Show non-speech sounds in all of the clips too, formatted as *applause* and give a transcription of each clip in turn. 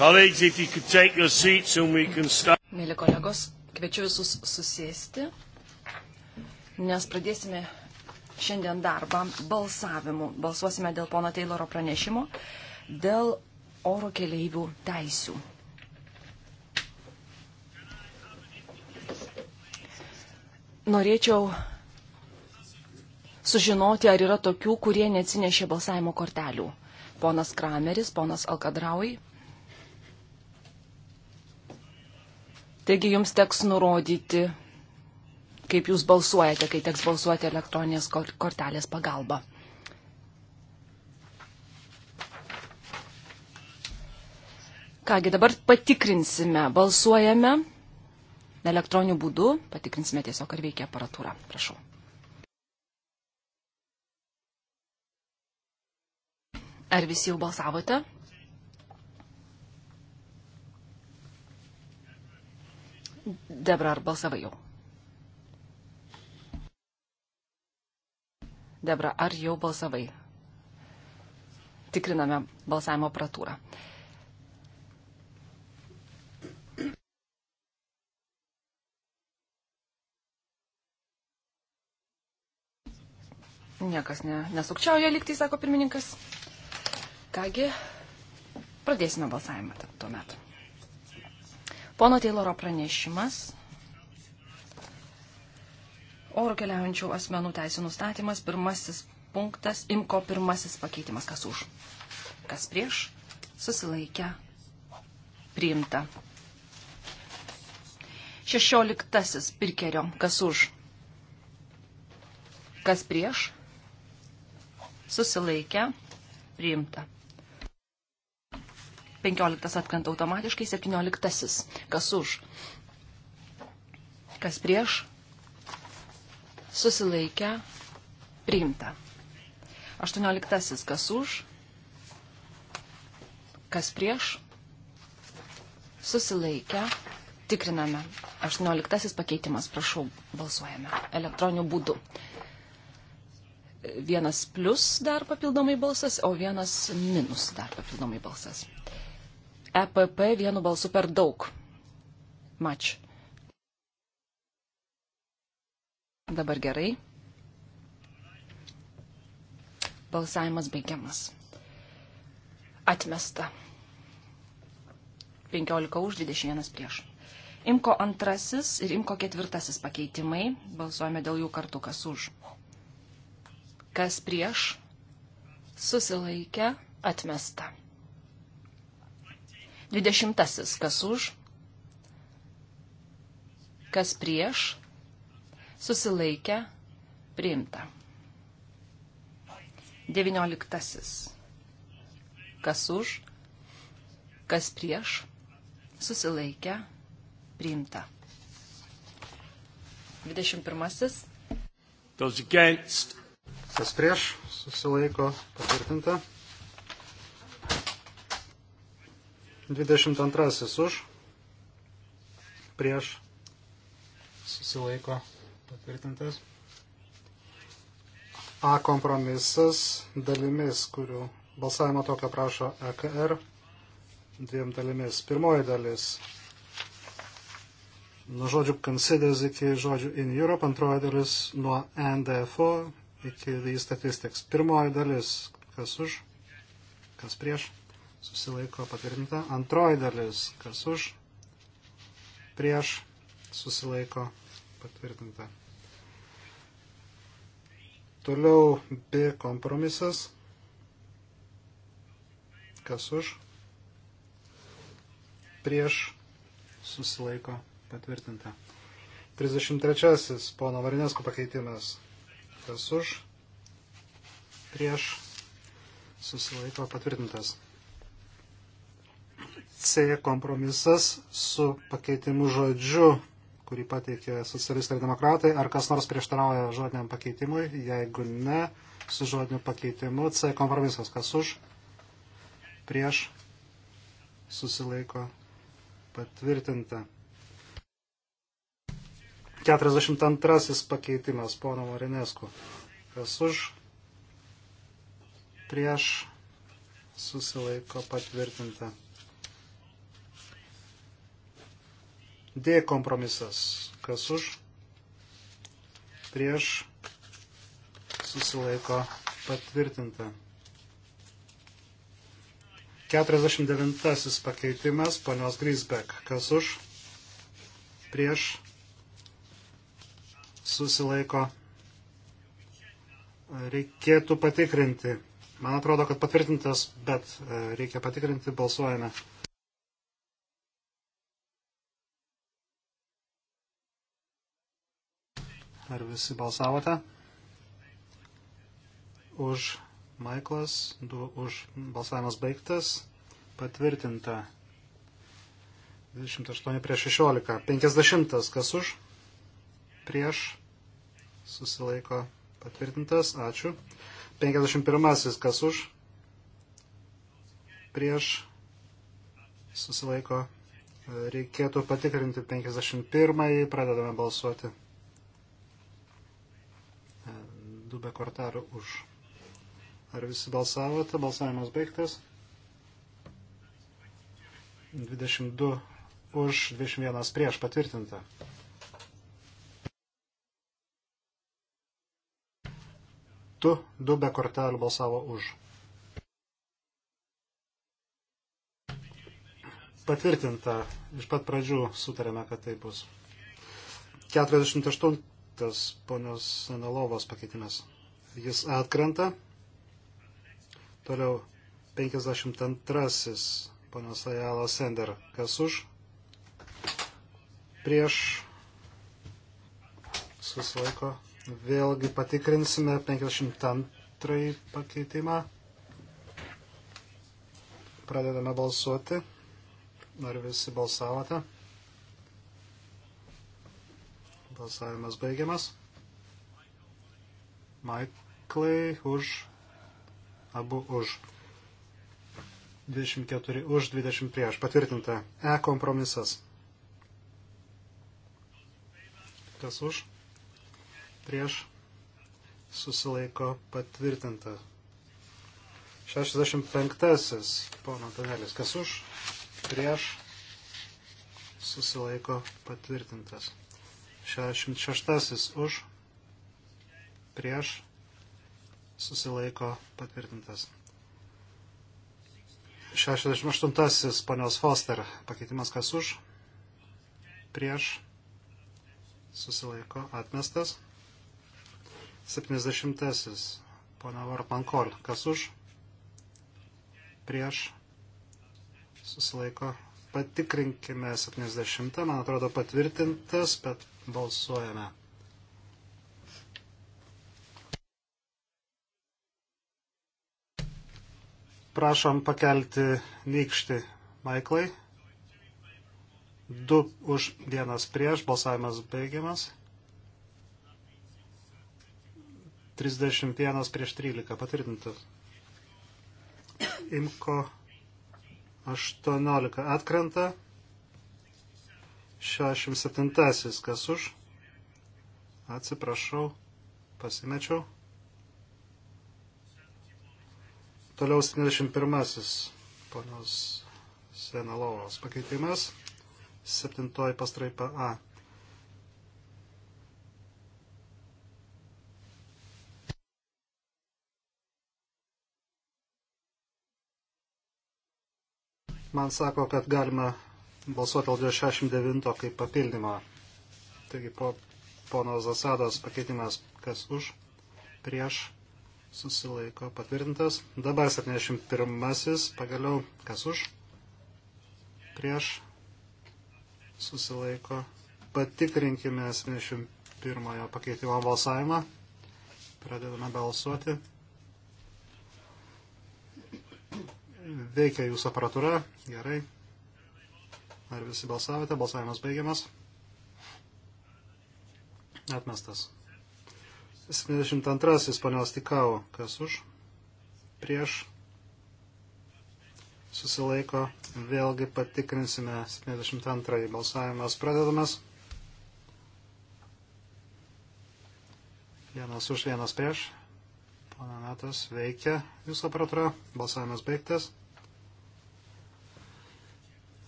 Mėly kolegos, kviečiu visus susėsti, nes pradėsime šiandien darbą balsavimu. Balsuosime dėl pono Tayloro pranešimo, dėl oro keleivių teisių. Norėčiau sužinoti, ar yra tokių, kurie neatsinešė balsavimo kortelių. Ponas Krameris, ponas Alkadraui. Taigi jums teks nurodyti, kaip jūs balsuojate, kai teks balsuoti elektroninės kortelės pagalba. Kągi, dabar patikrinsime, balsuojame elektroniniu būdu, patikrinsime tiesiog, ar veikia aparatūra. Prašau. Ar visi jau balsavote? Debra, ar balsavai jau? Debra, ar jau balsavai? Tikriname balsavimo aparatūrą. Niekas ne, nesukčiauja liktai, sako pirmininkas. Kągi, pradėsime balsavimą tuo metu. Pono Tayloro pranešimas. Oro keliaujančių asmenų teisų nustatymas, pirmasis punktas, imko pirmasis pakeitimas, kas už, kas prieš, susilaikę, priimta. Šešioliktasis pirkerio, kas už, kas prieš, susilaikę, priimta. 15 atkrenta automatiškai, 17. Kas už? Kas prieš? Susilaikę. Priimta. 18. Kas už? Kas prieš? Susilaikę. Tikriname. 18. pakeitimas, prašau, balsuojame elektroniniu būdu vienas plus dar papildomai balsas, o vienas minus dar papildomai balsas. EPP vienu balsu per daug. Mač. Dabar gerai. Balsavimas baigiamas. Atmesta. 15 už 21 prieš. Imko antrasis ir imko ketvirtasis pakeitimai. Balsuojame dėl jų kartu, kas už. Kas prieš? Susilaikę, atmesta. Dvidešimtasis, kas už, kas prieš, susilaikę, priimta. Devynioliktasis, kas už, kas prieš, susilaikę, priimta. Dvidešimt pirmasis, kas prieš, susilaiko, patvirtinta. 22 už, prieš, susilaiko patvirtintas. A kompromisas dalimis, kurių balsavimo tokio prašo EKR, dviem dalimis. Pirmoji dalis nuo žodžių considers iki žodžių in Europe, antroji dalis nuo NDFO iki the statistics. Pirmoji dalis, kas už, kas prieš susilaiko patvirtinta. Antroji dalis, kas už, prieš, susilaiko patvirtinta. Toliau B kompromisas, kas už, prieš, susilaiko patvirtinta. 33. Pono Varinesko pakeitimas, kas už, prieš, susilaiko patvirtintas. C kompromisas su pakeitimu žodžiu, kurį pateikė socialistai ir demokratai. Ar kas nors prieštarauja žodiniam pakeitimui? Jeigu ne, su žodiniu pakeitimu C kompromisas. Kas už? Prieš susilaiko patvirtinta. 42 pakeitimas pono Marinesku. Kas už? Prieš susilaiko patvirtinta. D kompromisas. Kas už? Prieš susilaiko patvirtinta. 49 pakeitimas ponios Grisbek. Kas už? Prieš susilaiko. Reikėtų patikrinti. Man atrodo, kad patvirtintas, bet e, reikia patikrinti. Balsuojame. Ar visi balsavote? Už Maiklas, du už balsavimas baigtas, patvirtinta 28 prieš 16, 50 kas už, prieš, susilaiko patvirtintas, ačiū, 51 kas už, prieš, susilaiko, reikėtų patikrinti 51, pradedame balsuoti. du be kortelių už. Ar visi balsavote? Balsavimas baigtas. 22 už, 21 prieš patvirtinta. Tu du be kortelių balsavo už. patvirtinta, iš pat pradžių sutarėme, kad tai bus. 48 12 ponios Senelovos pakeitimas. Jis atkrenta. Toliau 52 ponios Ajala Sender. Kas už? Prieš susilaiko. Vėlgi patikrinsime 52 pakeitimą. Pradedame balsuoti. Ar visi balsavote? Balsavimas baigiamas. Maiklai už. Abu už. 24 už, 20 prieš. Patvirtinta. E kompromisas. Kas už? Prieš. Susilaiko patvirtinta. 65. Pono Tanelis. Kas už? Prieš. Susilaiko patvirtintas. 66 už, prieš, susilaiko patvirtintas. 68 ponios Foster pakeitimas kas už, prieš, susilaiko atmestas. 70 ponia Varpankol kas už, prieš, susilaiko. Patikrinkime 70, man atrodo patvirtintas, bet Balsuojame. Prašom pakelti nykštį Maiklai. Du už vienas prieš, balsavimas baigiamas. 31 prieš 13 patvirtintas. Imko 18 atkrenta. 67. Kas už? Atsiprašau, pasimečiau. Toliau 71. Ponios Senalovos pakeitimas. 7. pastraipa A. Man sako, kad galima balsuoti dėl 69 kaip papildymo. Taigi po pono Zasados pakeitimas, kas už, prieš, susilaiko patvirtintas. Dabar 71 pagaliau, kas už, prieš, susilaiko. Patikrinkime 71 pakeitimo balsavimą. Pradedame balsuoti. Veikia jūsų aparatūra. Gerai. Ar visi balsavote? Balsavimas baigiamas. Atmestas. 72. Panios Tikau. Kas už? Prieš. Susilaiko. Vėlgi patikrinsime 72. Balsavimas pradedamas. Vienas už, vienas prieš. Pana Metas veikia jūsų aparatūra. Balsavimas baigtas.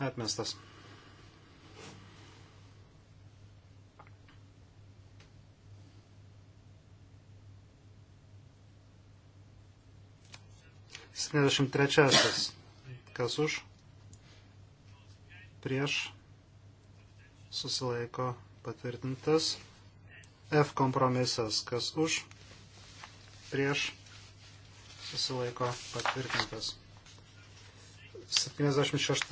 Atmestas. 73. Kas už? Prieš. Susilaiko patvirtintas. F kompromisas. Kas už? Prieš. Susilaiko patvirtintas. 76.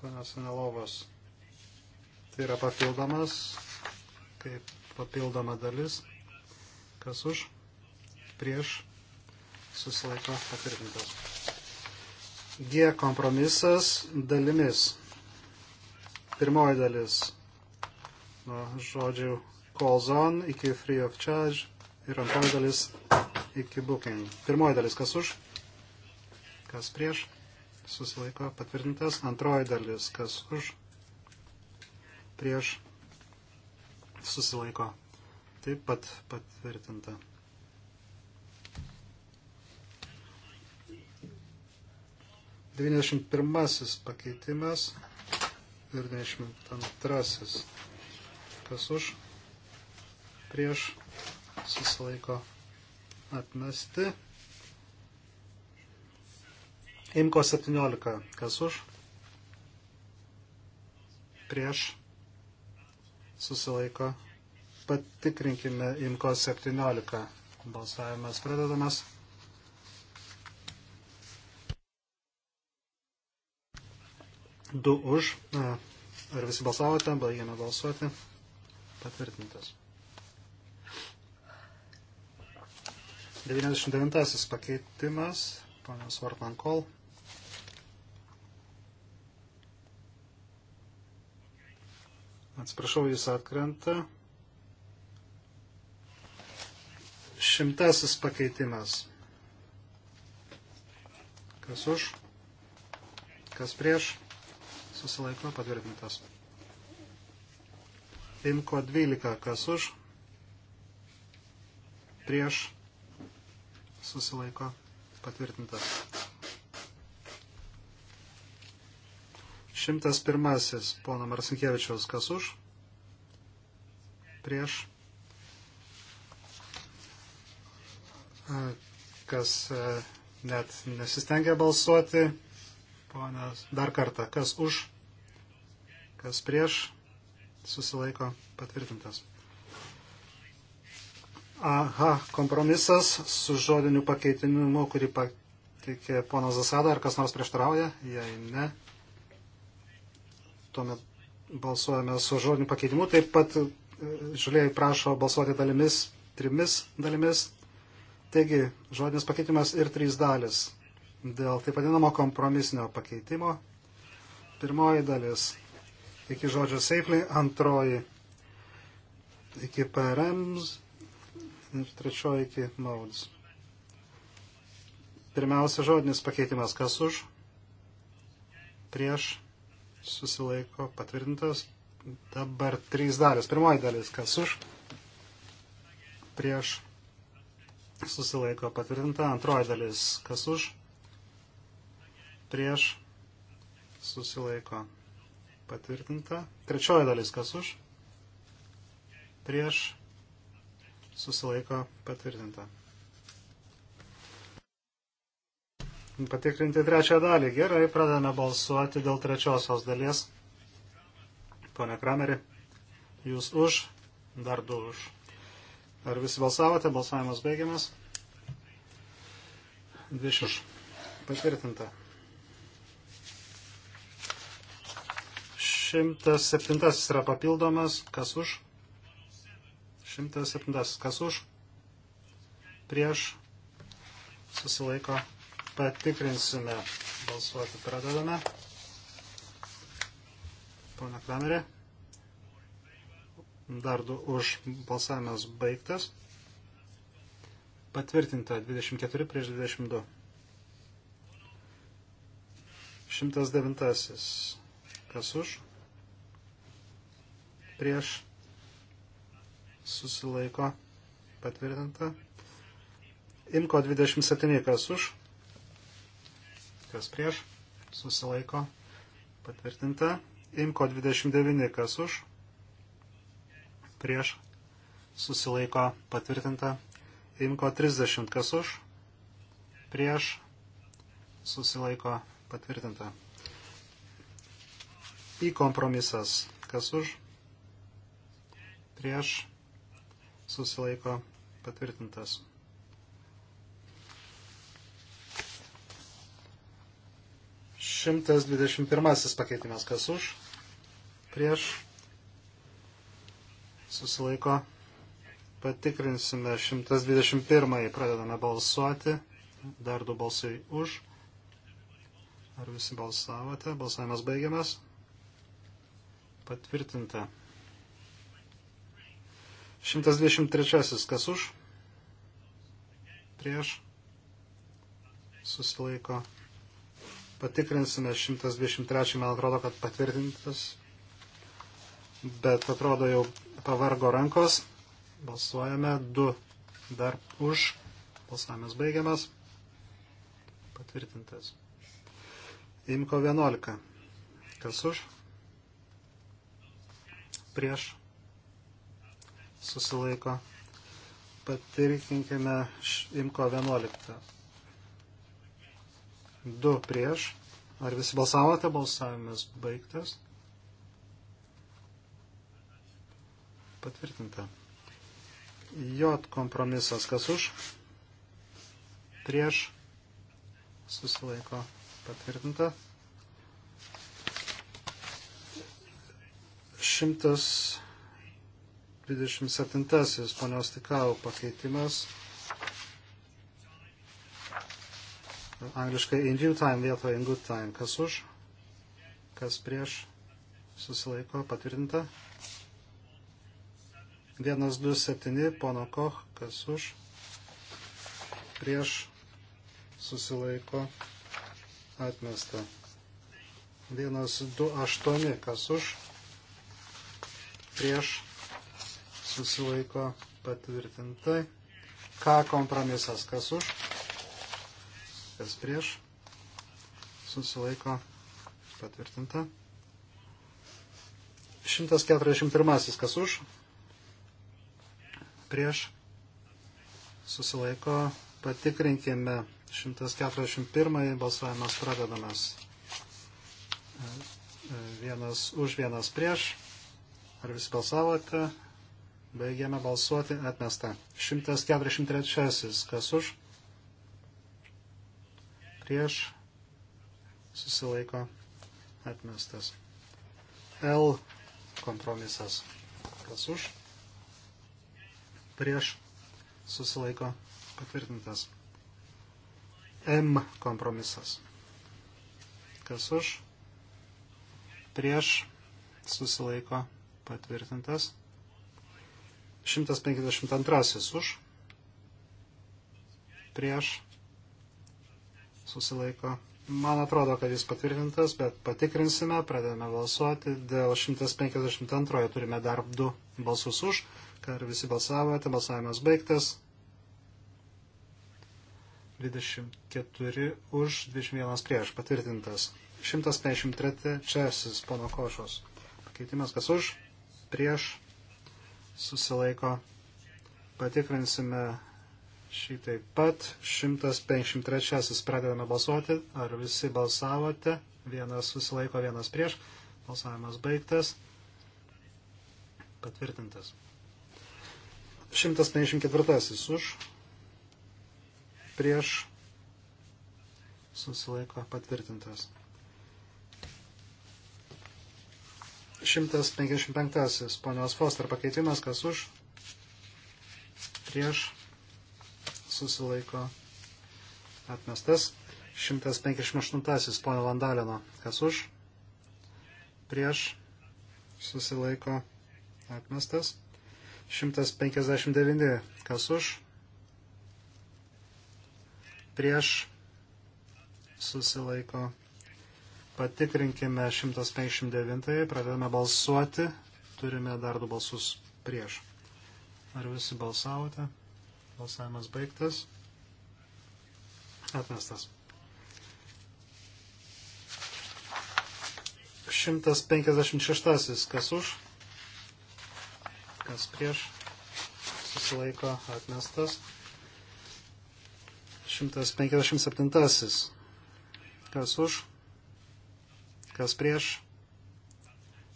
Panas Anelovas. Tai yra papildomas, kaip papildoma dalis. Kas už? Prieš susilaiko patvirtintas. G kompromisas dalimis. Pirmoji dalis nuo žodžių calls on iki free of charge ir antroji dalis iki booking. Pirmoji dalis kas už, kas prieš, susilaiko patvirtintas. Antroji dalis kas už, prieš, susilaiko taip pat patvirtinta. 91 pakeitimas ir 92. Kas už? Prieš susilaiko atmesti. Imko 17. Kas už? Prieš susilaiko. Patikrinkime Imko 17. Balsavimas pradedamas. 2 už. E, ar visi balsavote? Baigėme balsuoti. Patvirtintas. 99 pakeitimas. Ponios Vartman Kol. Atsiprašau, jis atkrenta. Šimtasis pakeitimas. Kas už? Kas prieš? susilaiko patvirtintas. Imko 12, kas už, prieš, susilaiko patvirtintas. 101. Pono Marsinkievičiaus, kas už, prieš, kas e, net nesistengia balsuoti, Ponas, dar kartą, kas už, kas prieš, susilaiko patvirtintas. Aha, kompromisas su žodiniu pakeitinimu, kurį pateikė ponas Zasada, ar kas nors prieštarauja, jei ne, tuomet balsuojame su žodiniu pakeitimu. Taip pat e, žalieji prašo balsuoti dalimis, trimis dalimis. Taigi, žodinis pakeitimas ir trys dalis dėl taip vadinamo kompromisinio pakeitimo. Pirmoji dalis iki žodžio safely, antroji iki PRMs ir trečioji iki modes. Pirmiausia žodinis pakeitimas, kas už, prieš, susilaiko, patvirtintas. Dabar trys dalis. Pirmoji dalis, kas už, prieš, susilaiko, patvirtinta. Antroji dalis, kas už, prieš susilaiko patvirtinta. Trečioji dalis kas už, prieš susilaiko patvirtinta. Patikrinti trečią dalį. Gerai, pradame balsuoti dėl trečiosios dalies. Pone Krameri, jūs už, dar du už. Ar visi balsavote? Balsavimas baigiamas. 20. Patvirtinta. 107 yra papildomas. Kas už? 107. Kas už? Prieš susilaiko. Patikrinsime. Balsuoti pradedame. Pone Kramerė. Dar du už balsavimas baigtas. Patvirtinta 24 prieš 22. 109. Kas už? prieš susilaiko patvirtinta. Imko 27 kas už, kas prieš susilaiko patvirtinta. Imko 29 kas už, prieš susilaiko patvirtinta. Imko 30 kas už, prieš susilaiko patvirtinta. Į kompromisas kas už, prieš susilaiko patvirtintas. Šimtas dvidešimt pirmasis pakeitimas, kas už, prieš susilaiko patikrinsime 121, pradedame balsuoti, dar du balsai už. Ar visi balsavote? Balsavimas baigiamas. Patvirtinta. 123. Kas už? Prieš. Susilaiko. Patikrinsime 123. Man atrodo, kad patvirtintas. Bet atrodo jau pavargo rankos. Balsuojame. 2 dar už. Balsavimas baigiamas. Patvirtintas. Imko 11. Kas už? Prieš susilaiko. Patirkinkime imko 11. 2 prieš. Ar visi balsavote? Balsavimas baigtas. Patvirtinta. J kompromisas kas už? Prieš. Susilaiko. Patvirtinta. 100. 27. Ponios Tikau pakeitimas. Angliškai in due time vietoje in good time. Kas už? Kas prieš? Susilaiko patvirtinta. 127. Pono Koch. Kas už? Prieš? Susilaiko atmesta. 128. Kas už? Prieš? susilaiko patvirtintai. Ką kompromisas, kas už, kas prieš, susilaiko patvirtinta. 141 kas už, prieš, susilaiko patikrinkime. 141 balsavimas pradedamas. Vienas už, vienas prieš. Ar visi balsavote? Baigiame balsuoti atmestą. 143. Kas už? Prieš susilaiko atmestas. L kompromisas. Kas už? Prieš susilaiko patvirtintas. M kompromisas. Kas už? Prieš susilaiko patvirtintas. 152 už, prieš, susilaiko. Man atrodo, kad jis patvirtintas, bet patikrinsime, pradėjome balsuoti. Dėl 152 turime dar du balsus už, kad visi balsavote, balsavimas baigtas. 24 už, 21 prieš, patvirtintas. 153 česis, pono Košos. Pakeitimas kas už, prieš, susilaiko. Patikrinsime šį taip pat. 153 pradedame balsuoti. Ar visi balsavote? Vienas susilaiko, vienas prieš. Balsavimas baigtas. Patvirtintas. 154 už. Prieš. Susilaiko patvirtintas. 155. Ponios Foster pakeitimas, kas už, prieš, susilaiko, atmestas. 158. Pono Vandalino, kas už, prieš, susilaiko, atmestas. 159. Kas už, prieš, susilaiko, atmestas Patikrinkime 159, pradedame balsuoti, turime dar du balsus prieš. Ar visi balsavote? Balsavimas baigtas. Atmestas. 156. Kas už? Kas prieš? Susilaiko atmestas. 157. Kas už? kas prieš,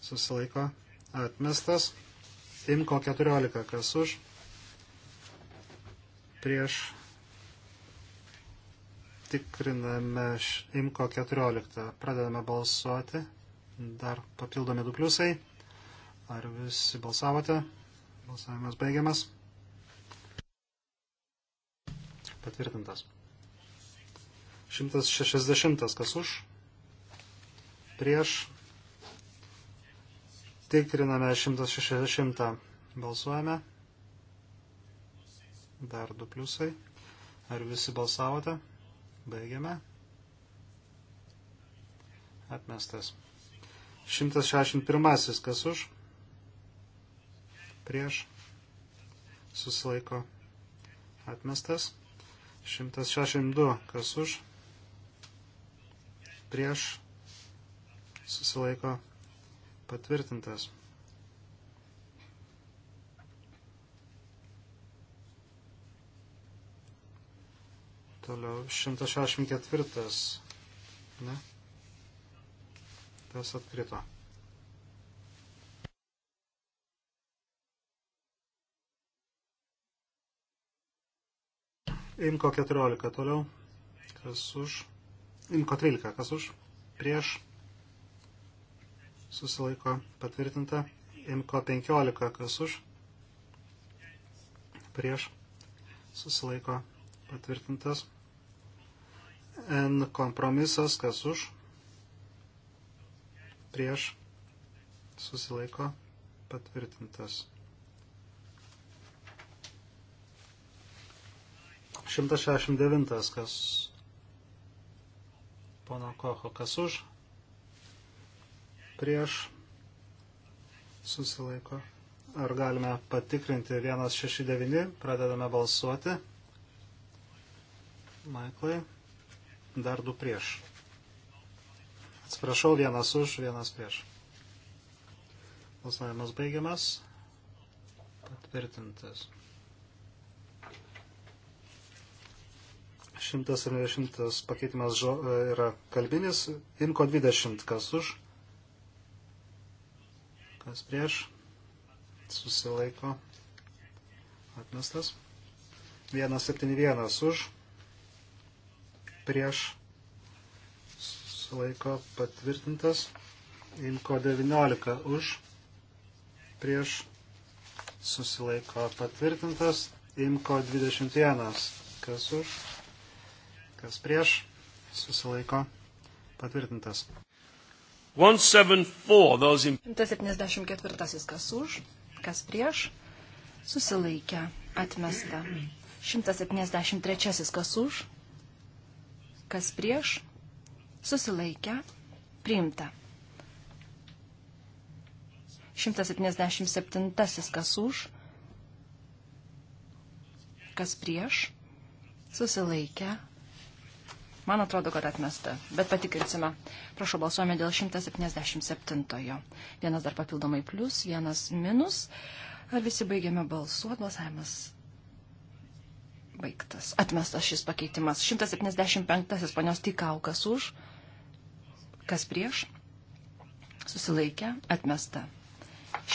susilaiko, atmestas. Imko 14, kas už, prieš, tikriname Imko 14, pradedame balsuoti, dar papildomi du pliusai, ar visi balsavote, balsavimas baigiamas, patvirtintas. 160, kas už, prieš. Tikriname 160. Balsuojame. Dar du pliusai. Ar visi balsavote? Baigiame. Atmestas. 161. Kas už? Prieš. Susilaiko. Atmestas. 162. Kas už? Prieš susilaiko patvirtintas. Toliau 164. Ne? Tas atkrito. Imko 14 toliau. Kas už? Imko 13. Kas už? Prieš susilaiko patvirtinta. Imko 15, kas už, prieš, susilaiko patvirtintas. N kompromisas, kas už, prieš, susilaiko patvirtintas. 169, kas pono Kocho, kas už, prieš susilaiko. Ar galime patikrinti 169, pradedame balsuoti. Maiklai, dar du prieš. Atsiprašau, vienas už, vienas prieš. Balsavimas baigiamas. Patvirtintas. 170 pakeitimas e, yra kalbinis. Inko 20, kas už kas prieš, susilaiko, atmestas. 171 už, prieš, susilaiko, patvirtintas. Imko 19 už, prieš, susilaiko, patvirtintas. Imko 21, kas už, kas prieš, susilaiko, patvirtintas. 174, those in... 174 kas už, kas prieš, susilaikę, atmesta. 173 kas už, kas prieš, susilaikę, priimta. 177 kas už, kas prieš, susilaikę, Man atrodo, kad atmesta, bet patikrinsime. Prašau, balsuojame dėl 177-ojo. Vienas dar papildomai plus, vienas minus. Ar visi baigėme balsuoti? Balsavimas baigtas. Atmestas šis pakeitimas. 175-asis ponios Tikau, kas už, kas prieš. Susilaikė, atmesta.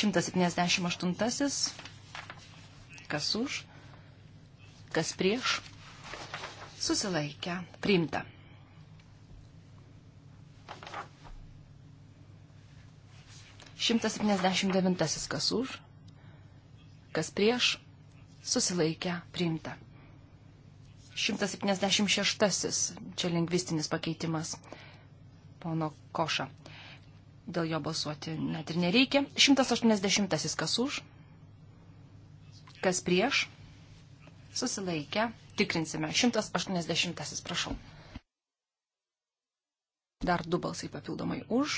178-asis, kas už, kas prieš susilaikę, priimta. Šimtas septyniasdešimt devintasis kas už, kas prieš, susilaikę, priimta. 176. Čia lingvistinis pakeitimas. Pono Koša. Dėl jo balsuoti net ir nereikia. 180. Kas už? Kas prieš? susilaikę, tikrinsime. 180, prašau. Dar du balsai papildomai už.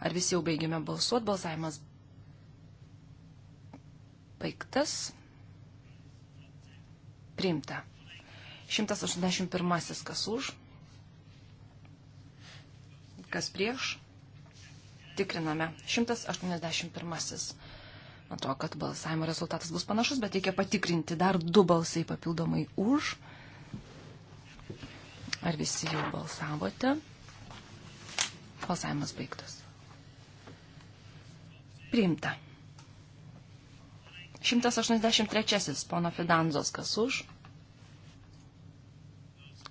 Ar visi jau baigėme balsuoti? Balsavimas baigtas. Priimta. 181 kas už. Kas prieš? Tikriname. 181. Atrodo, kad balsavimo rezultatas bus panašus, bet reikia patikrinti dar du balsai papildomai už. Ar visi jau balsavote? Balsavimas baigtas. Priimta. 183. Pono Fidanzos, kas už,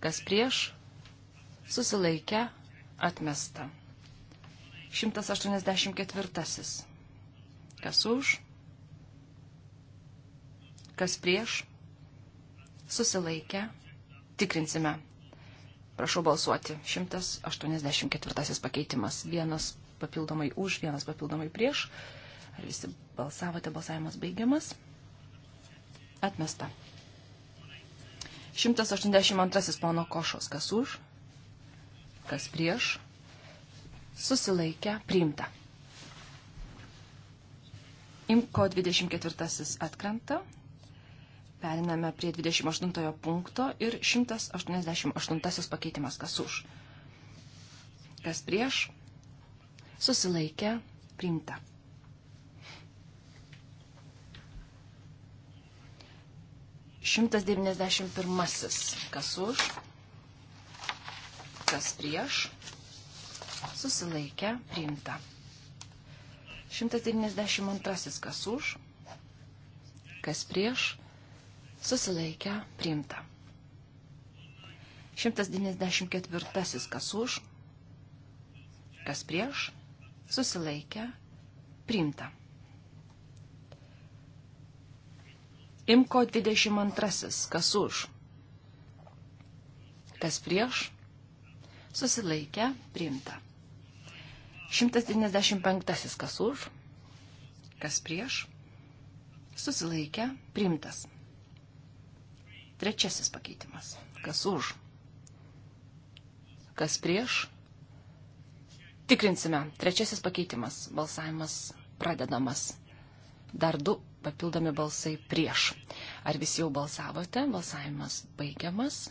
kas prieš, susilaikę, atmesta. 184. Kas už, kas prieš, susilaikę, tikrinsime. Prašau balsuoti. 184 pakeitimas. Vienas papildomai už, vienas papildomai prieš. Ar visi balsavote, balsavimas baigiamas? Atmesta. 182 pono košos. Kas už, kas prieš, susilaikę, priimta. Imko 24 atkrenta, Periname prie 28 punkto ir 188 pakeitimas, kas už. Kas prieš, susilaikė, priimta. Šimtas devyniasdešimt pirmasis, kas už, kas prieš, susilaikė, priimta. Šimtas devyniasdešimt antrasis, kas už, kas prieš, susilaikę, priimta. 194 kas už, kas prieš, susilaikę, priimta. Imko 22 kas už, kas prieš, susilaikę, priimta. 195 kas už, kas prieš, susilaikę, priimtas. Trečiasis pakeitimas. Kas už? Kas prieš? Tikrinsime. Trečiasis pakeitimas. Balsavimas pradedamas. Dar du papildomi balsai prieš. Ar visi jau balsavote? Balsavimas baigiamas.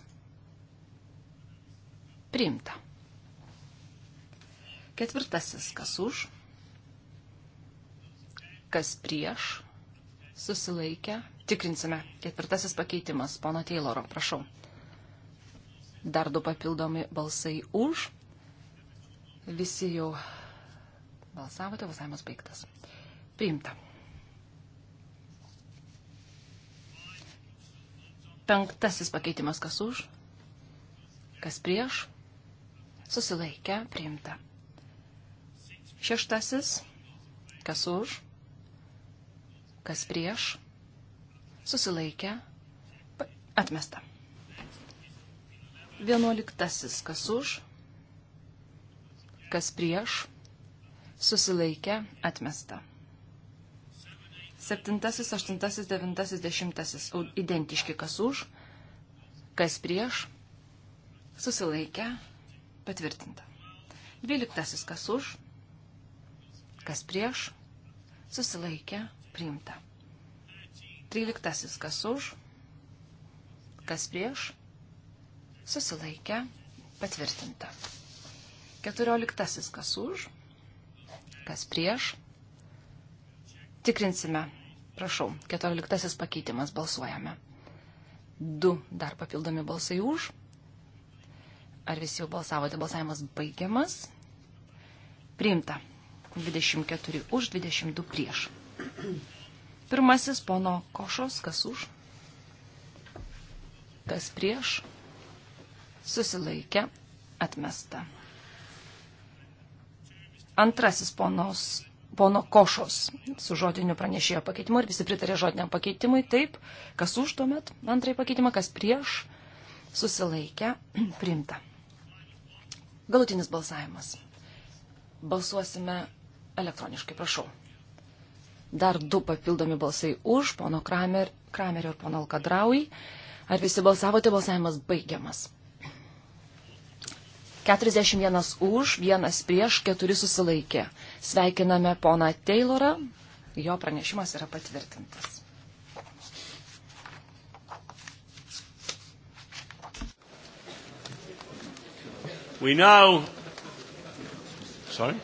Priimta. Ketvirtasis. Kas už? Kas prieš? Susilaikę Tikrinsime. Ketvirtasis pakeitimas. Pono Tayloro, prašau. Dar du papildomi balsai už. Visi jau balsavote, balsavimas baigtas. Priimta. Penktasis pakeitimas kas už, kas prieš, susilaikę, priimta. Šeštasis, kas už, kas prieš, susilaikę, atmesta. Vienuoliktasis, kas už, kas prieš, susilaikę, atmesta. Septintasis, aštuntasis, devintasis, dešimtasis, identiški kas už, kas prieš, susilaikę, patvirtinta. Dvyliktasis, kas už, kas prieš, susilaikę, priimta. 13. Kas už, kas prieš, susilaikę, patvirtinta. 14. Kas už, kas prieš, tikrinsime. Prašau, 14. pakeitimas balsuojame. Du dar papildomi balsai už. Ar visi jau balsavote? Balsavimas baigiamas. Priimta. 24 už, 22 prieš. Pirmasis pono Košos, kas už, kas prieš, susilaikė, atmesta. Antrasis ponos, pono Košos su žodiniu pranešėjo pakeitimu ir visi pritarė žodiniam pakeitimui, taip, kas už tuomet antrąjį pakeitimą, kas prieš, susilaikė, *clears throat* primta. Galutinis balsavimas. Balsuosime elektroniškai, prašau. Dar du papildomi balsai už, pono Kramer, Kramerio ir pono Alkadraui. Ar visi balsavote, balsavimas baigiamas. 41 už, 1 prieš, 4 susilaikė. Sveikiname poną Taylorą, jo pranešimas yra patvirtintas. We now... Sorry?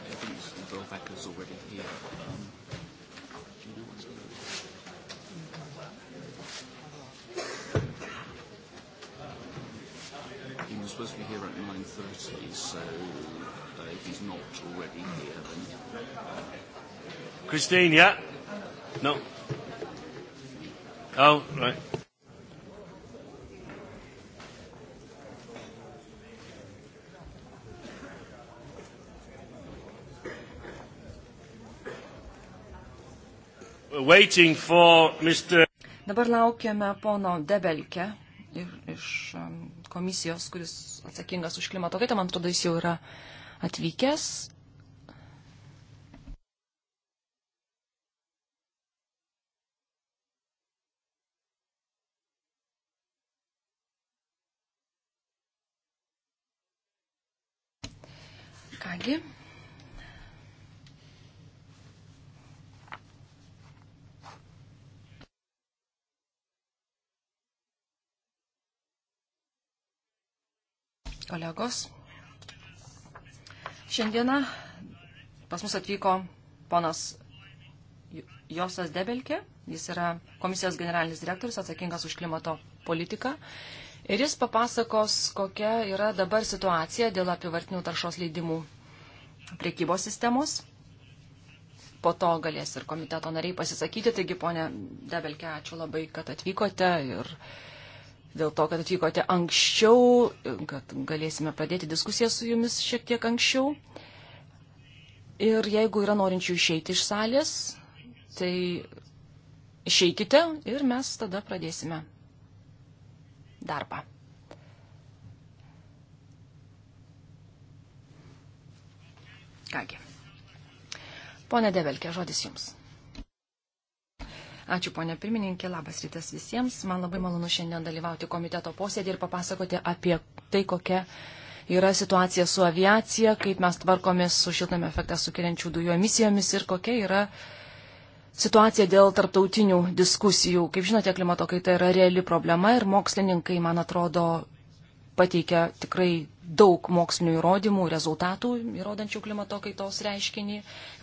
supposed to be here at 9.30, so uh, if he's not already here, then... Uh, Christine, yeah? No. Oh, right. Mr... Dabar laukiame pono Debelke iš um, komisijos, kuris atsakingas už klimato kaitą, man atrodo, jis jau yra atvykęs. Kągi. kolegos. Šiandieną pas mus atvyko ponas Josas Debelke, jis yra komisijos generalinis direktorius atsakingas už klimato politiką. Ir jis papasakos, kokia yra dabar situacija dėl apivartinių taršos leidimų priekybos sistemos. Po to galės ir komiteto nariai pasisakyti. Taigi, ponė Debelke, ačiū labai, kad atvykote ir uh, dėl to, kad atvykote anksčiau, kad galėsime pradėti diskusiją su jumis šiek tiek anksčiau. Ir jeigu yra norinčių išeiti iš salės, tai išeikite ir mes tada pradėsime darbą. Kągi. Pone Develke, žodis jums. Ačiū, ponė pirmininkė, labas rytas visiems. Man labai malonu šiandien dalyvauti komiteto posėdį ir papasakoti apie tai, kokia yra situacija su aviacija, kaip mes tvarkomės su šiltame efektą sukeliančių dujų emisijomis ir kokia yra situacija dėl tarptautinių diskusijų. Kaip žinote, klimato kaita yra reali problema ir mokslininkai, man atrodo, pateikia tikrai daug mokslinių įrodymų, rezultatų įrodančių klimato kaitos reiškinį.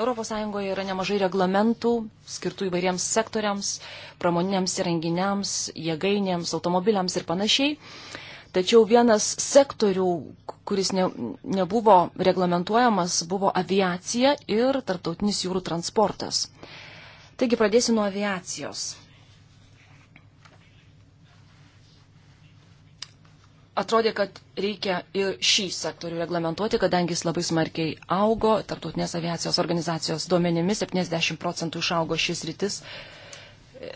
ES yra nemažai reglamentų skirtų įvairiems sektoriams, pramoniniams įrenginiams, jėgainėms, automobiliams ir panašiai. Tačiau vienas sektorių, kuris ne, nebuvo reglamentuojamas, buvo aviacija ir tarptautinis jūrų transportas. Taigi pradėsiu nuo aviacijos. atrodė, kad reikia ir šį sektorių reglamentuoti, kadangi jis labai smarkiai augo. Tartutinės aviacijos organizacijos duomenimis 70 procentų išaugo šis rytis e,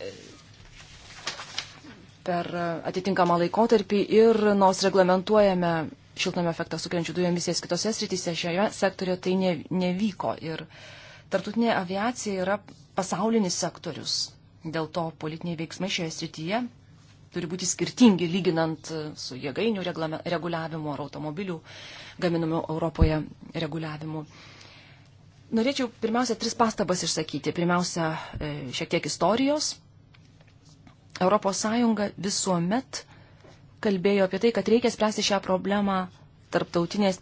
per atitinkamą laikotarpį ir nors reglamentuojame šiltnamio efektą sukeliančių dujų emisijas kitose srityse, šioje sektorėje tai ne, nevyko. Ir tartutinė aviacija yra pasaulinis sektorius. Dėl to politiniai veiksmai šioje srityje turi būti skirtingi lyginant e, su jėgainių reguliavimu ar automobilių gaminamų Europoje reguliavimu. Norėčiau pirmiausia tris pastabas išsakyti. Pirmiausia, e, šiek tiek istorijos. ES visuomet kalbėjo apie tai, kad reikia spręsti šią problemą tarptautinės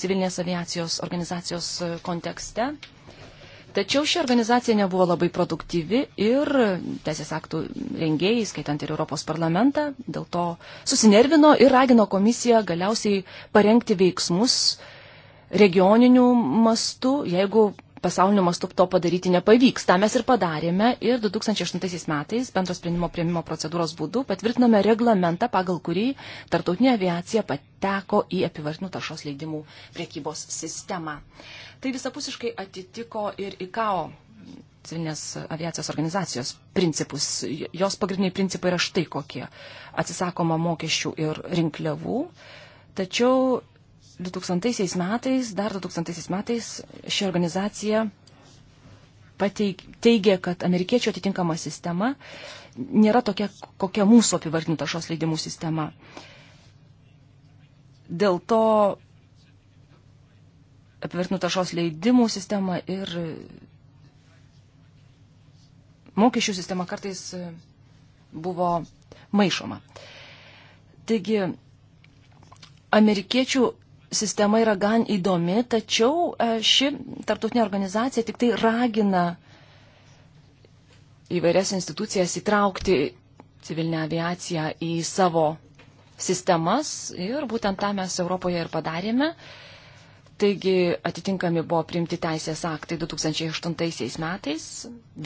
civilinės aviacijos organizacijos e, kontekste Tačiau ši organizacija nebuvo labai produktyvi ir teisės aktų rengėjai, skaitant ir Europos parlamentą, dėl to susinervino ir ragino komisiją galiausiai parengti veiksmus regioninių mastų, jeigu pasauliniu mastu to padaryti nepavyks. Ta mes ir padarėme ir 2008 metais bendros sprendimo prieimimo procedūros būdu patvirtinome reglamentą, pagal kurį tartautinė aviacija pateko į apivartinių taršos leidimų priekybos sistemą. Tai visapusiškai atitiko ir ICAO civilinės aviacijos organizacijos principus. Jos pagrindiniai principai yra štai kokie. Atsisakoma mokesčių ir rinkliavų, tačiau 2000 metais, dar 2000 metais ši organizacija pateik, teigia, kad amerikiečių atitinkama sistema nėra tokia, kokia mūsų apivartinta šios leidimų sistema. Dėl to apvertinų taršos leidimų sistemą ir mokesčių sistema kartais buvo maišoma. Taigi, amerikiečių sistema yra gan įdomi, tačiau e, ši tarptautinė organizacija tik tai ragina įvairias institucijas įtraukti civilinę aviaciją į savo sistemas ir būtent tą mes Europoje ir padarėme. Uh, Taigi atitinkami buvo priimti teisės aktai 2008 metais,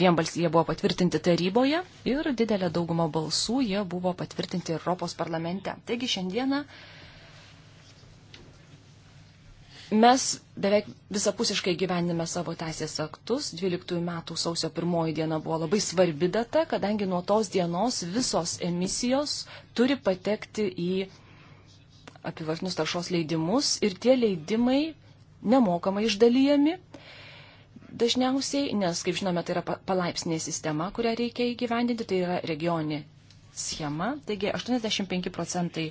vienbalsiai jie buvo patvirtinti taryboje ir didelė dauguma balsų jie buvo patvirtinti Europos parlamente. Taigi šiandieną mes beveik visapusiškai gyvenime savo teisės aktus. 12 metų sausio pirmoji diena buvo labai svarbi data, kadangi nuo tos dienos visos emisijos turi patekti į apivartinius taršos leidimus ir tie leidimai nemokamai išdalyjami dažniausiai, nes, kaip žinome, tai yra palaipsnė sistema, kurią reikia įgyvendinti, tai yra regioninė schema. Taigi 85 procentai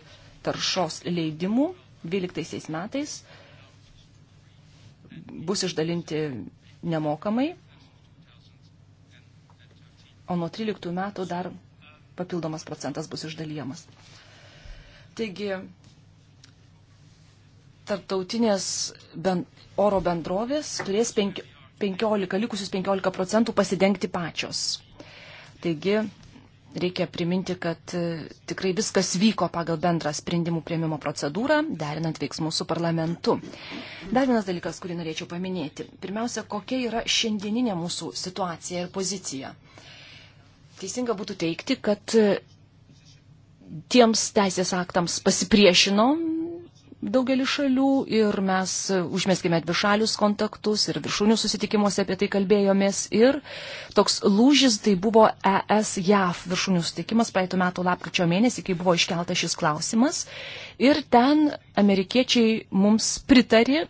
taršos leidimų 12 metais bus išdalinti nemokamai, o nuo 13 metų dar papildomas procentas bus išdalyjamas. Taigi tarptautinės ben, oro bendrovės turės 15, likusius 15 procentų pasidengti pačios. Taigi reikia priminti, kad e, tikrai viskas vyko pagal bendrą sprendimų prieimimo procedūrą, derinant veiksmus su parlamentu. Dar vienas dalykas, kurį norėčiau paminėti. Pirmiausia, kokia yra šiandieninė mūsų situacija ir pozicija. Teisinga būtų teikti, kad e, tiems teisės aktams pasipriešinom, daugelį šalių ir mes užmeskime dvišalius kontaktus ir viršūnių susitikimuose apie tai kalbėjomės. Ir toks lūžis tai buvo ES-JAF viršūnių susitikimas praeitų metų lapkričio mėnesį, kai buvo iškeltas šis klausimas. Ir ten amerikiečiai mums pritarė.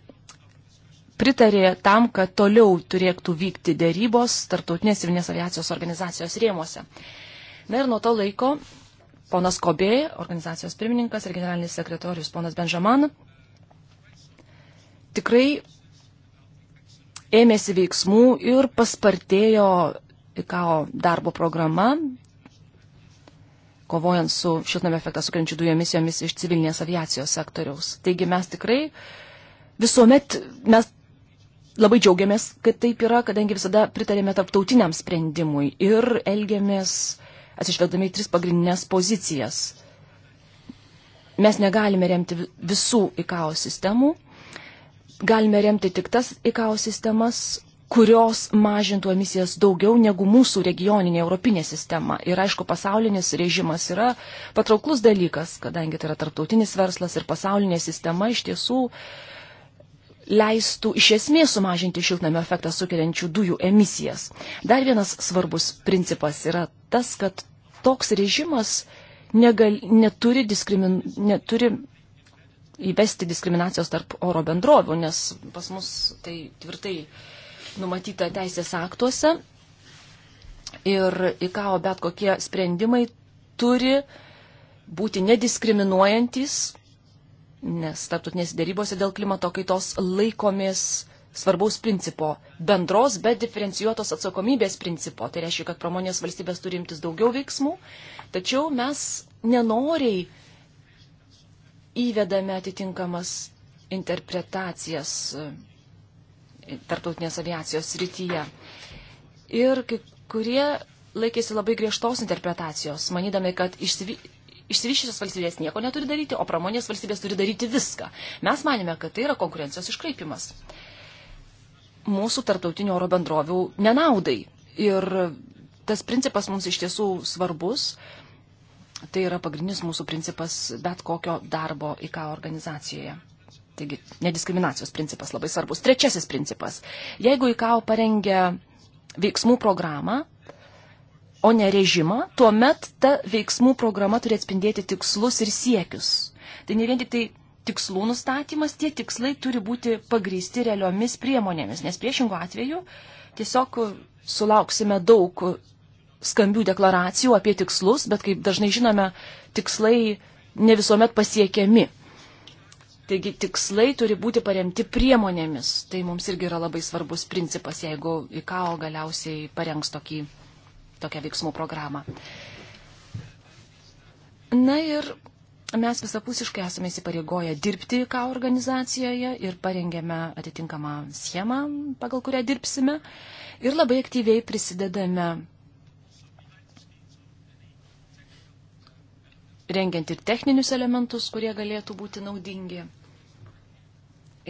Pritarė tam, kad toliau turėtų vykti dėrybos tarptautinės civilinės aviacijos organizacijos rėmuose. Na ir nuo to laiko ponas Kobė, organizacijos pirmininkas ir generalinis sekretorius ponas Benžaman, tikrai ėmėsi veiksmų ir paspartėjo ICAO darbo programa, kovojant su šiltnamio efektą sukeliančių dujų emisijomis iš civilinės aviacijos sektoriaus. Taigi mes tikrai visuomet mes labai džiaugiamės, kad taip yra, kadangi visada pritarėme tarptautiniam sprendimui ir elgiamės atsižvelgdami į tris pagrindinės pozicijas. Mes negalime remti visų IKAO sistemų, galime remti tik tas IKAO sistemas, kurios mažintų emisijas daugiau negu mūsų regioninė europinė sistema. Ir aišku, pasaulinis režimas yra patrauklus dalykas, kadangi tai yra tarptautinis verslas ir pasaulinė sistema iš tiesų uh, leistų iš esmės sumažinti šiltnamio efektą sukeliančių dujų emisijas. Dar vienas svarbus principas yra tas, kad toks režimas negal, neturi, diskrimin, neturi įvesti diskriminacijos tarp oro bendrovių, nes pas mus tai tvirtai numatyta teisės aktuose ir į ką bet kokie sprendimai turi būti nediskriminuojantis nes tarptautinėse dėrybose dėl klimato kaitos laikomės svarbaus principo - bendros, bet diferencijuotos atsakomybės principo. Tai reiškia, kad pramonės valstybės turi imtis daugiau veiksmų, tačiau mes nenoriai įvedame atitinkamas interpretacijas e, tarptautinės aviacijos srityje. Ir kai kurie laikėsi labai griežtos interpretacijos, manydami, kad išsivy išsivyščiusios valstybės nieko neturi daryti, o pramonės valstybės turi daryti viską. Mes manėme, kad tai yra konkurencijos iškraipimas mūsų tarptautinių oro bendrovių nenaudai. Ir tas principas mums iš tiesų svarbus. Tai yra pagrindinis mūsų principas bet kokio darbo į ką organizacijoje. Taigi, nediskriminacijos principas labai svarbus. Trečiasis principas. Jeigu į ką parengia veiksmų programą, o ne režimą, tuomet ta veiksmų programa turi atspindėti tikslus ir siekius. Tai ne vien tik tai tikslų nustatymas, tie tikslai turi būti pagrysti realiomis priemonėmis, nes priešingų atveju tiesiog sulauksime daug skambių deklaracijų apie tikslus, bet kaip dažnai žinome, tikslai ne visuomet pasiekiami. Taigi tikslai turi būti paremti priemonėmis. Tai mums irgi yra labai svarbus principas, jeigu IKAO galiausiai parengs tokį tokią veiksmų programą. Na ir mes visapusiškai esame įsipareigoję dirbti ką organizacijoje ir parengėme atitinkamą schemą, pagal kurią dirbsime ir labai aktyviai prisidedame rengiant ir techninius elementus, kurie galėtų būti naudingi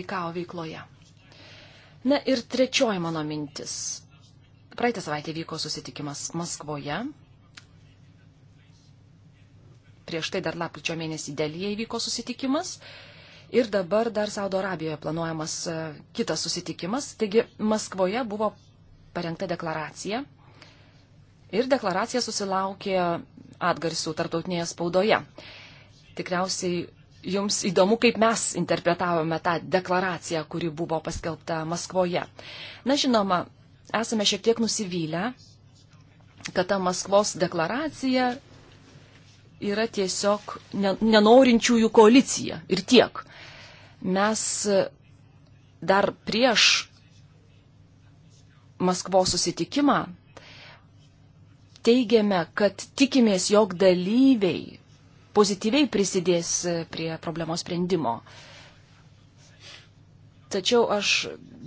IKAO veikloje. Na ir trečioji mano mintis. Praeitą savaitę vyko susitikimas Maskvoje. Prieš tai dar lapkričio mėnesį dėlyje įvyko susitikimas. Ir dabar dar Saudo Arabijoje planuojamas e, kitas susitikimas. Taigi Maskvoje buvo parengta deklaracija. Ir deklaracija susilaukė atgarsių tarptautinėje spaudoje. Tikriausiai jums įdomu, kaip mes interpretavome tą deklaraciją, kuri buvo paskelbta Maskvoje. Na žinoma, esame šiek tiek nusivylę, kad ta Maskvos deklaracija yra tiesiog nenorinčiųjų koalicija ir tiek. Mes dar prieš Maskvos susitikimą teigiame, kad tikimės, jog dalyviai pozityviai prisidės prie problemos sprendimo. Uh, Tačiau aš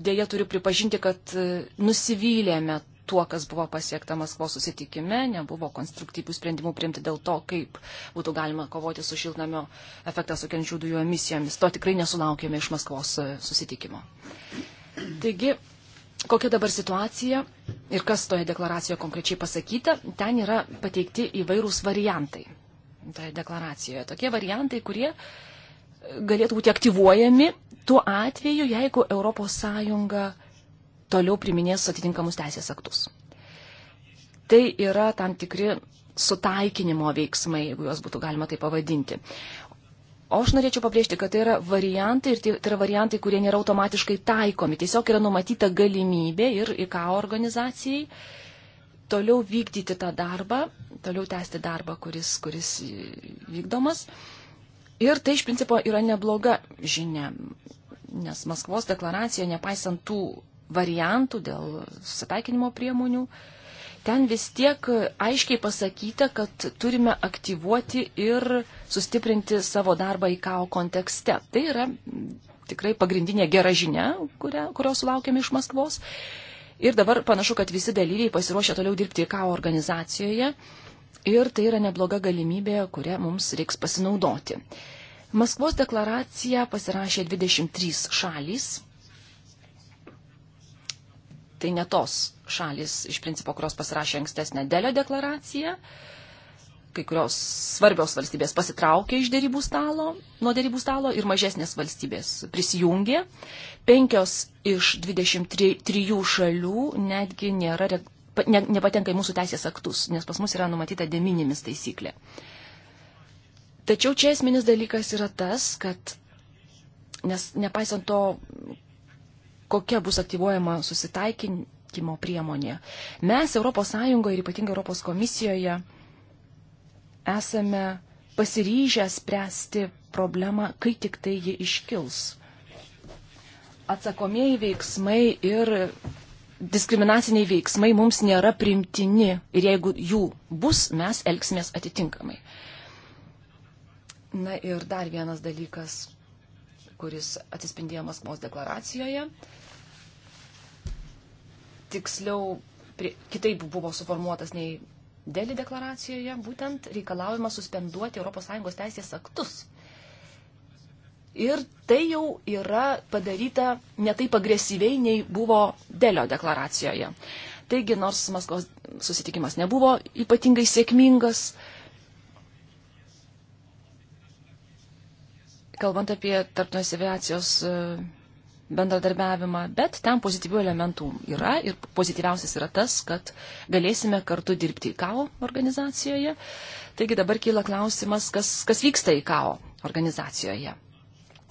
dėja turiu pripažinti, kad e, nusivylėme tuo, kas buvo pasiekta Maskvos susitikime, nebuvo konstruktyvių sprendimų priimti dėl to, kaip būtų galima kovoti su šiltnamio efektą sukenčių dujų emisijomis. To tikrai nesulaukėme iš Maskvos e, susitikimo. Taigi, kokia dabar situacija ir kas toje deklaracijoje konkrečiai pasakyta, ten yra pateikti įvairūs variantai. Toje deklaracijoje tokie variantai, kurie uh, galėtų būti aktyvuojami tuo atveju, jeigu ES toliau priminės atitinkamus teisės aktus. Tai yra tam tikri sutaikinimo veiksmai, jeigu juos būtų galima tai pavadinti. O aš norėčiau pabrėžti, kad tai yra variantai ir tai, tai yra variantai, kurie nėra automatiškai taikomi. Tiesiog yra numatyta galimybė ir IKA organizacijai toliau vykdyti tą darbą, toliau tęsti darbą, kuris, kuris vykdomas. Uh, Ir tai iš principo yra nebloga žinia, nes Maskvos deklaracija, nepaisant tų variantų dėl susitaikinimo priemonių, ten vis tiek aiškiai pasakyta, kad turime aktyvuoti ir sustiprinti savo darbą į KAO kontekste. Tai yra tikrai pagrindinė gera žinia, kurio, kurios sulaukėme iš Maskvos. Ir dabar panašu, kad visi dalyviai pasiruošę toliau dirbti KAO organizacijoje ir tai yra nebloga galimybė, kurią mums reiks pasinaudoti. Maskvos deklaraciją pasirašė 23 šalys. Tai ne tos šalis, iš principo, kurios pasirašė ankstesnę Delio deklaraciją. Kai kurios svarbios valstybės pasitraukė iš dėrybų stalo, nuo dėrybų stalo ir mažesnės valstybės prisijungė. Penkios iš 23 šalių netgi nėra ne, nepatenka į mūsų teisės aktus, nes pas mus yra numatyta deminimis taisyklė. Tačiau čia esminis dalykas yra tas, kad nes nepaisant to, kokia bus aktyvuojama susitaikinimo priemonė, mes ES ir ypatingai ES komisijoje esame pasiryžę spręsti problemą, kai tik tai ji iškils. Atsakomieji veiksmai ir diskriminaciniai veiksmai mums nėra primtini ir jeigu jų bus, mes elgsimės atitinkamai. Na ir dar vienas dalykas, kuris atsispindėjo Maskvos deklaracijoje. Tiksliau, prie, kitaip buvo suformuotas nei Deli deklaracijoje, būtent reikalaujama suspenduoti ES teisės aktus ir tai jau yra padaryta ne taip agresyviai, nei buvo Delio deklaracijoje. Taigi, nors Maskvos susitikimas nebuvo ypatingai sėkmingas, kalbant apie tarptautinės aviacijos e, bendradarbiavimą, bet ten pozityvių elementų yra ir pozityviausias yra tas, kad galėsime kartu dirbti ICAO organizacijoje. Taigi dabar kyla klausimas, kas, kas vyksta ICAO organizacijoje.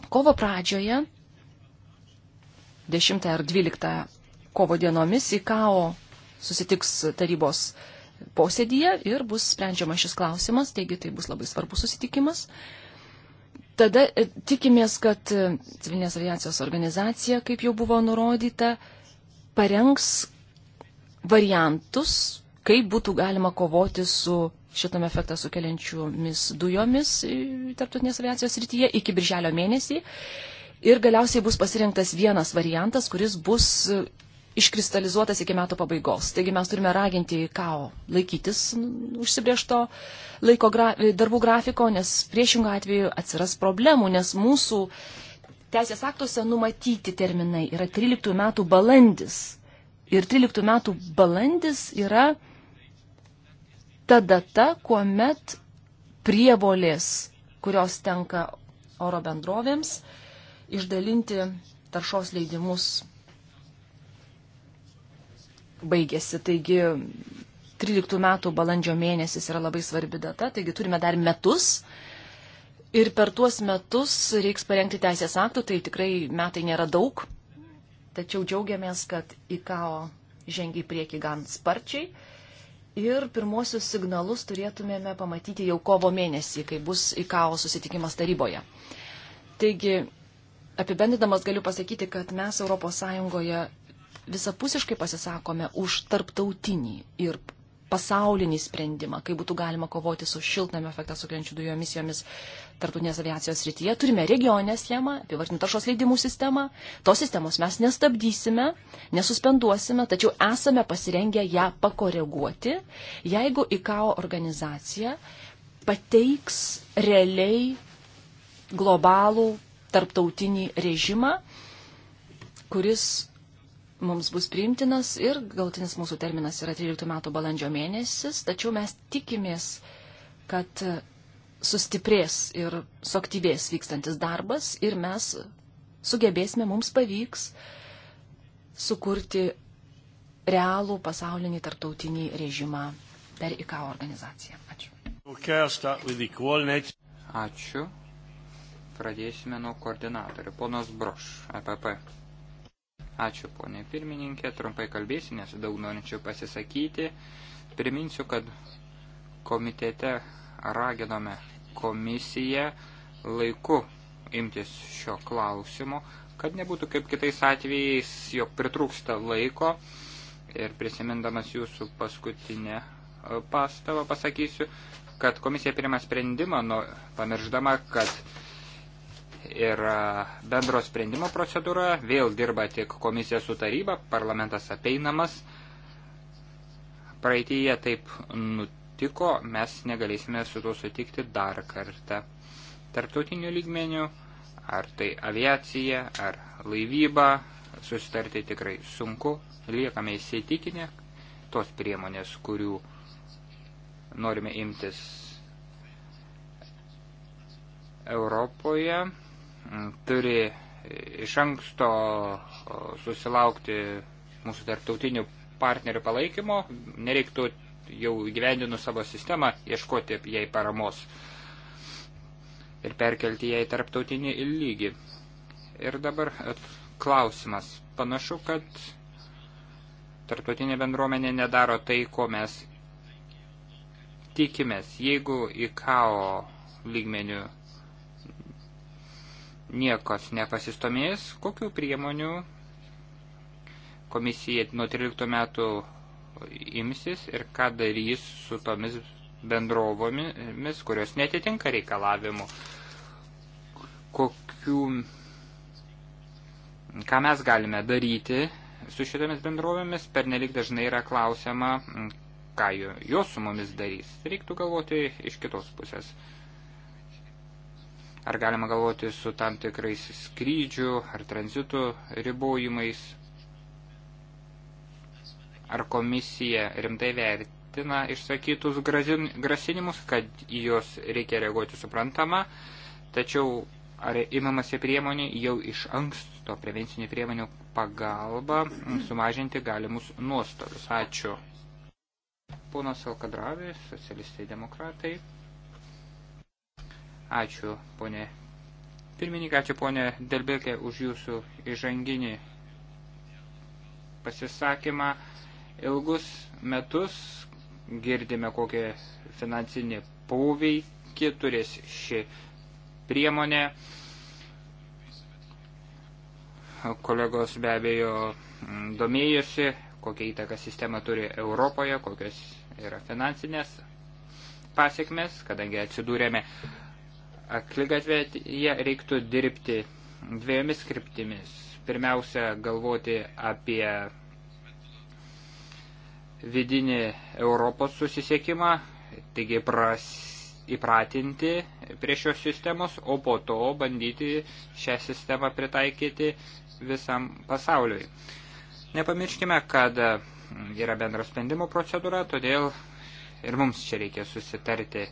Kovo pradžioje, 10 ar 12 kovo dienomis, IKAO susitiks tarybos posėdyje ir bus sprendžiamas šis klausimas, taigi tai bus labai svarbus susitikimas. Tada e, tikimės, kad e, civilinės aviacijos organizacija, kaip jau buvo nurodyta, parengs variantus, kaip būtų galima kovoti su šiltame efektą sukeliančiomis dujomis tarptautinės aviacijos rytyje iki birželio mėnesį. Ir galiausiai bus pasirinktas vienas variantas, kuris bus iškristalizuotas iki metų pabaigos. Taigi mes turime raginti KAO laikytis užsibriešto laiko gra, darbų grafiko, nes priešingų atveju atsiras problemų, nes mūsų teisės aktuose numatyti terminai yra 13 metų balandis. Ir 13 metų balandis yra ta data, kuomet prievolės, kurios tenka oro bendrovėms, išdalinti taršos leidimus baigėsi. Taigi 13 metų balandžio mėnesis yra labai svarbi data, taigi turime dar metus. Ir per tuos metus reiks parengti teisės aktų, tai tikrai metai nėra daug. Tačiau džiaugiamės, kad IKAO žengia į priekį gan sparčiai ir pirmosius signalus turėtumėme pamatyti jau kovo mėnesį, kai bus IKAO susitikimas taryboje. Taigi, apibendinamas galiu pasakyti, kad mes ES visapusiškai pasisakome už tarptautinį ir pasaulinį sprendimą, kaip būtų galima kovoti su šiltnamio efektą sukeliančių dujų emisijomis tartutinės aviacijos rytyje. Turime regionę schemą, apivartinių taršos leidimų sistemą. Tos sistemos mes nestabdysime, nesuspenduosime, tačiau esame pasirengę ją pakoreguoti, jeigu ICAO organizacija pateiks realiai globalų tarptautinį režimą, kuris mums bus priimtinas ir galtinis mūsų terminas yra 13 metų balandžio mėnesis, tačiau mes tikimės, kad sustiprės ir suaktyvės vykstantis darbas ir mes sugebėsime, mums pavyks sukurti realų pasaulinį tartautinį režimą per IKA organizaciją. Ačiū. Ačiū. Pradėsime nuo koordinatorių. Ponas Broš, EPP. Ačiū, ponė pirmininkė, trumpai kalbėsiu, nes daug norinčių pasisakyti. Priminsiu, kad komitete raginome komisiją laiku imtis šio klausimo, kad nebūtų kaip kitais atvejais, jog pritrūksta laiko. Ir prisimindamas jūsų paskutinę e, pastavą pasakysiu, kad komisija pirmą sprendimą, nu, pamiršdama, kad yra e, bendro sprendimo procedūra, vėl dirba tik komisija su taryba, parlamentas apeinamas. Praeitėje taip nutiko, mes negalėsime su to sutikti dar kartą. Tarptautinių lygmenių, ar tai aviacija, ar laivyba, susitarti tikrai sunku, liekame įsitikinę, tos priemonės, kurių norime imtis Europoje turi iš anksto susilaukti mūsų tarptautinių partnerių palaikymo, nereiktų jau gyvendinus savo sistemą ieškoti jai paramos ir perkelti ją į tarptautinį lygį. Ir dabar e, klausimas. Panašu, kad tarptautinė bendruomenė nedaro tai, ko mes tikimės. Jeigu IKAO lygmenių niekas nepasistomės, kokiu priemonių komisija nuo 13 metų imsis ir ką darys su tomis bendrovomis, kurios netitinka reikalavimu. Kokių, ką mes galime daryti su šitomis bendrovėmis, per nelik dažnai yra klausiama, ką jos su mumis darys. Reiktų galvoti iš kitos pusės. Ar galima galvoti su tam tikrais skrydžių ar tranzitų ribojimais? Ar komisija rimtai vertina išsakytus grasinimus, kad į juos reikia reaguoti suprantama, tačiau ar imamasi priemonė jau iš anksto prevencinių priemonių pagalba sumažinti galimus nuostolius. Ačiū. Ponas Alkadravi, socialistai demokratai. Ačiū, ponė pirmininkė, ačiū ponė Delbekė už jūsų įžanginį pasisakymą. Ilgus metus girdime, kokią finansinį poveikį turės ši priemonė. Kolegos be abejo mm, domėjosi, kokią įtaką sistema turi Europoje, kokios yra finansinės pasiekmes, kadangi atsidūrėme akligatvėje reiktų dirbti dviejomis kryptimis. Pirmiausia, galvoti apie vidinį Europos susisiekimą, taigi pras, įpratinti prie šios sistemos, o po to bandyti šią sistemą pritaikyti visam pasauliui. Nepamirškime, kad yra bendra sprendimo procedūra, todėl ir mums čia reikia susitarti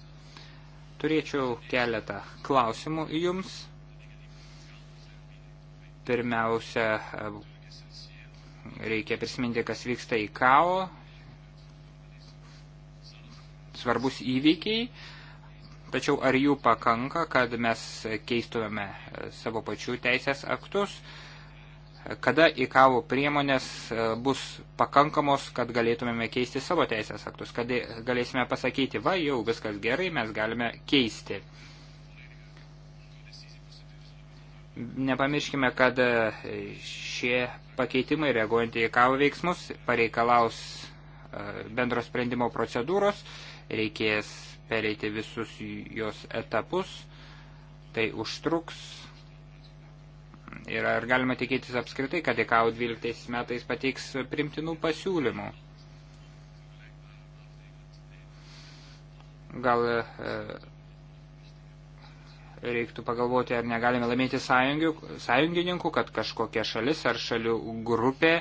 Turėčiau keletą klausimų jums. Pirmiausia, reikia prisiminti, kas vyksta į KAO. Svarbus įvykiai. Tačiau ar jų pakanka, kad mes keistumėme savo pačių teisės aktus? kada įkavo priemonės e, bus pakankamos, kad galėtumėme keisti savo teisės aktus, kad galėsime pasakyti, va, jau viskas gerai, mes galime keisti. Nepamirškime, kad e, šie pakeitimai reaguojant į kavo veiksmus pareikalaus e, bendro sprendimo procedūros, reikės pereiti visus jos etapus, tai užtruks Ir ar galima tikėtis apskritai, kad IKAU 12 metais pateiks primtinų pasiūlymų? Gal e, reiktų pagalvoti, ar negalime laimėti sąjungininkų, kad kažkokia šalis ar šalių grupė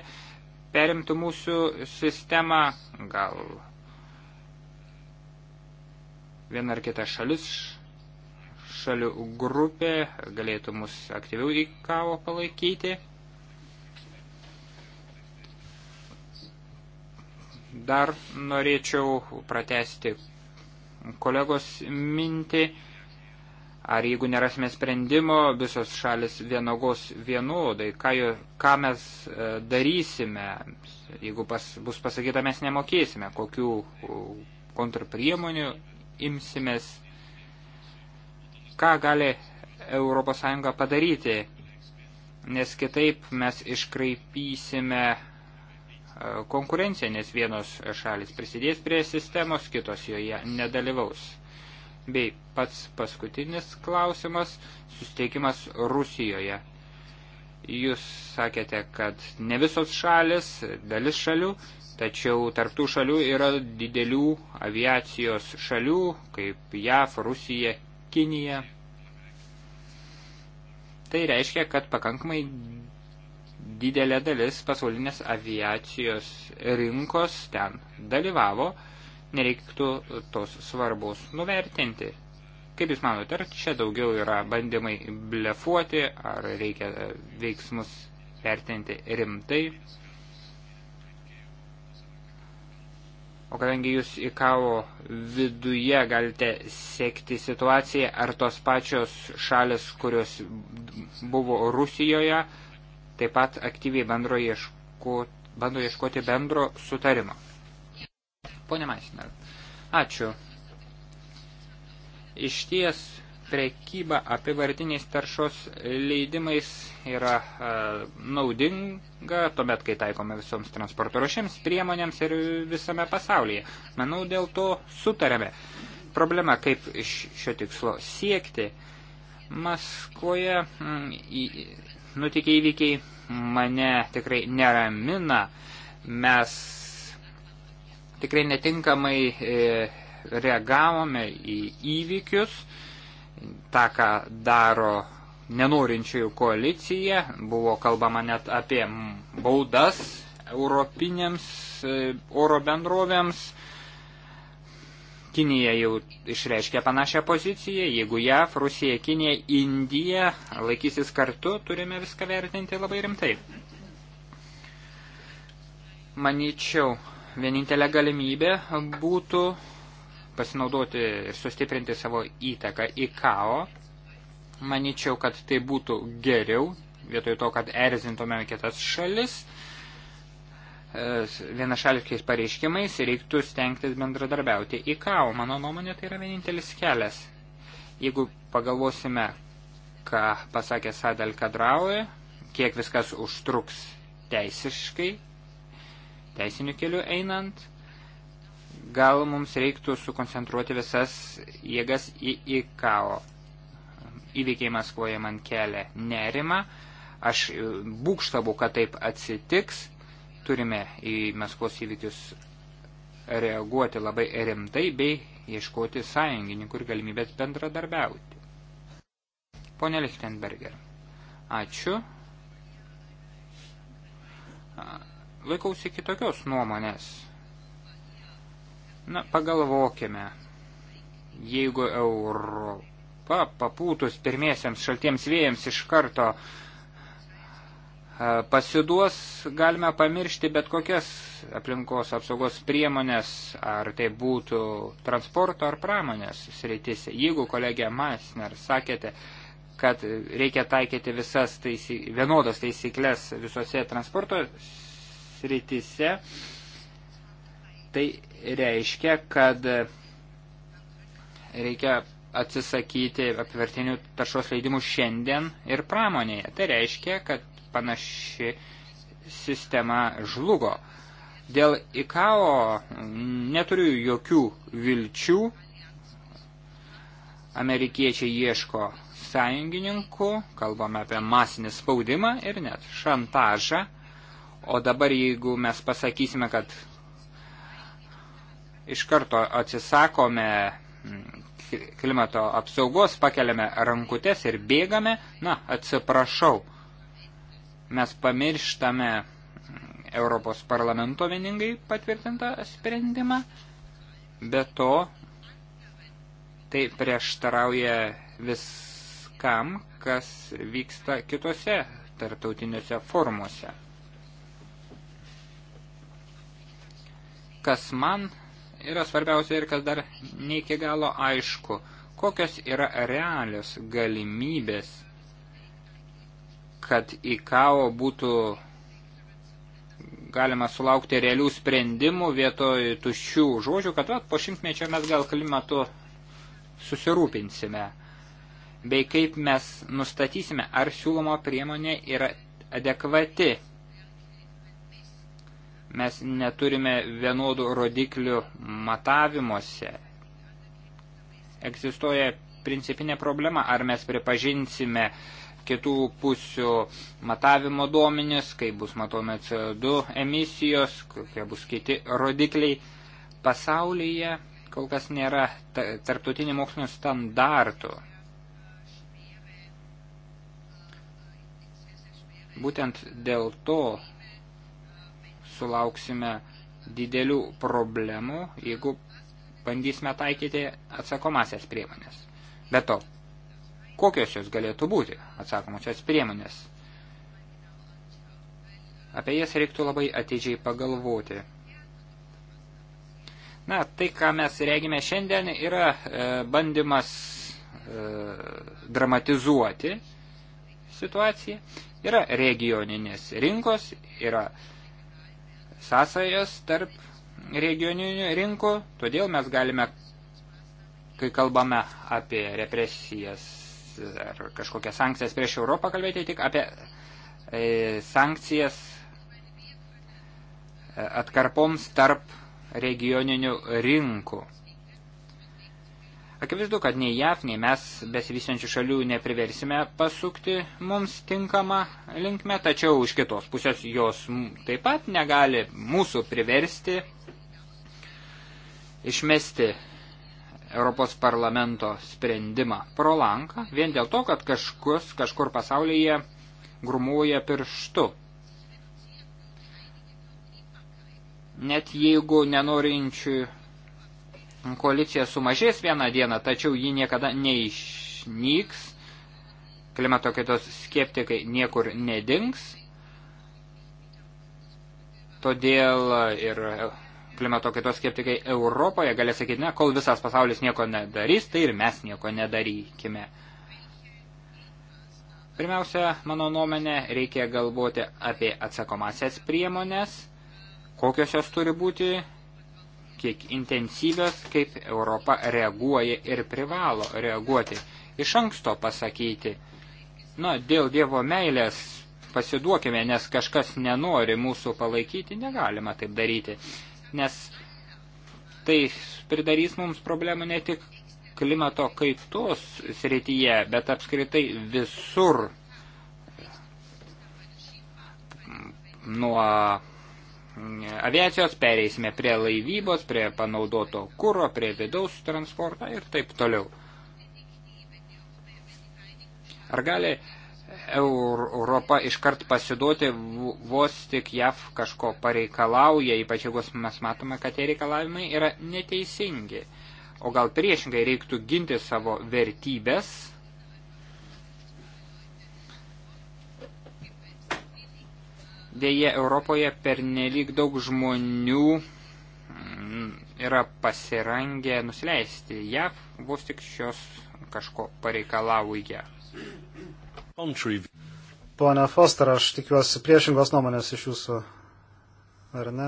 perimtų mūsų sistemą, gal viena ar kita šalis šalių grupė galėtų mus aktyviau į kavo palaikyti. Dar norėčiau pratesti kolegos mintį, ar jeigu nerasime sprendimo, visos šalis vienogos vienodai, ką, jo, ką mes e, darysime, jeigu pas, bus pasakyta, mes nemokėsime, kokių e, kontrpriemonių imsimės ką gali ES padaryti, nes kitaip mes iškraipysime e, konkurenciją, nes vienos šalis prisidės prie sistemos, kitos joje nedalyvaus. Bei pats paskutinis klausimas – susteikimas Rusijoje. Jūs sakėte, kad ne visos šalis, dalis šalių, tačiau tarptų šalių yra didelių aviacijos šalių, kaip JAF, Rusija, Kinija. Tai reiškia, kad pakankamai didelė dalis pasaulinės aviacijos rinkos ten dalyvavo, nereiktų tos svarbos nuvertinti. Kaip Jūs manote, ar čia daugiau yra bandymai blefuoti, ar reikia veiksmus vertinti rimtai? O kadangi jūs į kavo viduje galite sekti situaciją, ar tos pačios šalis, kurios buvo Rusijoje, taip pat aktyviai bendro ieško, bando ieškoti bendro sutarimo. Pone Maisner, ačiū. Iš ties prekyba apivartiniais taršos leidimais yra e, naudinga, tuomet, kai taikome visoms transporto ruošėms, priemonėms ir visame pasaulyje. Manau, dėl to sutarėme. Problema, kaip iš šio tikslo siekti, Maskvoje mm, nutikė įvykiai mane tikrai neramina. Mes tikrai netinkamai e, reagavome į įvykius. E, tą, ką daro nenorinčiųjų koalicija, buvo kalbama net apie baudas europinėms e, oro bendrovėms. Kinija jau išreiškė panašią poziciją, jeigu JAV, Rusija, Kinija, Indija laikysis kartu, turime viską vertinti labai rimtai. Manyčiau, vienintelė galimybė būtų pasinaudoti ir sustiprinti savo įtaką į KAO. Maničiau, kad tai būtų geriau, vietoj to, kad erzintume kitas šalis e, vienašališkais pareiškimais reiktų stengtis bendradarbiauti į KAO. Mano nuomonė, tai yra vienintelis kelias. Jeigu pagalvosime, ką pasakė Sadel Kadraui, kiek viskas užtruks teisiškai, teisiniu keliu einant, gal mums reiktų sukoncentruoti visas jėgas į IKAO. Įveikiai Maskvoje man kelia nerima. Aš e, būkštabu, kad taip atsitiks. Turime į Maskvos įvykius reaguoti labai rimtai bei ieškoti sąjungininkų ir galimybės bendradarbiauti. Pone Lichtenberger, ačiū. Laikausi kitokios nuomonės Na, pagalvokime, jeigu Europa papūtus pirmiesiams šaltiems vėjams iš karto e, pasiduos, galime pamiršti bet kokias aplinkos apsaugos priemonės, ar tai būtų transporto ar pramonės sritise. Jeigu kolegė Masner sakėte, kad reikia taikyti visas taisy, vienodas taisyklės visose transporto sritise, tai reiškia, kad reikia atsisakyti apvertinių taršos leidimų šiandien ir pramonėje. Tai reiškia, kad panaši sistema žlugo. Dėl ICAO neturiu jokių vilčių. Amerikiečiai ieško sąjungininkų, kalbame apie masinį spaudimą ir net šantažą. O dabar jeigu mes pasakysime, kad iš karto atsisakome mm, klimato apsaugos, pakeliame rankutės ir bėgame, na, atsiprašau, mes pamirštame mm, Europos parlamento vieningai patvirtintą sprendimą, be to tai prieštarauja viskam, kas vyksta kitose tartautiniuose formuose. Kas man yra svarbiausia ir kas dar ne iki galo aišku, kokios yra realios galimybės, kad į kavo būtų galima sulaukti realių sprendimų vietoj tuščių žodžių, kad va, po šimtmečio mes gal klimatu susirūpinsime. Bei kaip mes nustatysime, ar siūloma priemonė yra adekvati Mes neturime vienodų rodiklių matavimuose. Egzistuoja principinė problema, ar mes pripažinsime kitų pusių matavimo duomenis, kaip bus matomi CO2 emisijos, kokie bus kiti rodikliai. Pasaulyje kol kas nėra tarptautinių mokslinių standartų. Būtent dėl to sulauksime didelių problemų, jeigu bandysime taikyti atsakomasias priemonės. Be to, kokios jos galėtų būti atsakomosios priemonės? Apie jas reiktų labai ateidžiai pagalvoti. Na, tai, ką mes regime šiandien, yra e, bandymas e, dramatizuoti situaciją. Yra regioninės rinkos, yra e, sąsajas tarp regioninių rinkų, todėl mes galime, kai kalbame apie represijas ar kažkokias sankcijas prieš Europą, kalbėti tik apie e, sankcijas e, atkarpoms tarp regioninių rinkų. Akivaizdu, kad nei JAV, nei mes besivysiančių šalių nepriversime pasukti mums tinkamą linkmę, tačiau iš kitos pusės jos taip pat negali mūsų priversti išmesti Europos parlamento sprendimą pro lanką, vien dėl to, kad kažkus, kažkur pasaulyje grumuoja pirštu. Net jeigu nenorinčių koalicija sumažės vieną dieną, tačiau ji niekada neišnyks, klimato kaitos skeptikai niekur nedings, todėl ir klimato kaitos skeptikai Europoje galės sakyti, ne, kol visas pasaulis nieko nedarys, tai ir mes nieko nedarykime. Pirmiausia, mano nuomenė, reikia galvoti apie atsakomasias priemonės, kokios jos turi būti, kiek intensyvios, kaip Europa reaguoja ir privalo reaguoti. Iš anksto pasakyti, na, dėl Dievo meilės pasiduokime, nes kažkas nenori mūsų palaikyti, negalima taip daryti, nes tai pridarys mums problemų ne tik klimato kaitos srityje, bet apskritai visur nuo aviacijos, pereisime prie laivybos, prie panaudoto kūro, prie vidaus transporto ir taip toliau. Ar gali Europa iškart pasiduoti vos tik JAV kažko pareikalauja, ypač jeigu mes matome, kad tie reikalavimai yra neteisingi. O gal priešingai reiktų ginti savo vertybės Dėje Europoje pernelyg daug žmonių mm, yra pasirangę nusileisti JAV, vos tik šios kažko pareikalauja. Pone Foster, aš tikiuosi priešingos nuomonės iš jūsų, ar ne?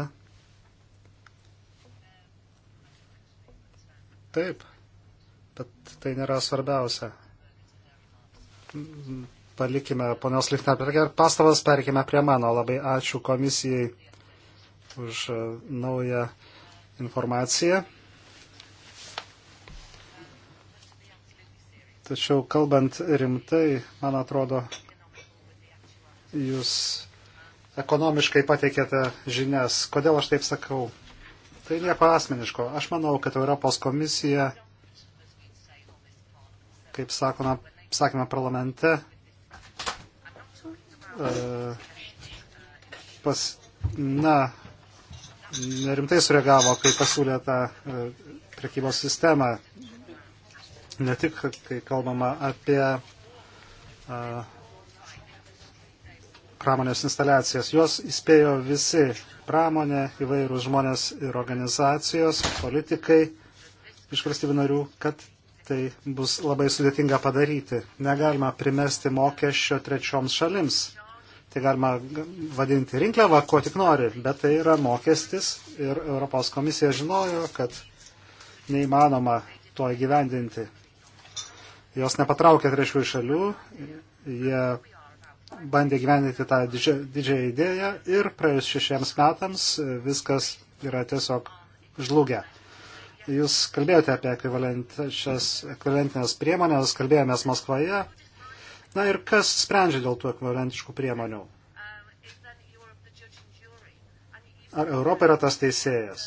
Taip, bet tai nėra svarbiausia palikime ponios Lichtenberger pastabas, perkime prie mano. Labai ačiū komisijai už e, naują informaciją. Tačiau kalbant rimtai, man atrodo, jūs ekonomiškai pateikėte žinias. Kodėl aš taip sakau? Tai nieko asmeniško. Aš manau, kad Europos komisija, kaip sakome, sakome parlamente, E, pas, na, nerimtai sureagavo, kai pasiūlė tą e, prekybos sistemą. Ne tik, kai kalbama apie e, pramonės instaliacijas. Jos įspėjo visi pramonė, įvairūs žmonės ir organizacijos, politikai iš valstybių narių, kad tai bus labai sudėtinga padaryti. Negalima primesti mokesčio trečioms šalims. Tai galima vadinti rinkliavą, ko tik nori, bet tai yra mokestis ir Europos komisija žinojo, kad neįmanoma to įgyvendinti. Jos nepatraukė trečiųjų šalių, jie bandė gyvendinti tą didžiąją idėją ir praėjus šešiems metams viskas yra tiesiog žlugę. Jūs kalbėjote apie ekvivalentinės priemonės, kalbėjomės Maskvoje, Na ir kas sprendžia dėl tų ekvivalentiškų priemonių? Ar Europa yra tas teisėjas?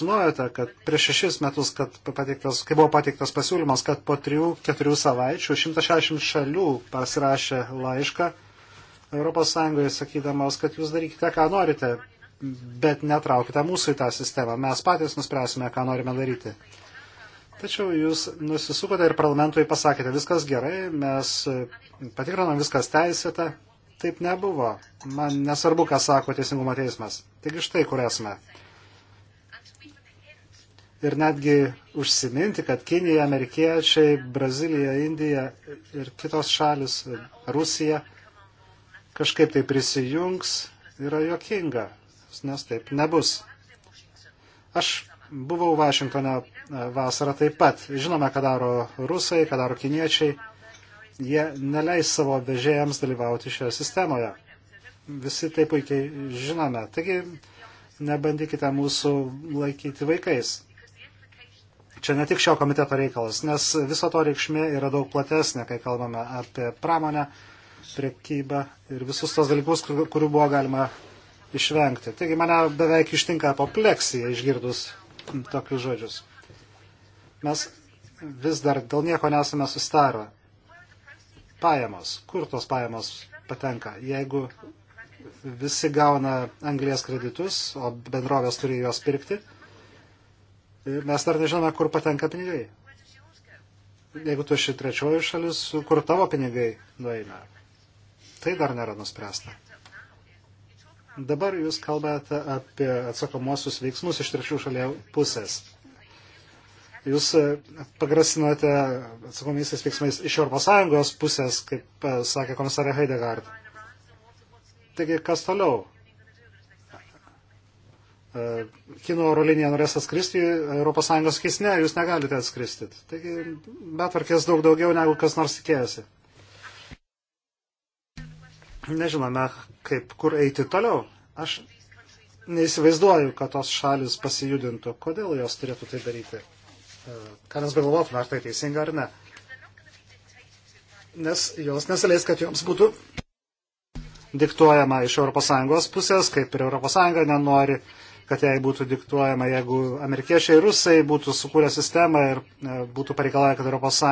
Žinojote, kad prieš šešis metus, kad pateiktas, kai buvo pateiktas pasiūlymas, kad po trijų, keturių savaičių 160 šalių pasirašė laišką Europos Sąjungoje sakydamos, kad jūs darykite, ką norite, bet netraukite mūsų į tą sistemą. Mes patys nuspręsime, ką norime daryti. Tačiau jūs nusisukote ir parlamentui pasakėte, viskas gerai, mes patikrinam viskas teisėta. Taip nebuvo. Man nesvarbu, ką sako Teisingumo teismas. Taigi štai kur esame. Ir netgi užsiminti, kad Kinija, amerikiečiai, Brazilija, Indija ir kitos šalis, Rusija kažkaip tai prisijungs, yra jokinga, nes taip nebus. Aš Buvau Vašingtone e, vasarą taip pat. Žinome, ką daro rusai, ką daro kiniečiai. Jie neleis savo vežėjams dalyvauti šioje sistemoje. Visi tai puikiai žinome. Taigi nebandykite mūsų laikyti vaikais. Čia ne tik šio komiteto reikalas, nes viso to reikšmė yra daug platesnė, kai kalbame apie pramonę, priekybą ir visus tos dalykus, kurių buvo galima išvengti. Taigi mane beveik ištinka apopleksija išgirdus tokius žodžius. Mes vis dar dėl nieko nesame sustarę. Pajamos. Kur tos pajamos patenka? Jeigu visi gauna anglės kreditus, o bendrovės turi juos pirkti, mes dar nežinome, kur patenka pinigai. Jeigu tu ši trečioji šalis, kur tavo pinigai nueina. Tai dar nėra nuspręsta. Dabar jūs kalbate apie atsakomuosius veiksmus iš trečių šalių pusės. Jūs e, pagrasinote atsakomysiais veiksmais iš ES pusės, kaip e, sakė komisarė Heidegard. Taigi, kas toliau? E, kino oro linija norės atskristi, ES sakys, ne, jūs negalite atskristi. Taigi, betvarkės daug daugiau negu kas nors tikėjosi nežinome, kaip kur eiti toliau. Aš neįsivaizduoju, kad tos šalis pasijudintų. Kodėl jos turėtų tai daryti? E, ką mes galvotume, ar tai teisinga ar ne? Nes jos nesileis, kad joms būtų diktuojama iš ES pusės, kaip ir ES nenori, kad jai būtų diktuojama, jeigu amerikiečiai ir rusai būtų sukūrę sistemą ir e, būtų pareikalavę, kad ES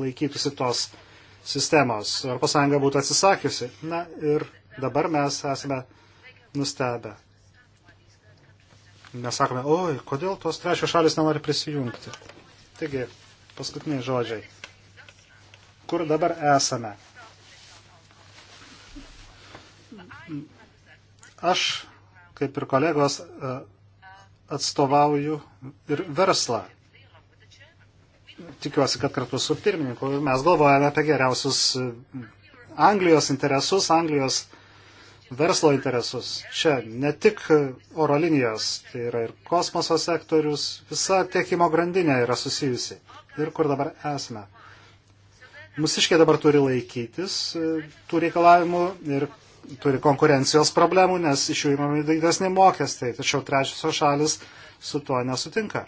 laikytųsi tos uh, sistemos. Europos Sąjunga būtų atsisakiusi. Na ir dabar mes esame nustebę. Mes sakome, oi, kodėl tos trečios šalis nenori prisijungti. Taigi, paskutiniai žodžiai. Kur dabar esame? Aš, kaip ir kolegos, e, atstovauju ir verslą tikiuosi, kad kartu su pirmininku mes galvojame apie geriausius e, Anglijos interesus, Anglijos verslo interesus. Čia ne tik oro linijos, tai yra ir kosmoso sektorius, visa tiekimo grandinė yra susijusi. Ir kur dabar esame. Mūsiškiai dabar turi laikytis e, tų reikalavimų ir turi konkurencijos problemų, nes iš jų įmami didesnį mokestį, tačiau trečiosios šalis su tuo nesutinka.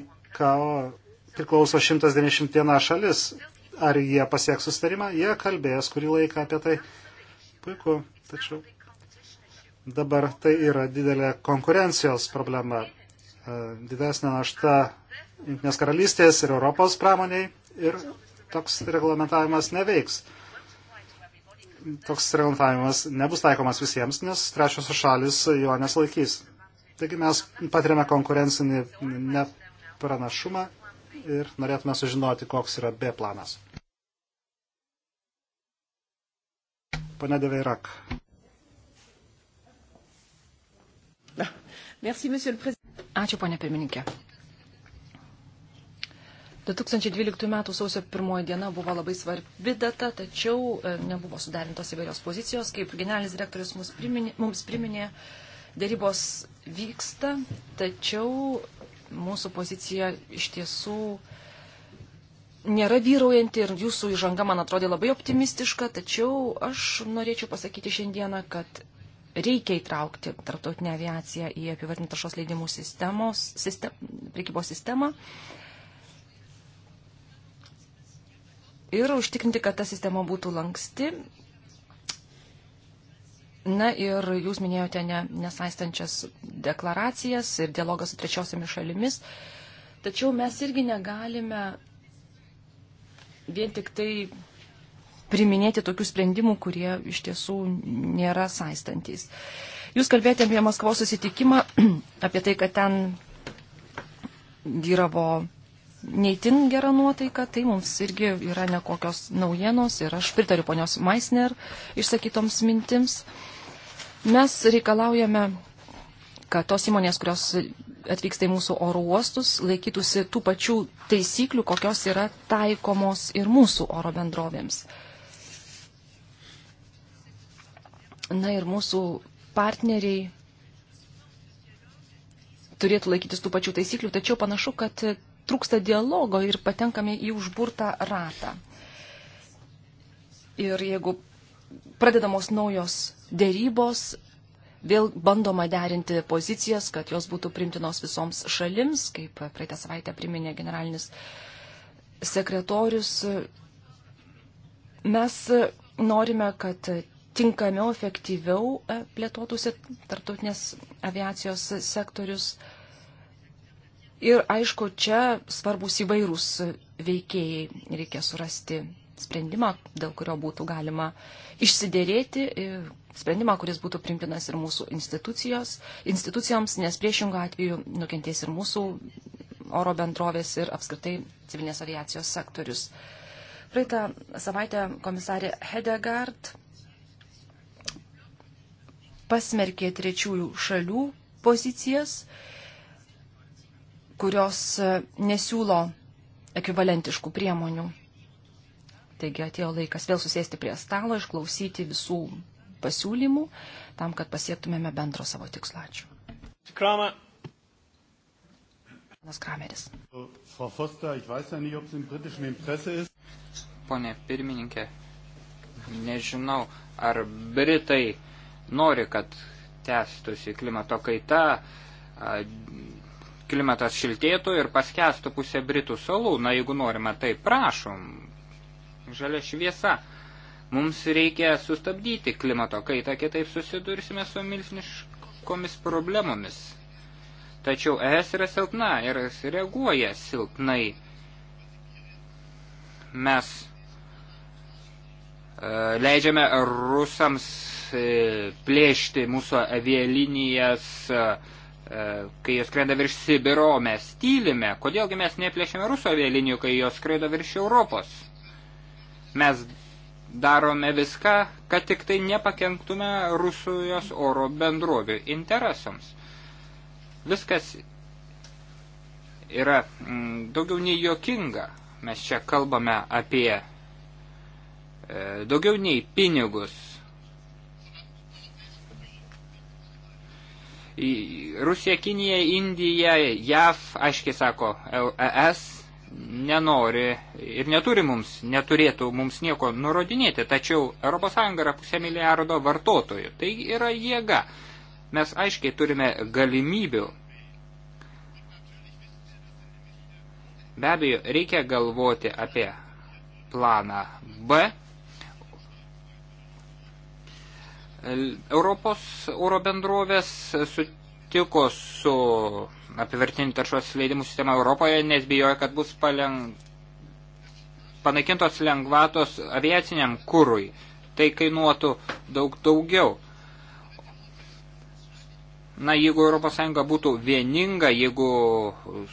IKO priklauso 191 šalis. Ar jie pasieks sustarimą? Jie kalbės kurį laiką apie tai. Puiku, tačiau dabar tai yra didelė konkurencijos problema. E, didesnė našta Junktinės karalystės ir Europos pramoniai ir toks reglamentavimas neveiks. Toks reglamentavimas nebus taikomas visiems, nes trečiosios šalis jo nesilaikys. Taigi mes patiriame konkurencinį nepranašumą ir norėtume sužinoti, koks yra B planas. Pane Deveirak. Ačiū, ponė pirmininkė. 2012 m. sausio 1 diena buvo labai svarbi data, tačiau e, nebuvo sudarintos įvairios pozicijos. Kaip generalinis direktorius mums priminė, mums priminė dėrybos vyksta, tačiau mūsų pozicija iš tiesų nėra vyraujanti ir jūsų įžanga man atrodė labai optimistiška, tačiau aš norėčiau pasakyti šiandieną, kad reikia įtraukti tarptautinę aviaciją į apivartinį taršos leidimų sistemos, sistem, prekybos sistemą ir užtikrinti, kad ta sistema būtų lanksti Na ir jūs minėjote ne, nesaistančias deklaracijas ir dialogą su trečiosiamis šalimis, tačiau mes irgi negalime vien tik tai priminėti tokių sprendimų, kurie iš tiesų nėra saistantys. Jūs kalbėjote apie Maskvos susitikimą, *clears throat* apie tai, kad ten vyravo neįtin gera nuotaika, tai mums irgi yra nekokios naujienos ir aš pritariu ponios Maisner išsakytoms mintims. Uh, Mes reikalaujame, kad tos įmonės, kurios atvyksta į mūsų oro uostus, laikytųsi tų pačių taisyklių, kokios yra taikomos ir mūsų oro bendrovėms. Na ir mūsų partneriai turėtų laikytis tų pačių taisyklių, tačiau panašu, kad trūksta dialogo ir patenkame į užburtą ratą. Ir jeigu pradedamos naujos dėrybos, vėl bandoma derinti pozicijas, kad jos būtų primtinos visoms šalims, kaip praeitą savaitę priminė generalinis sekretorius. Mes norime, kad tinkamiau, efektyviau plėtotųsi tartutinės aviacijos sektorius. Ir aišku, čia svarbus įvairūs veikėjai reikia surasti sprendimą, dėl kurio būtų galima išsiderėti, e, sprendimą, kuris būtų primtinas ir mūsų institucijoms, nes priešingų atveju nukentės ir mūsų oro bendrovės ir apskritai civilinės aviacijos sektorius. Praeitą savaitę komisarė Hedegard pasmerkė trečiųjų šalių pozicijas, kurios nesiūlo ekvivalentiškų priemonių Taigi atėjo laikas vėl susėsti prie stalo, išklausyti visų pasiūlymų, tam, kad pasiektumėme bendro savo tikslo. Ačiū. Kramer. Panas Krameris. Pone pirmininkė, nežinau, ar Britai nori, kad tęstųsi klimato kaita, klimatas šiltėtų ir paskestų pusė Britų salų. Na, jeigu norime, tai prašom, žalia šviesa. Mums reikia sustabdyti klimato kaitą, kitaip susidursime su milsniškomis problemomis. Tačiau ES yra silpna ir reaguoja silpnai. Mes e, leidžiame rusams e, plėšti mūsų avialinijas, e, kai jos skrenda virš Sibiro, mes tylime. Kodėlgi mes neplėšėme rusų avialinijų, kai jos skraido virš Europos? Mes darome viską, kad tik tai nepakenktume Rusijos oro bendrovių interesams. Viskas yra mm, daugiau nei jokinga. Mes čia kalbame apie e, daugiau nei pinigus. Į Rusija, Kinija, Indija, JAV, aiškiai sako, ES nenori ir neturi mums, neturėtų mums nieko nurodinėti, tačiau ES yra pusė milijardo vartotojų. Tai yra jėga. Mes aiškiai turime galimybių. Be abejo, reikia galvoti apie planą B. Europos oro bendrovės sutiko su apivertinį taršos leidimų sistemą Europoje, nes bijoja, kad bus paleng... panaikintos lengvatos aviaciniam kūrui. Tai kainuotų daug daugiau. Na, jeigu ES būtų vieninga, jeigu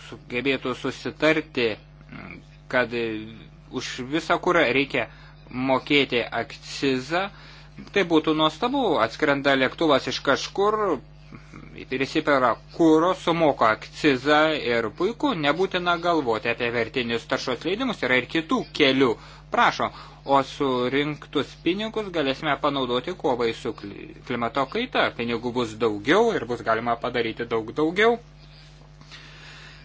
sugebėtų susitarti, kad už visą kurą reikia mokėti akcizą, tai būtų nuostabu. Atskrenda lėktuvas iš kažkur, įsiperą tai kūro, sumoka akcizą ir puiku, nebūtina galvoti apie vertinius taršos leidimus, yra ir kitų kelių, prašo, o surinktus pinigus galėsime panaudoti kovai su klimato kaita, pinigų bus daugiau ir bus galima padaryti daug daugiau.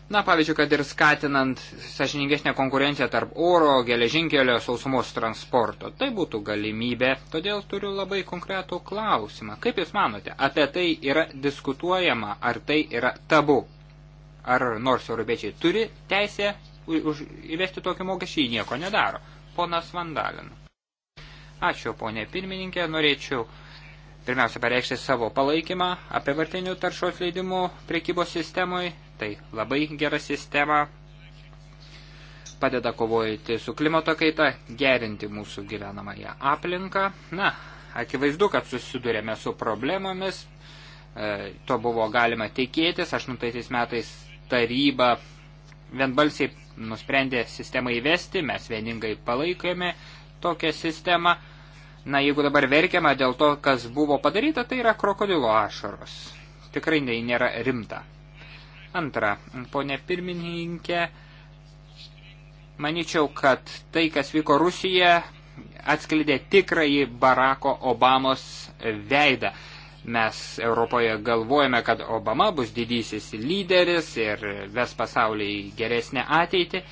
Na, pavyzdžiui, kad ir skatinant sažiningesnę konkurenciją tarp oro, geležinkelio, sausumos transporto. Tai būtų galimybė, todėl turiu labai konkretų klausimą. Kaip Jūs manote, apie tai yra diskutuojama, ar tai yra tabu? Ar nors europiečiai turi teisę už, įvesti tokį mokesčių, jį nieko nedaro? Ponas Vandalin. Ačiū, ponė pirmininkė, norėčiau pirmiausia pareikšti savo palaikymą apie vartinių taršos leidimų prekybos sistemui Tai labai gera sistema, padeda kovojti su klimato kaita, gerinti mūsų gyvenamąją aplinką. Na, akivaizdu, kad susidurėme su problemomis, e, to buvo galima tikėtis, 8 metais taryba vienbalsiai nusprendė sistemą įvesti, mes vieningai palaikėme tokią sistemą. Na, jeigu dabar verkiama dėl to, kas buvo padaryta, tai yra krokodilo ašaros. Tikrai tai nėra rimta. Antra, ponė pirmininkė, manyčiau, kad tai, kas vyko Rusija, atskleidė tikrąjį Barako Obamos veidą. Mes Europoje galvojame, kad Obama bus didysis lyderis ir ves pasaulį į geresnę ateitį,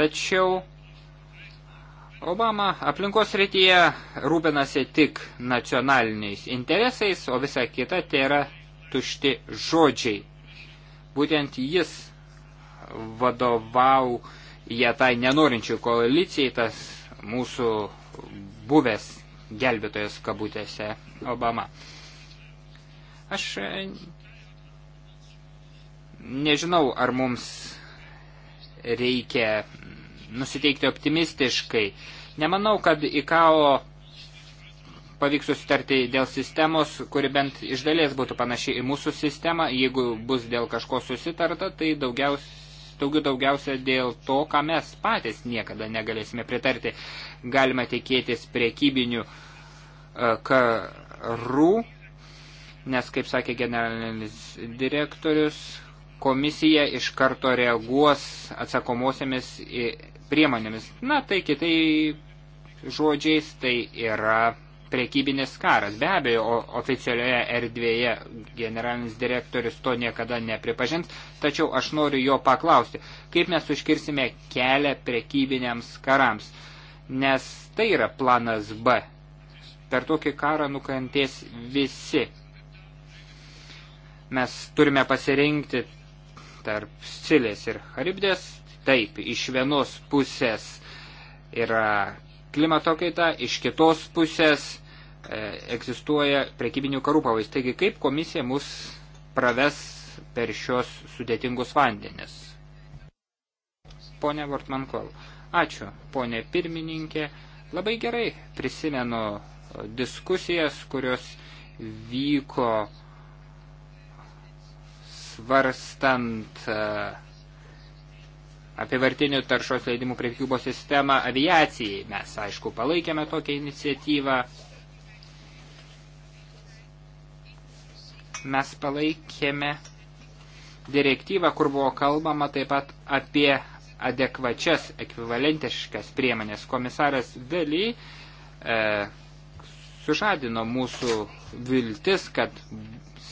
tačiau Obama aplinkos rytyje rūpinasi tik nacionaliniais interesais, o visa kita tai yra tušti žodžiai. Būtent jis vadovau jie tai nenorinčių koalicijai, tas mūsų buvęs gelbėtojas kabutėse Obama. Aš e, nežinau, ar mums reikia nusiteikti optimistiškai. Nemanau, kad IKAO pavyks susitarti dėl sistemos, kuri bent iš dalies būtų panašiai į mūsų sistemą. Jeigu bus dėl kažko susitarta, tai daugiausiai daugiau daugiausia dėl to, ką mes patys niekada negalėsime pritarti. Galima tikėtis priekybinių e, karų, nes, kaip sakė generalinis direktorius, komisija iš karto reaguos atsakomosiamis priemonėmis. Na, tai kitai žodžiais tai yra prekybinis karas. Be abejo, oficialioje erdvėje generalinis direktorius to niekada nepripažins, tačiau aš noriu jo paklausti, kaip mes užkirsime kelią prekybiniams karams, nes tai yra planas B. Per tokį karą nukentės visi. Mes turime pasirinkti tarp Silės ir Charibdės. Taip, iš vienos pusės yra klimato kaita, iš kitos pusės e, egzistuoja prekybinių karų pavais. Taigi, kaip komisija mus praves per šios sudėtingus vandenis? Pone Vortmankol, ačiū, ponė pirmininkė. Labai gerai prisimenu diskusijas, kurios vyko svarstant uh, apivartinių taršos leidimų prekybos sistemą aviacijai. Mes, aišku, palaikėme tokią iniciatyvą. Mes palaikėme direktyvą, kur buvo kalbama taip pat apie adekvačias ekvivalentiškas priemonės. Komisaras Vėly e, sužadino mūsų viltis, kad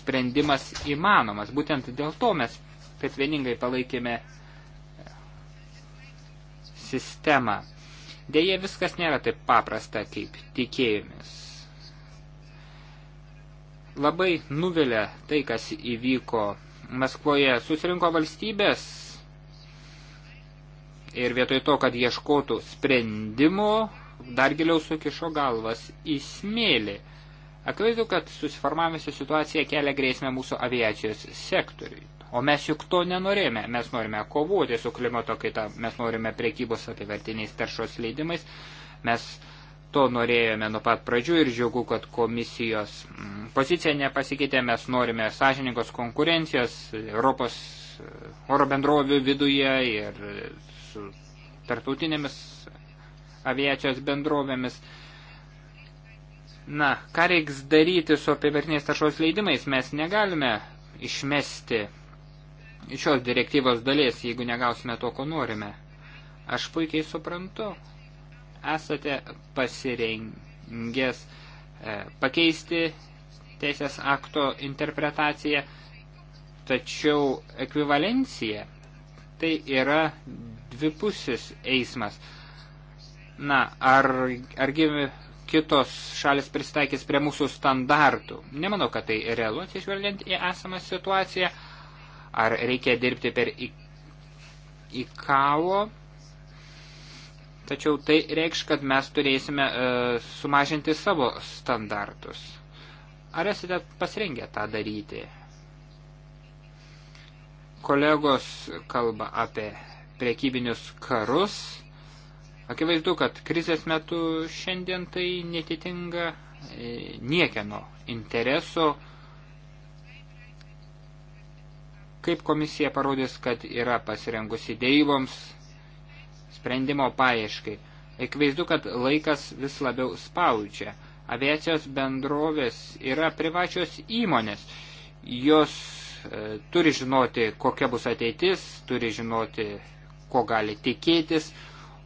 sprendimas įmanomas. Būtent dėl to mes taip vieningai palaikėme sistemą. Deja, viskas nėra taip paprasta, kaip tikėjomis. Labai nuvilia tai, kas įvyko Maskvoje. Susirinko valstybės ir vietoj to, kad ieškotų sprendimo, dar giliau sukišo galvas į smėlį. Akivaizdu, kad susiformavusi situacija kelia grėsmę mūsų aviacijos sektoriui. O mes juk to nenorėjome. Mes norime kovoti su klimato kaita, mes norime priekybos apivertiniais taršos leidimais, mes to norėjome nuo pat pradžių ir džiugu, kad komisijos mm, pozicija nepasikeitė, mes norime sąžiningos konkurencijos Europos e, oro bendrovių viduje ir su tarptautinėmis aviacijos bendrovėmis. Na, ką reiks daryti su apivertiniais taršos leidimais? Mes negalime išmesti šios direktyvos dalies, jeigu negausime to, ko norime. Aš puikiai suprantu, esate pasirengęs e, pakeisti teisės akto interpretaciją, tačiau ekvivalencija tai yra dvipusis eismas. Na, ar, argi kitos šalis pristaikys prie mūsų standartų? Nemanau, kad tai realu, atsižvelgiant į esamą situaciją ar reikia dirbti per įkavo. Tačiau tai reikš, kad mes turėsime e, sumažinti savo standartus. Ar esate pasirengę tą daryti? Kolegos kalba apie priekybinius karus. Akivaizdu, kad krizės metu šiandien tai netitinga e, niekieno intereso, kaip komisija parodys, kad yra pasirengusi dėryboms sprendimo paaiškai. Akvaizdu, kad laikas vis labiau spaudžia. Aviacijos bendrovės yra privačios įmonės. Jos e, turi žinoti, kokia bus ateitis, turi žinoti, ko gali tikėtis,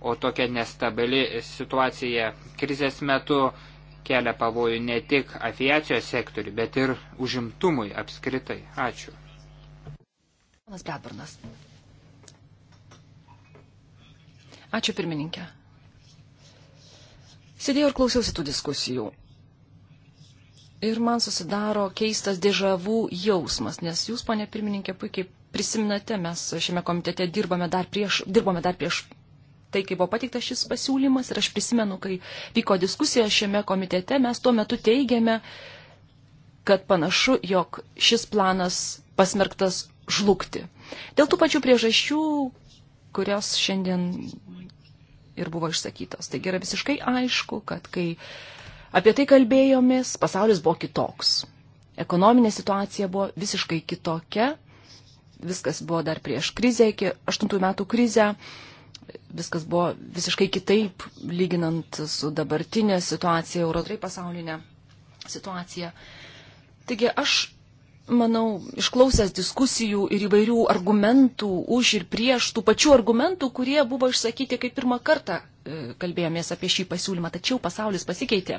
o tokia nestabili situacija krizės metu kelia pavojų ne tik aviacijos sektoriui, bet ir užimtumui apskritai. Ačiū. Panas Bledburnas. Ačiū pirmininkė. Sėdėjau ir klausiausi tų diskusijų. Ir man susidaro keistas dėžavų jausmas, nes jūs, ponė pirmininkė, puikiai prisiminate, mes šiame komitete dirbame dar prieš, dirbome dar prieš tai, kai buvo pateiktas šis pasiūlymas. Ir aš prisimenu, kai vyko diskusija šiame komitete, mes tuo metu teigėme, kad panašu, jog šis planas pasmerktas žlugti. Dėl tų pačių priežasčių, kurios šiandien ir buvo išsakytos. Taigi yra visiškai aišku, kad kai apie tai kalbėjomės, pasaulis buvo kitoks. Ekonominė situacija buvo visiškai kitokia. Viskas buvo dar prieš krizę, iki 8 metų krizę. Viskas buvo visiškai kitaip, lyginant su dabartinė situacija, eurotrai pasaulinė situacija. Taigi aš manau, išklausęs diskusijų ir įvairių argumentų už ir prieš tų pačių argumentų, kurie buvo išsakyti, kai pirmą kartą e, kalbėjomės apie šį pasiūlymą, tačiau pasaulis pasikeitė.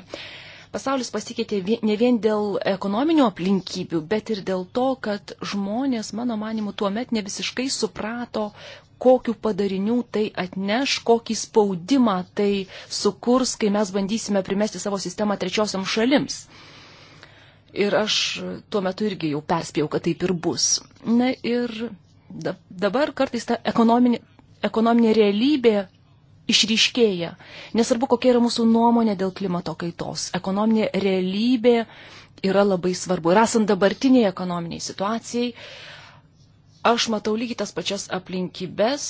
Pasaulis pasikeitė ne vien dėl ekonominių aplinkybių, bet ir dėl to, kad žmonės, mano manimu, tuo met ne visiškai suprato, kokiu padariniu tai atneš, kokį spaudimą tai sukurs, kai mes bandysime primesti savo sistemą trečiosiam šalims. Ir aš tuo metu irgi jau perspėjau, kad taip ir bus. Na ir dabar kartais ta ekonominė, ekonominė realybė išryškėja. Nesvarbu, kokia yra mūsų nuomonė dėl klimato kaitos. Ekonominė realybė yra labai svarbu. Ir esant dabartiniai ekonominiai situacijai, aš matau lygiai tas pačias aplinkybės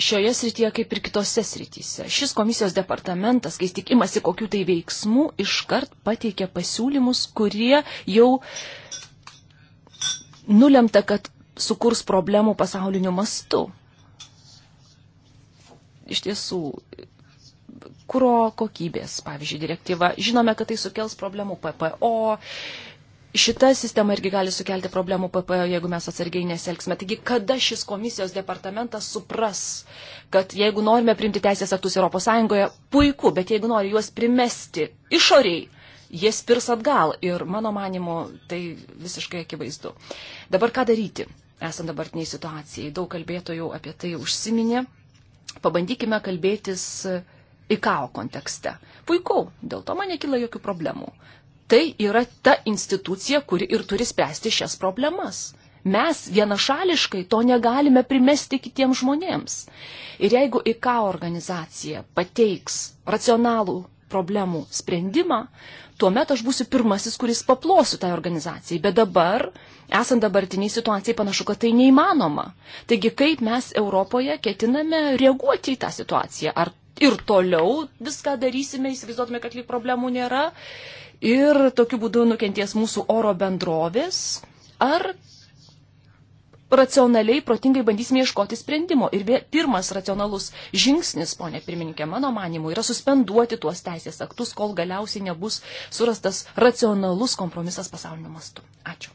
šioje srityje kaip ir kitose srityse. Šis komisijos departamentas, kai tik imasi kokių tai veiksmų, iškart pateikia pasiūlymus, kurie jau nulemta, kad sukurs problemų pasauliniu mastu. Iš tiesų, kuro kokybės, pavyzdžiui, direktyva. Žinome, kad tai sukels problemų PPO, šita sistema irgi gali sukelti problemų PPO, jeigu mes atsargiai nesielgsime. Taigi, kada šis komisijos departamentas supras, kad jeigu norime priimti teisės aktus ES, puiku, bet jeigu nori juos primesti išoriai, jie spirs atgal ir mano manimu tai visiškai akivaizdu. Dabar ką daryti, esant dabartiniai situacijai? Daug kalbėtojų apie tai užsiminė. Pabandykime kalbėtis IKAO e, kontekste. Puiku, dėl to man nekyla jokių problemų tai yra ta institucija, kuri ir turi spręsti šias problemas. Mes vienašališkai to negalime primesti kitiems žmonėms. Ir jeigu IK organizacija pateiks racionalų problemų sprendimą, tuomet aš būsiu pirmasis, kuris paplosiu tai organizacijai. Bet dabar, esant dabartiniai situacijai, panašu, kad tai neįmanoma. Taigi, kaip mes Europoje ketiname reaguoti į tą situaciją? Ar ir toliau viską darysime, įsivaizduotume, kad lyg problemų nėra ir tokiu būdu nukenties mūsų oro bendrovės, ar racionaliai, protingai bandysime ieškoti sprendimo. Ir vė, pirmas racionalus žingsnis, ponė pirmininkė, mano manimu, yra suspenduoti tuos teisės aktus, kol galiausiai nebus surastas racionalus kompromisas pasaulio mastu. Ačiū.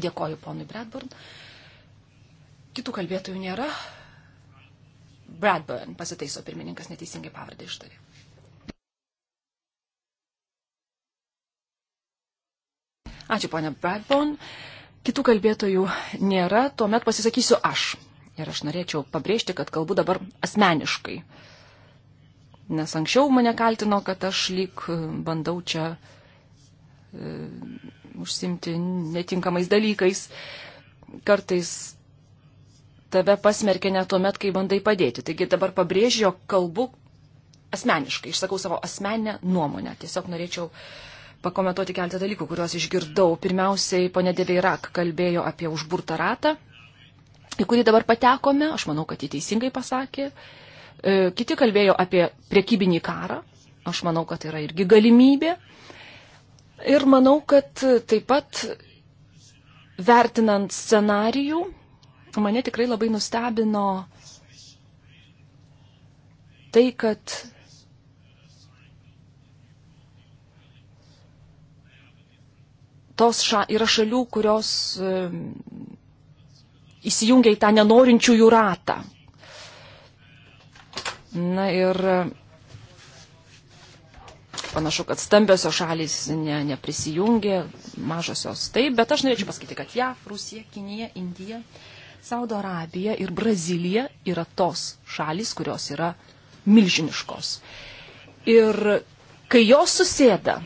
Dėkoju ponui Bradburn. Kitų kalbėtojų nėra. Bradburn pasitaiso pirmininkas neteisingai pavardę ištarė. Ačiū, ponia Bradbone. Kitų kalbėtojų nėra, tuomet pasisakysiu aš. Ir aš norėčiau pabrėžti, kad kalbu dabar asmeniškai. Nes anksčiau mane kaltino, kad aš lyg e, bandau čia e, užsimti netinkamais dalykais. Kartais tave pasmerkia net tuomet, kai bandai padėti. Taigi dabar pabrėžiu, jog kalbu asmeniškai, išsakau savo asmeninę nuomonę. Tiesiog norėčiau uh, pakomentuoti keletą dalykų, kuriuos išgirdau. Pirmiausiai, ponė Deveirak kalbėjo apie užburtą ratą, į kurį dabar patekome, aš manau, kad jį teisingai pasakė. E, kiti kalbėjo apie priekybinį karą, aš manau, kad yra irgi galimybė. Ir manau, kad taip pat vertinant scenarijų, mane tikrai labai nustebino tai, kad tos ša, yra šalių, kurios e, įsijungia į tą nenorinčiųjų ratą. Na ir e, panašu, kad stambiosios šalys ne, neprisijungė, mažosios taip, bet aš norėčiau pasakyti, kad JAV, Rusija, Kinija, Indija, Saudo Arabija ir Brazilija yra tos šalys, kurios yra milžiniškos. Ir kai jos susėda,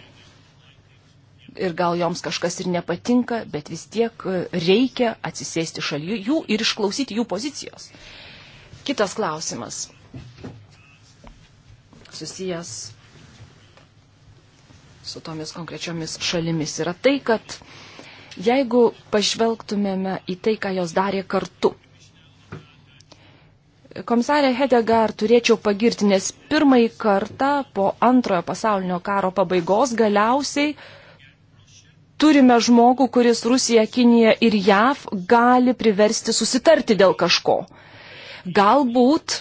ir gal joms kažkas ir nepatinka, bet vis tiek e, reikia atsisėsti šalia jų ir išklausyti jų pozicijos. Kitas klausimas susijęs su tomis konkrečiomis šalimis yra tai, kad jeigu pažvelgtumėme į tai, ką jos darė kartu, Komisarė Hedegar turėčiau pagirti, nes pirmąjį kartą po antrojo pasaulinio karo pabaigos galiausiai turime žmogų, kuris Rusija, Kinija ir JAV gali priversti susitarti dėl kažko. Galbūt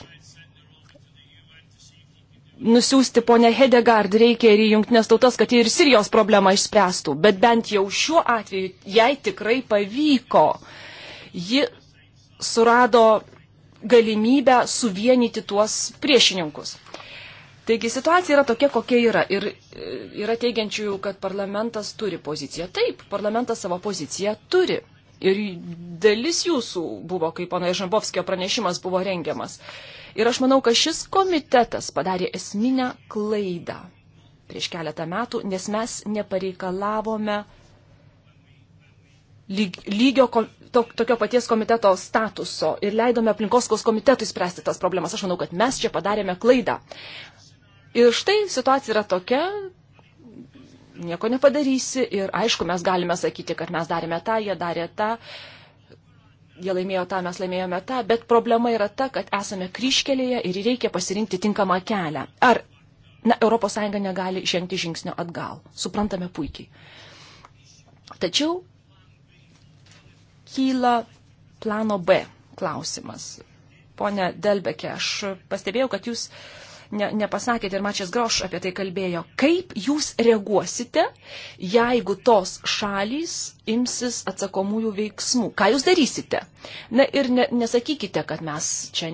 nusiųsti ponę Hedegard reikia ir į jungtinės tautas, kad jie ir Sirijos problemą išspręstų. Bet bent jau šiuo atveju jai tikrai pavyko. Ji surado galimybę suvienyti tuos priešininkus. Taigi situacija yra tokia, kokia yra. Ir e, yra teigiančių, kad parlamentas turi poziciją. Taip, parlamentas savo poziciją turi. Ir dalis jūsų buvo, kai pana Žambovskio pranešimas buvo rengiamas. Ir aš manau, kad šis komitetas padarė esminę klaidą prieš keletą metų, nes mes nepareikalavome lyg, lygio to, tokio paties komiteto statuso ir leidome aplinkoskos komitetui spręsti tas problemas. Aš manau, kad mes čia padarėme klaidą. Ir štai situacija yra tokia, nieko nepadarysi ir aišku, mes galime sakyti, kad mes darėme tą, jie darė tą, jie laimėjo tą, mes laimėjome tą, bet problema yra ta, kad esame kryškelėje ir reikia pasirinkti tinkamą kelią. Ar, na, ES negali žengti žingsnio atgal, suprantame puikiai. Tačiau kyla plano B klausimas. Pone Delbeke, aš pastebėjau, kad jūs uh, ne, nepasakėte ir Mačias Groš apie tai kalbėjo. Kaip jūs reaguosite, jeigu tos šalys imsis atsakomųjų veiksmų? Ką jūs darysite? Na ir ne, nesakykite, kad mes čia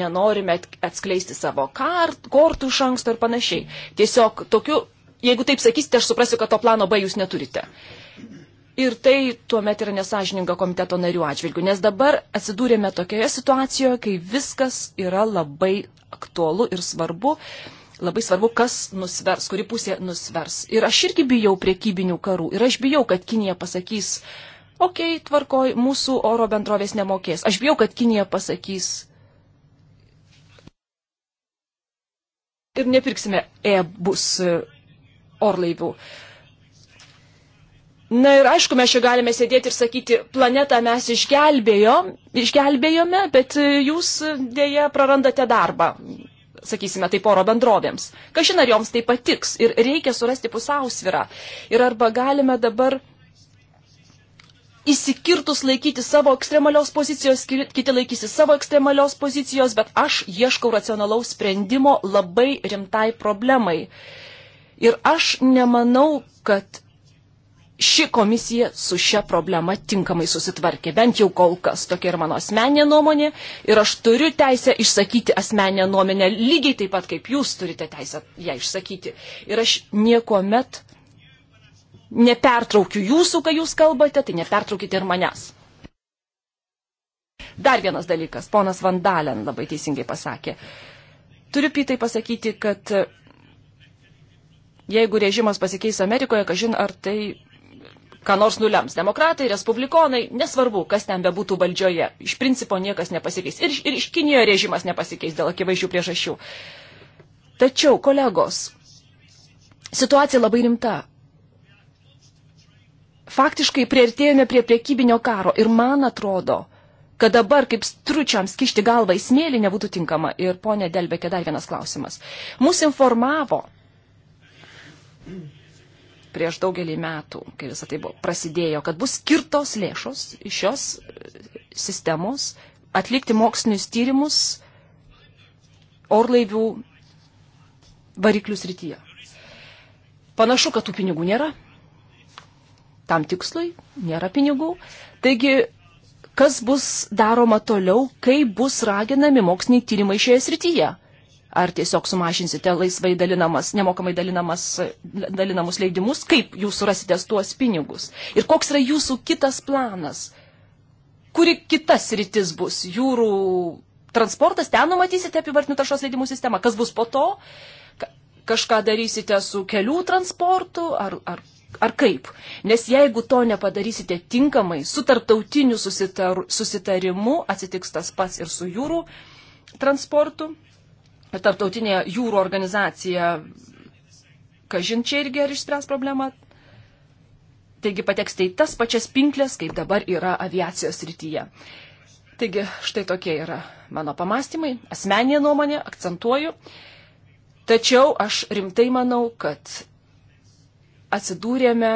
nenorime atskleisti savo kart, kortų iš anksto ir panašiai. Tiesiog tokiu, jeigu taip sakysite, aš suprasiu, kad to plano B jūs neturite. Uh, Ir tai tuomet yra nesažininga komiteto narių atžvilgių, nes dabar atsidūrėme tokioje situacijoje, kai viskas yra labai aktualu ir svarbu, labai svarbu, kas nusvers, kuri pusė nusvers. Ir aš irgi bijau priekybinių karų, ir aš bijau, kad Kinija pasakys, okei, okay, tvarkoj, mūsų oro bendrovės nemokės. Aš bijau, kad Kinija pasakys, ir nepirksime e bus orlaivių. Na ir aišku, mes čia galime sėdėti ir sakyti, planetą mes išgelbėjo, išgelbėjome, bet e, jūs e, dėje prarandate darbą, sakysime, tai oro bendrovėms. Kažin ar joms tai patiks ir reikia surasti pusiausvirą. Ir arba galime dabar įsikirtus laikyti savo ekstremalios pozicijos, kiti laikysi savo ekstremalios pozicijos, bet aš ieškau racionalaus sprendimo labai rimtai problemai. Ir aš nemanau, kad ši komisija su šia problema tinkamai susitvarkė, bent jau kol kas. Tokia ir mano asmeninė nuomonė ir aš turiu teisę išsakyti asmeninę nuomonę lygiai taip pat, kaip jūs turite teisę ją išsakyti. Ir aš niekuomet nepertraukiu jūsų, kai jūs kalbate, tai nepertraukite ir manęs. Dar vienas dalykas, ponas Vandalen labai teisingai pasakė. Turiu pitai pasakyti, kad jeigu režimas pasikeis Amerikoje, kažin ar tai ką nors nulems. Demokratai, respublikonai, nesvarbu, kas ten bebūtų valdžioje. Iš principo niekas nepasikeis. Ir, ir iš Kinijoje režimas nepasikeis dėl akivaizdžių priežasčių. Tačiau, kolegos, situacija labai rimta. Faktiškai prieartėjome prie priekybinio karo ir man atrodo, kad dabar kaip stručiams kišti galvą į smėlį nebūtų tinkama. Ir ponė Delbekė dar vienas klausimas. Mūsų informavo, prieš daugelį metų, kai visą tai buvo, prasidėjo, kad bus skirtos lėšos iš šios e, sistemos atlikti mokslinius tyrimus orlaivių variklių srityje. Panašu, kad tų pinigų nėra. Tam tikslai nėra pinigų. Taigi, kas bus daroma toliau, kai bus raginami moksliniai tyrimai šioje srityje? ar tiesiog sumažinsite laisvai dalinamas, nemokamai dalinamas, dalinamus leidimus, kaip jūs surasite tuos pinigus ir koks yra jūsų kitas planas, kuri kitas rytis bus, jūrų transportas, ten numatysite apivartinių taršos leidimų sistemą, kas bus po to, kažką darysite su kelių transportu ar, ar ar kaip? Nes jeigu to nepadarysite tinkamai, su tarptautiniu susitar, susitarimu atsitiks tas pats ir su jūrų transportu tarptautinė jūrų organizacija, kažin čia irgi ar išspręs problemą. Taigi pateksite tai į tas pačias pinklės, kaip dabar yra aviacijos rytyje. Taigi štai tokie yra mano pamastymai, asmeninė nuomonė, akcentuoju. Tačiau aš rimtai manau, kad atsidūrėme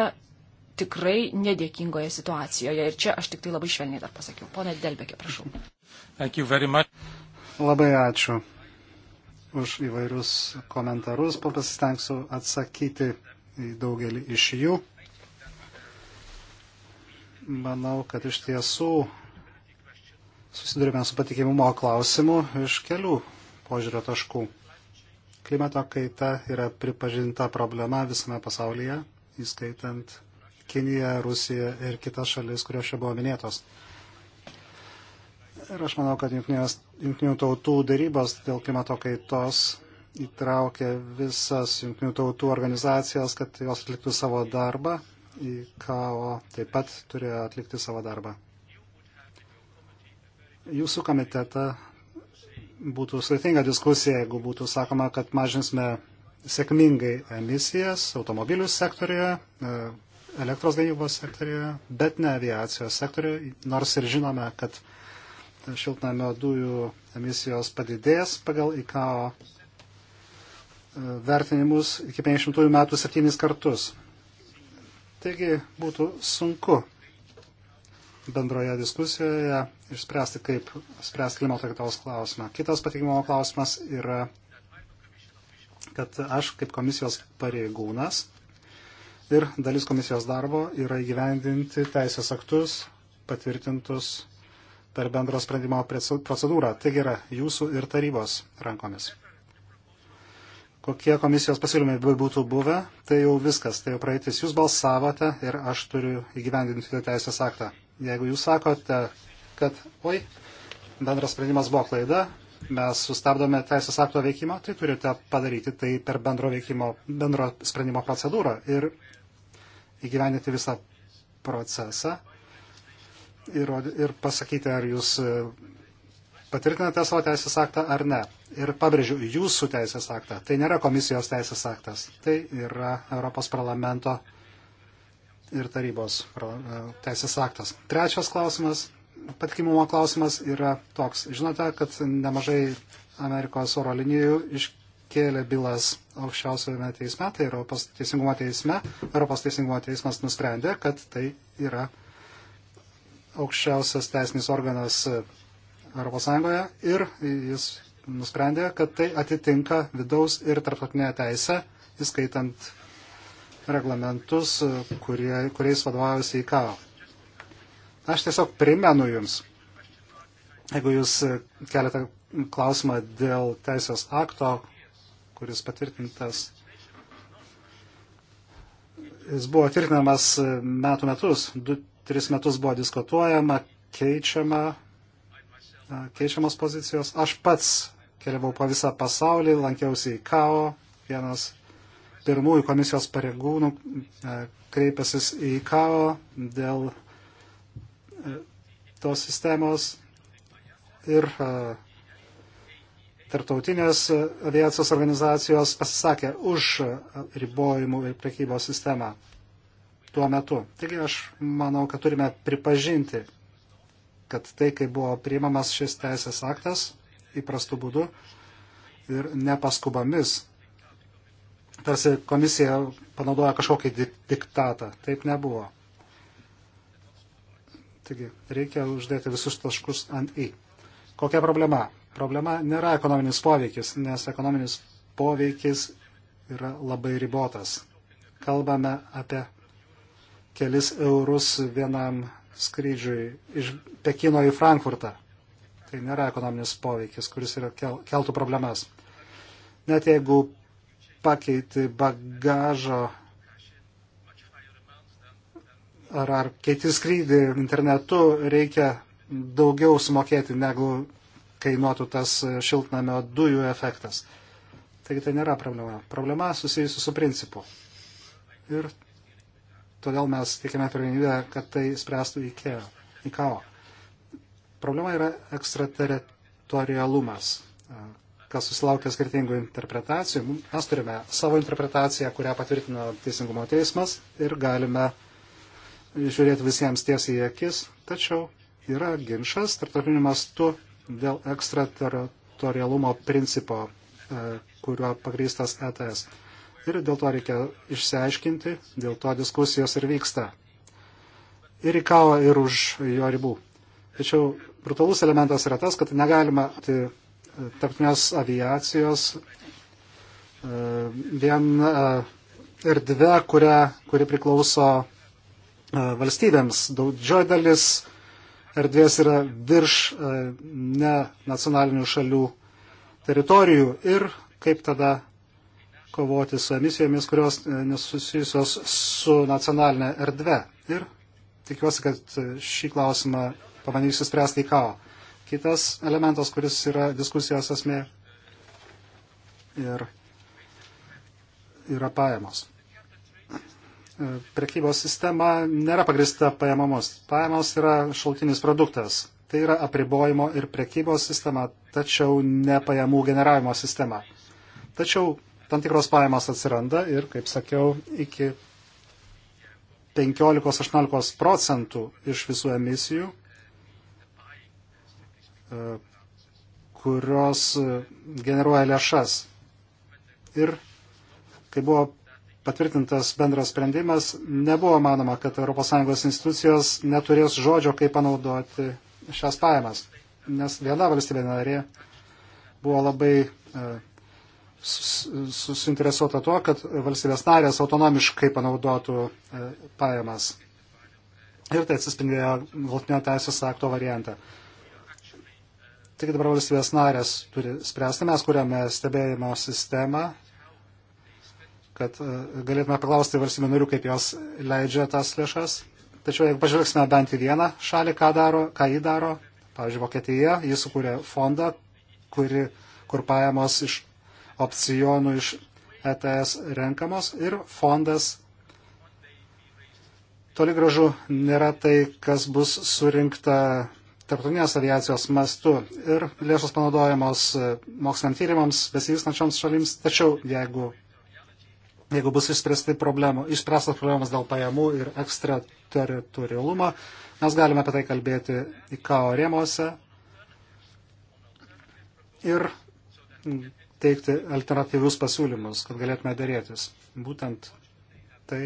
tikrai nedėkingoje situacijoje. Ir čia aš tik tai labai švelniai dar pasakiau. Pone Delbekė, prašau. Labai ačiū už įvairius komentarus. Pasistengsiu atsakyti į daugelį iš jų. Manau, kad iš tiesų susidurime su patikimumo klausimu iš kelių požiūrio taškų. Klimato kaita yra pripažinta problema visame pasaulyje, įskaitant Kiniją, Rusiją ir kitas šalis, kurios čia buvo minėtos. Ir aš manau, kad jungtinių tautų darybos dėl klimato kaitos įtraukė visas jungtinių tautų organizacijas, kad jos atliktų savo darbą, į KO taip pat turėjo atlikti savo darbą. Jūsų komitetą būtų sudėtinga diskusija, jeigu būtų sakoma, kad mažinsime sėkmingai emisijas automobilių sektorijoje, e, elektros gavybos sektorijoje, bet ne aviacijos sektorijoje, nors ir žinome, kad šiltnamio dujų emisijos padidės pagal ICAO e, vertinimus iki 50 metų septynis kartus. Taigi būtų sunku bendroje diskusijoje išspręsti, kaip spręsti klimato kaitos klausimą. Kitas patikimo klausimas yra, kad aš kaip komisijos pareigūnas ir dalis komisijos darbo yra įgyvendinti teisės aktus patvirtintus per bendro sprendimo procedūrą. Taigi yra jūsų ir tarybos rankomis. Kokie komisijos pasiūlymai būtų buvę, tai jau viskas, tai jau praeitis. Jūs balsavote ir aš turiu įgyvendinti teisės aktą. Jeigu jūs sakote, kad, oi, bendras sprendimas buvo klaida, mes sustabdome teisės akto veikimą, tai turite padaryti tai per bendro, veikimo, bendro sprendimo procedūrą ir įgyveninti visą procesą ir pasakyti, ar jūs e, patvirtinate savo teisės aktą ar ne. Ir pabrėžiu, jūsų teisės aktą. Tai nėra komisijos teisės aktas. Tai yra Europos parlamento ir tarybos e, teisės aktas. Trečias klausimas, patikimumo klausimas yra toks. Žinote, kad nemažai Amerikos oro linijų iškėlė bylas aukščiausiame teisme, tai Europos teisingumo teisme. Europos teisingumo teismas nusprendė, kad tai yra aukščiausias teisinis organas ES ir jis nusprendė, kad tai atitinka vidaus ir tarptautinę teisę, įskaitant reglamentus, e, kurie, kuriais vadovaujasi į ką. Aš tiesiog primenu Jums, jeigu Jūs e, keletą klausimą dėl teisės akto, kuris patvirtintas, jis buvo tvirtinamas e, metų metus, tris metus buvo diskutuojama, keičiama, keičiamos pozicijos. Aš pats keliavau po visą pasaulį, lankiausi į KAO, vienas pirmųjų komisijos pareigūnų kreipiasis į KAO dėl tos sistemos ir tarptautinės aviacijos organizacijos pasisakė už ribojimų ir prekybos sistemą tuo metu. Taigi aš manau, kad turime pripažinti, kad tai, kai buvo priimamas šis teisės aktas įprastu būdu ir nepaskubomis, tarsi komisija panaudoja kažkokį diktatą. Taip nebuvo. Taigi reikia uždėti visus taškus ant į. Kokia problema? Problema nėra ekonominis poveikis, nes ekonominis poveikis yra labai ribotas. Kalbame apie kelis eurus vienam skrydžiui iš Pekino į Frankfurtą. Tai nėra ekonominis poveikis, kuris yra kel, keltų problemas. Net jeigu pakeiti bagažo ar, ar keiti skrydį internetu, reikia daugiau sumokėti, negu kainuotų tas šiltnamio dujų efektas. Taigi tai nėra problema. Problema susijusi su principu. Ir todėl mes tikime pirmenybę, kad tai spręstų IKEA, IKAO. Problema yra ekstrateritorialumas, kas susilaukia skirtingų interpretacijų. Mes turime savo interpretaciją, kurią patvirtino Teisingumo teismas ir galime žiūrėti visiems tiesiai į akis, tačiau yra ginčas tarptautiniu mastu dėl ekstrateritorialumo principo, e, kuriuo pagrįstas ETS ir dėl to reikia išsiaiškinti, dėl to diskusijos ir vyksta. Ir į kavą, ir už jo ribų. Tačiau brutalus elementas yra tas, kad negalima tai, e, tarptinės aviacijos e, vien e, erdve, kuria, kuri priklauso valstybėms. Didžioji dalis erdvės yra virš ne nacionalinių šalių teritorijų ir kaip tada kovoti su emisijomis, kurios e, nesusijusios su nacionalinė erdve. Ir tikiuosi, kad šį klausimą pabandysiu spręsti į kao. Kitas elementas, kuris yra diskusijos esmė ir yra pajamos. E, prekybos sistema nėra pagrista pajamomus. Pajamos yra šaltinis produktas. Tai yra apribojimo ir prekybos sistema, tačiau ne pajamų generavimo sistema. Tačiau tam tikros pajamos atsiranda ir, kaip sakiau, iki 15-18 procentų iš visų emisijų, e, kurios e, generuoja lėšas. Ir kai buvo patvirtintas bendras sprendimas, nebuvo manoma, kad ES institucijos neturės žodžio, kaip panaudoti šias pajamas. Nes viena valstybė narė buvo labai e, susinteresuota tuo, kad valstybės narės autonomiškai panaudotų e, pajamas. Ir tai atsispindėjo galtinio teisės akto variantą. Tik dabar valstybės narės turi spręsti, mes kuriame stebėjimo sistemą, kad e, galėtume paklausti valstybių narių, kaip jos leidžia tas lėšas. Tačiau jeigu pažvelgsime bent į vieną šalį, ką, daro, ką jį daro, pavyzdžiui, Vokietija, jis sukūrė fondą, kuri, kur pajamos iš opcionų iš ETS renkamos ir fondas toli gražu nėra tai, kas bus surinkta tarptautinės aviacijos mastu ir lėšos panaudojamos e, moksliniam tyrimams besivystančioms šalims, tačiau jeigu, jeigu bus problemų, išspręstas problemas dėl pajamų ir ekstraterritorialumo, mes galime apie tai kalbėti į KAO rėmose ir teikti alternatyvius pasiūlymus, kad galėtume dėrėtis. Būtent tai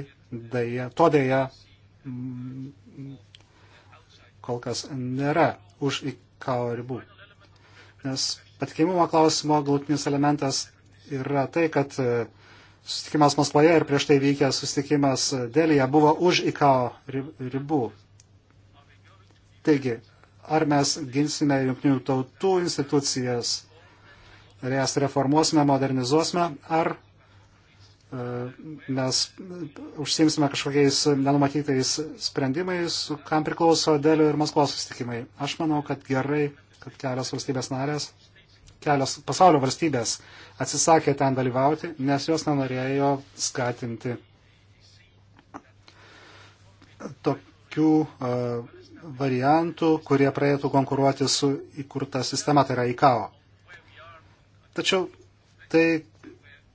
dėja, to dėja mm, kol kas nėra už IKAO ribų. Nes patikimumo klausimo galutinis elementas yra tai, kad e, susitikimas Maskvoje ir prieš tai vykęs susitikimas Delija buvo už IKAO ribų. Taigi, ar mes ginsime jungtinių tautų institucijas? ar jas reformuosime, modernizuosime, ar e, mes užsimsime kažkokiais nenumatytais sprendimais, kam priklauso Delio ir Maskvos susitikimai. Aš manau, kad gerai, kad kelios valstybės narės, kelios pasaulio valstybės atsisakė ten dalyvauti, nes jos nenorėjo skatinti tokių uh, variantų, kurie praeitų konkuruoti su įkurta sistema, tai yra ICAO. Tačiau tai,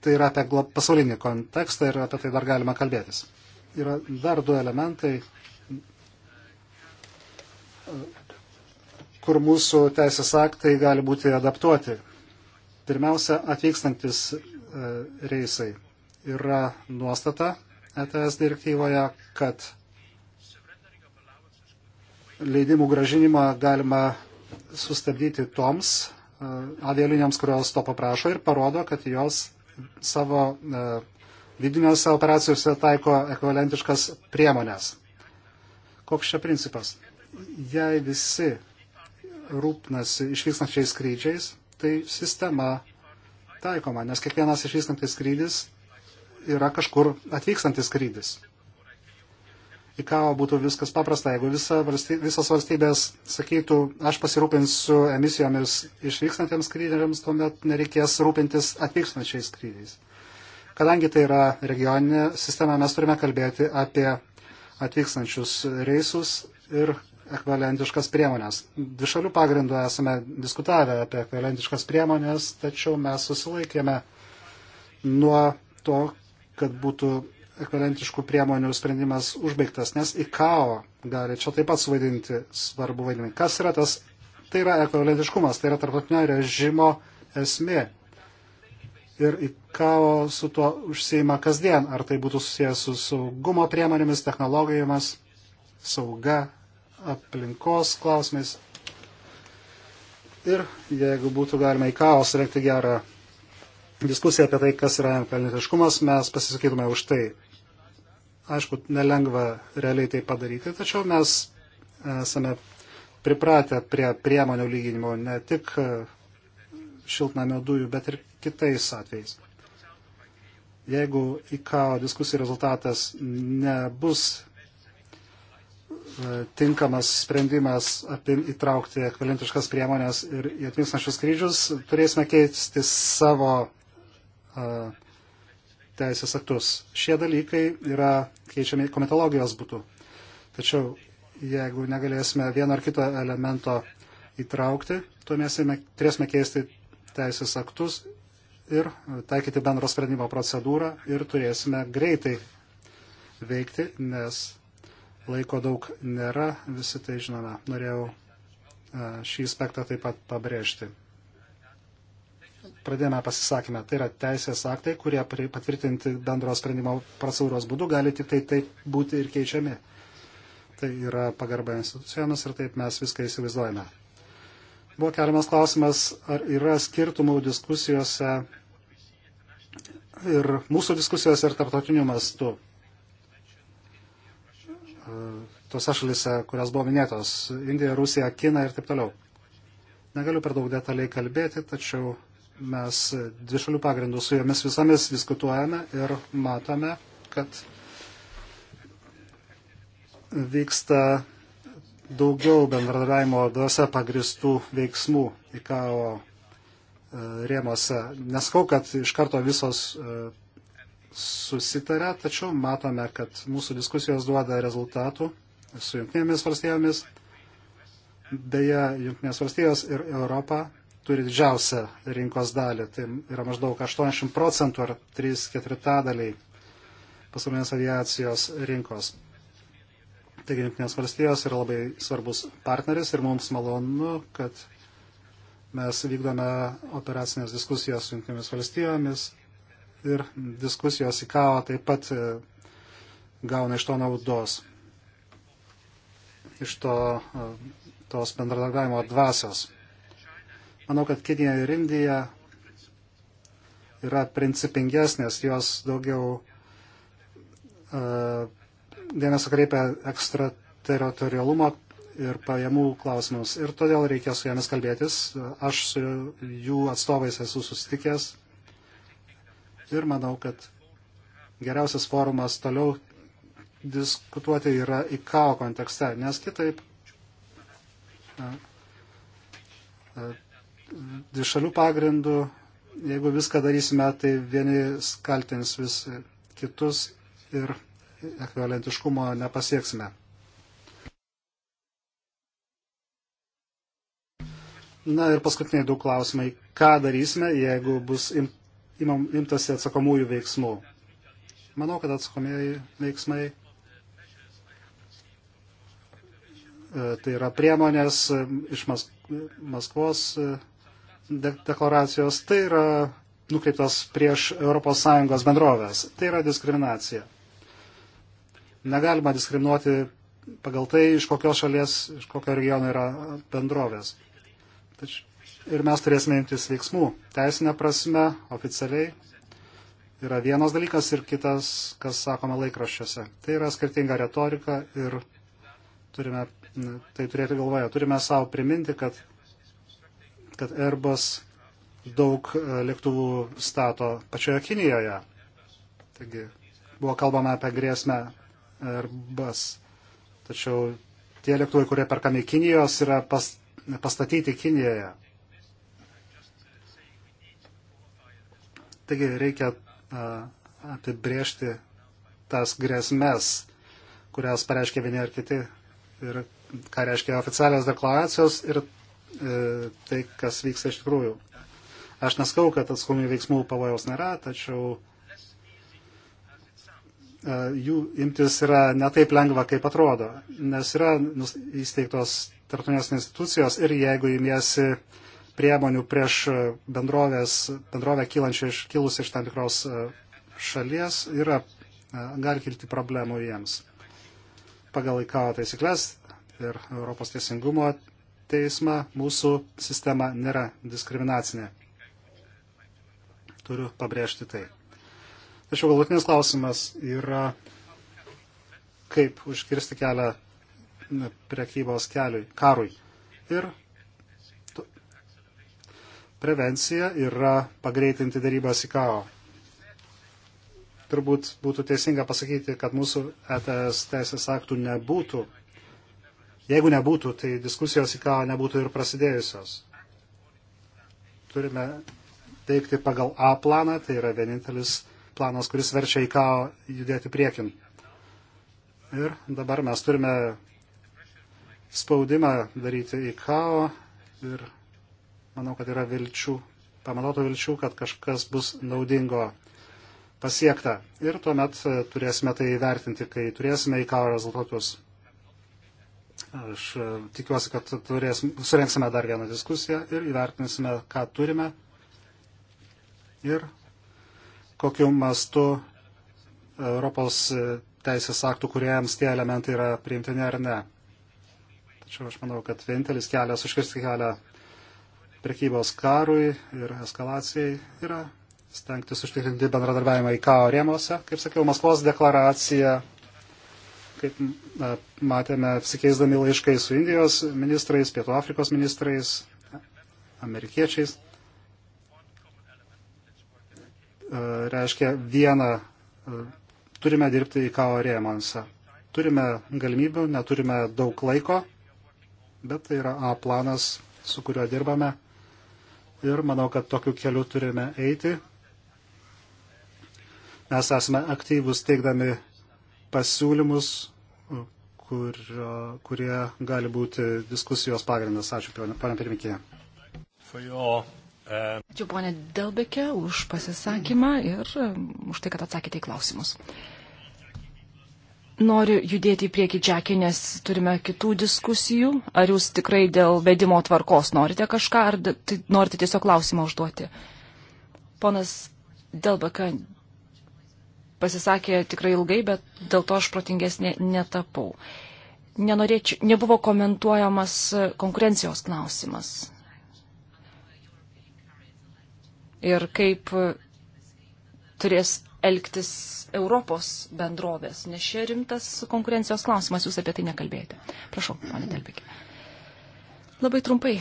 tai yra apie pasaulinį kontekstą ir apie tai dar galima kalbėtis. Yra dar du elementai, kur mūsų teisės aktai gali būti adaptuoti. Pirmiausia, atvykstantis e, reisai yra nuostata ETS direktyvoje, kad leidimų gražinimą galima sustabdyti toms Uh, avialinijoms, kurios to paprašo ir parodo, kad jos savo uh, vidiniuose operacijose taiko ekvivalentiškas priemonės. Koks čia principas? Jei visi rūpnasi išvykstančiais skrydžiais, tai sistema taikoma, nes kiekvienas išvykstantis skrydis yra kažkur atvykstantis skrydis. ICAO būtų viskas paprasta, jeigu visa valstybė, visas valstybės sakytų, aš pasirūpinsiu emisijomis išvykstantiems skrydėliams, tuomet nereikės rūpintis atvykstančiais skrydžiais. Kadangi tai yra regioninė sistema, mes turime kalbėti apie atvykstančius reisus ir ekvivalentiškas priemonės. Dvišalių pagrindų esame diskutavę apie ekvivalentiškas priemonės, tačiau mes susilaikėme nuo to, kad būtų ekvivalentiškų priemonių sprendimas užbaigtas, nes ICAO gali čia taip pat suvaidinti svarbu vaidmenį. Kas yra tas? Tai yra ekvivalentiškumas, tai yra tarptautinio režimo esmė. Ir ICAO su tuo užsieima kasdien, ar tai būtų susijęs su saugumo priemonėmis, technologijomis, sauga, aplinkos klausimais. Ir jeigu būtų galima ICAO surengti gerą diskusiją apie tai, kas yra kalnitiškumas, mes pasisakytume už tai. Aišku, nelengva realiai tai padaryti, tačiau mes esame pripratę prie priemonių lyginimo ne tik e, šiltnamio dujų, bet ir kitais atvejais. Jeigu IKAO diskusijų rezultatas nebus e, tinkamas sprendimas apim, įtraukti ekvalentiškas priemonės ir į atvykstančius skrydžius, turėsime keistis savo uh, teisės aktus. Šie dalykai yra keičiami komitologijos būtų. Tačiau jeigu negalėsime vieno ar kito elemento įtraukti, tuomet turėsime keisti teisės aktus ir taikyti bendro sprendimo procedūrą ir turėsime greitai veikti, nes laiko daug nėra, visi tai žinome. Norėjau e, šį aspektą taip pat pabrėžti pradėjome pasisakymę. Tai yra teisės aktai, kurie patvirtinti bendro sprendimo procedūros būdu gali tik tai taip būti ir keičiami. Tai yra pagarba institucijomis ir taip mes viską įsivaizduojame. Buvo keliamas klausimas, ar yra skirtumų diskusijose ir mūsų diskusijose ir tarptautiniu mastu. Tuose šalise, kurios buvo minėtos - Indija, Rusija, Kina ir taip toliau. Negaliu per daug detaliai kalbėti, tačiau mes dvišalių pagrindų su jomis visomis diskutuojame ir matome, kad vyksta daugiau bendradarbiavimo dvasia pagristų veiksmų IKO e, rėmose. Neskau, kad iš karto visos e, susitarė, tačiau matome, kad mūsų diskusijos duoda rezultatų su jungtinėmis valstybėmis. Beje, jungtinės valstybės ir Europa turi didžiausią rinkos dalį. Tai yra maždaug 80 procentų ar 3 ketvirtadaliai pasaulinės aviacijos rinkos. Taigi, Junktinės valstijos yra labai svarbus partneris ir mums malonu, kad mes vykdome operacinės diskusijos su Junktinėmis valstijomis ir diskusijos į kavą taip pat e, gauna iš to naudos, iš to, e, tos bendradarbiavimo dvasios. Manau, kad Kinija ir Indija yra principingesnės, jos daugiau uh, dėmesio kreipia ekstrateritorialumo ir pajamų klausimus. Ir todėl reikia su jomis kalbėtis. Aš su jų atstovais esu susitikęs. Ir manau, kad geriausias forumas toliau diskutuoti yra IKAO kontekste, nes kitaip uh, uh, dvišalių pagrindų. Jeigu viską darysime, tai vieni skaltins vis kitus ir ekvivalentiškumo nepasieksime. Na ir paskutiniai du klausimai. Ką darysime, jeigu bus im, imam, imtasi atsakomųjų veiksmų? Manau, kad atsakomieji veiksmai e, tai yra priemonės e, iš Maskvos e, de deklaracijos, tai yra nukreiptos prieš ES bendrovės. Tai yra diskriminacija. Negalima diskriminuoti pagal tai, iš kokios šalies, iš kokio regiono yra bendrovės. Tačiau ir mes turėsime imtis veiksmų. Teisinė prasme, oficialiai yra vienas dalykas ir kitas, kas sakoma laikraščiuose. Tai yra skirtinga retorika ir turime tai turėti galvoje. Turime savo priminti, kad kad Airbus daug e, lėktuvų stato pačioje Kinijoje. Taigi buvo kalbama apie grėsmę Airbus. Tačiau tie lėktuvai, kurie perkami Kinijos, yra pas, pastatyti Kinijoje. Taigi reikia e, apibriežti tas grėsmės, kurias pareiškia vieni ar kiti ir ką reiškia oficialios deklaracijos ir E, tai, kas vyksta iš tikrųjų. Aš neskau, kad atskuminių veiksmų pavojaus nėra, tačiau e, jų imtis yra netaip lengva, kaip atrodo, nes yra įsteigtos tartunės institucijos ir jeigu imiesi priemonių prieš bendrovės, bendrovę kylančią iš, kilus iš tam tikros e, šalies, yra, gali kilti problemų jiems. Pagal įkavo taisyklės ir Europos teisingumo teismą, mūsų sistema nėra diskriminacinė. Turiu pabrėžti tai. Tačiau galutinis klausimas yra, kaip užkirsti kelią prekybos keliui, karui. Ir prevencija yra pagreitinti darybas į karo. Turbūt būtų teisinga pasakyti, kad mūsų ETS teisės aktų nebūtų Jeigu nebūtų, tai diskusijos į ką nebūtų ir prasidėjusios. Turime teikti pagal A planą, tai yra vienintelis planas, kuris verčia į ką judėti priekin. Ir dabar mes turime spaudimą daryti į ką ir manau, kad yra vilčių, pamanotų vilčių, kad kažkas bus naudingo pasiekta. Ir tuomet turėsime tai įvertinti, kai turėsime į ką rezultatus. Aš e, tikiuosi, kad turės, surenksime dar vieną diskusiją ir įvertinsime, ką turime ir kokiu mastu Europos teisės aktų kuriejams tie elementai yra priimtini ar ne. Tačiau aš manau, kad vienintelis kelias užkirsti kelią prekybos karui ir eskalacijai yra stengtis užtikrinti bendradarbiavimą į KAO rėmose. Kaip sakiau, Maskvos deklaracija kaip na, matėme apsikeisdami laiškai su Indijos ministrais, Pietų Afrikos ministrais, amerikiečiais, e, reiškia vieną, e, turime dirbti į KO rėmansą. Turime galimybių, neturime daug laiko, bet tai yra A planas, su kuriuo dirbame. Ir manau, kad tokiu keliu turime eiti. Mes esame aktyvus teikdami pasiūlymus, kur, kurie gali būti diskusijos pagrindas. Ačiū, pana pirmikė. Uh, Ačiū, ponė Delbekė, už pasisakymą ir um, už tai, kad atsakėte į klausimus. Noriu judėti į priekį, Džekį, nes turime kitų diskusijų. Ar jūs tikrai dėl vedimo tvarkos norite kažką, ar tai norite tiesiog klausimą užduoti? Ponas Delbeka, pasisakė tikrai ilgai, bet dėl to aš protingesnė netapau. Nenorėčiau, nebuvo komentuojamas konkurencijos klausimas. Ir kaip turės elgtis Europos bendrovės, nes čia rimtas konkurencijos klausimas, jūs apie tai nekalbėjote. Prašau, ponė Telpikė. Labai trumpai.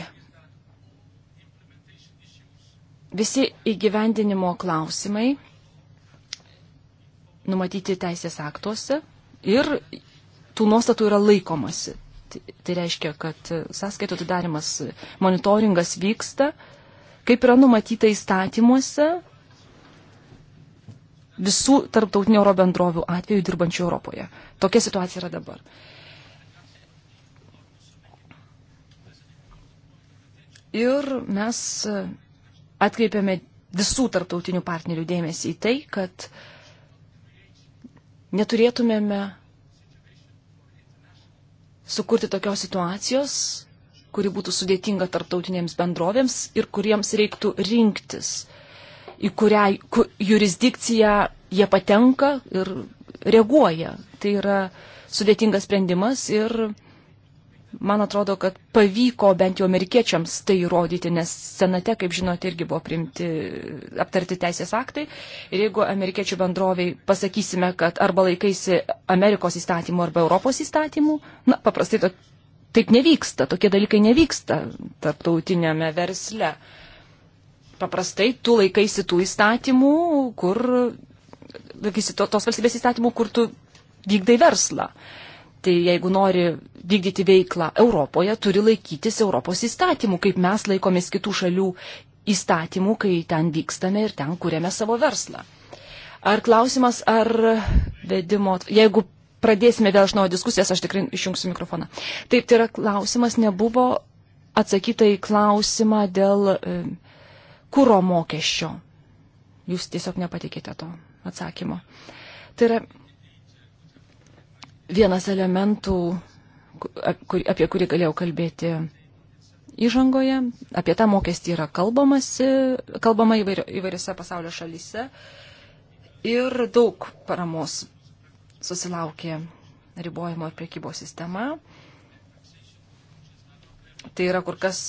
Visi įgyvendinimo klausimai numatyti teisės aktuose ir tų nuostatų yra laikomasi. Tai, tai reiškia, kad sąskaitų atidarimas, monitoringas vyksta, kaip yra numatyta įstatymuose visų tarptautinių oro bendrovių atveju dirbančių Europoje. Tokia situacija yra dabar. Ir mes atkreipiame visų tarptautinių partnerių dėmesį į tai, kad uh, neturėtumėme sukurti tokios situacijos, kuri būtų sudėtinga tarptautinėms bendrovėms ir kuriems reiktų rinktis, į kurią jurisdikciją jie patenka ir reaguoja. Tai yra sudėtingas sprendimas ir man atrodo, kad pavyko bent jau amerikiečiams tai įrodyti, nes senate, kaip žinote, irgi buvo priimti, aptarti teisės aktai. Ir jeigu amerikiečių bendroviai pasakysime, kad arba laikaisi Amerikos įstatymų arba Europos įstatymų, na, paprastai to, taip nevyksta, tokie dalykai nevyksta tarptautinėme versle. Paprastai tu laikaisi tų įstatymų, kur, laikaisi to, tos valstybės įstatymų, kur tu vykdai verslą. Uh, Tai jeigu nori vykdyti veiklą Europoje, turi laikytis Europos įstatymų, kaip mes laikomės kitų šalių įstatymų, kai ten vykstame ir ten kūrėme savo verslą. Ar klausimas, ar vedimo, jeigu pradėsime vėl iš naujo diskusijas, aš tikrai išjungsiu mikrofoną. Taip, tai yra klausimas, nebuvo atsakyta į klausimą dėl e, kūro mokesčio. Jūs tiesiog nepatikite to atsakymo. Tai yra vienas elementų, apie kurį galėjau kalbėti įžangoje. Apie tą mokestį yra kalbamasi, kalbama įvairiose pasaulio šalyse. Ir daug paramos susilaukė ribojimo ir priekybos sistema. Tai yra kur kas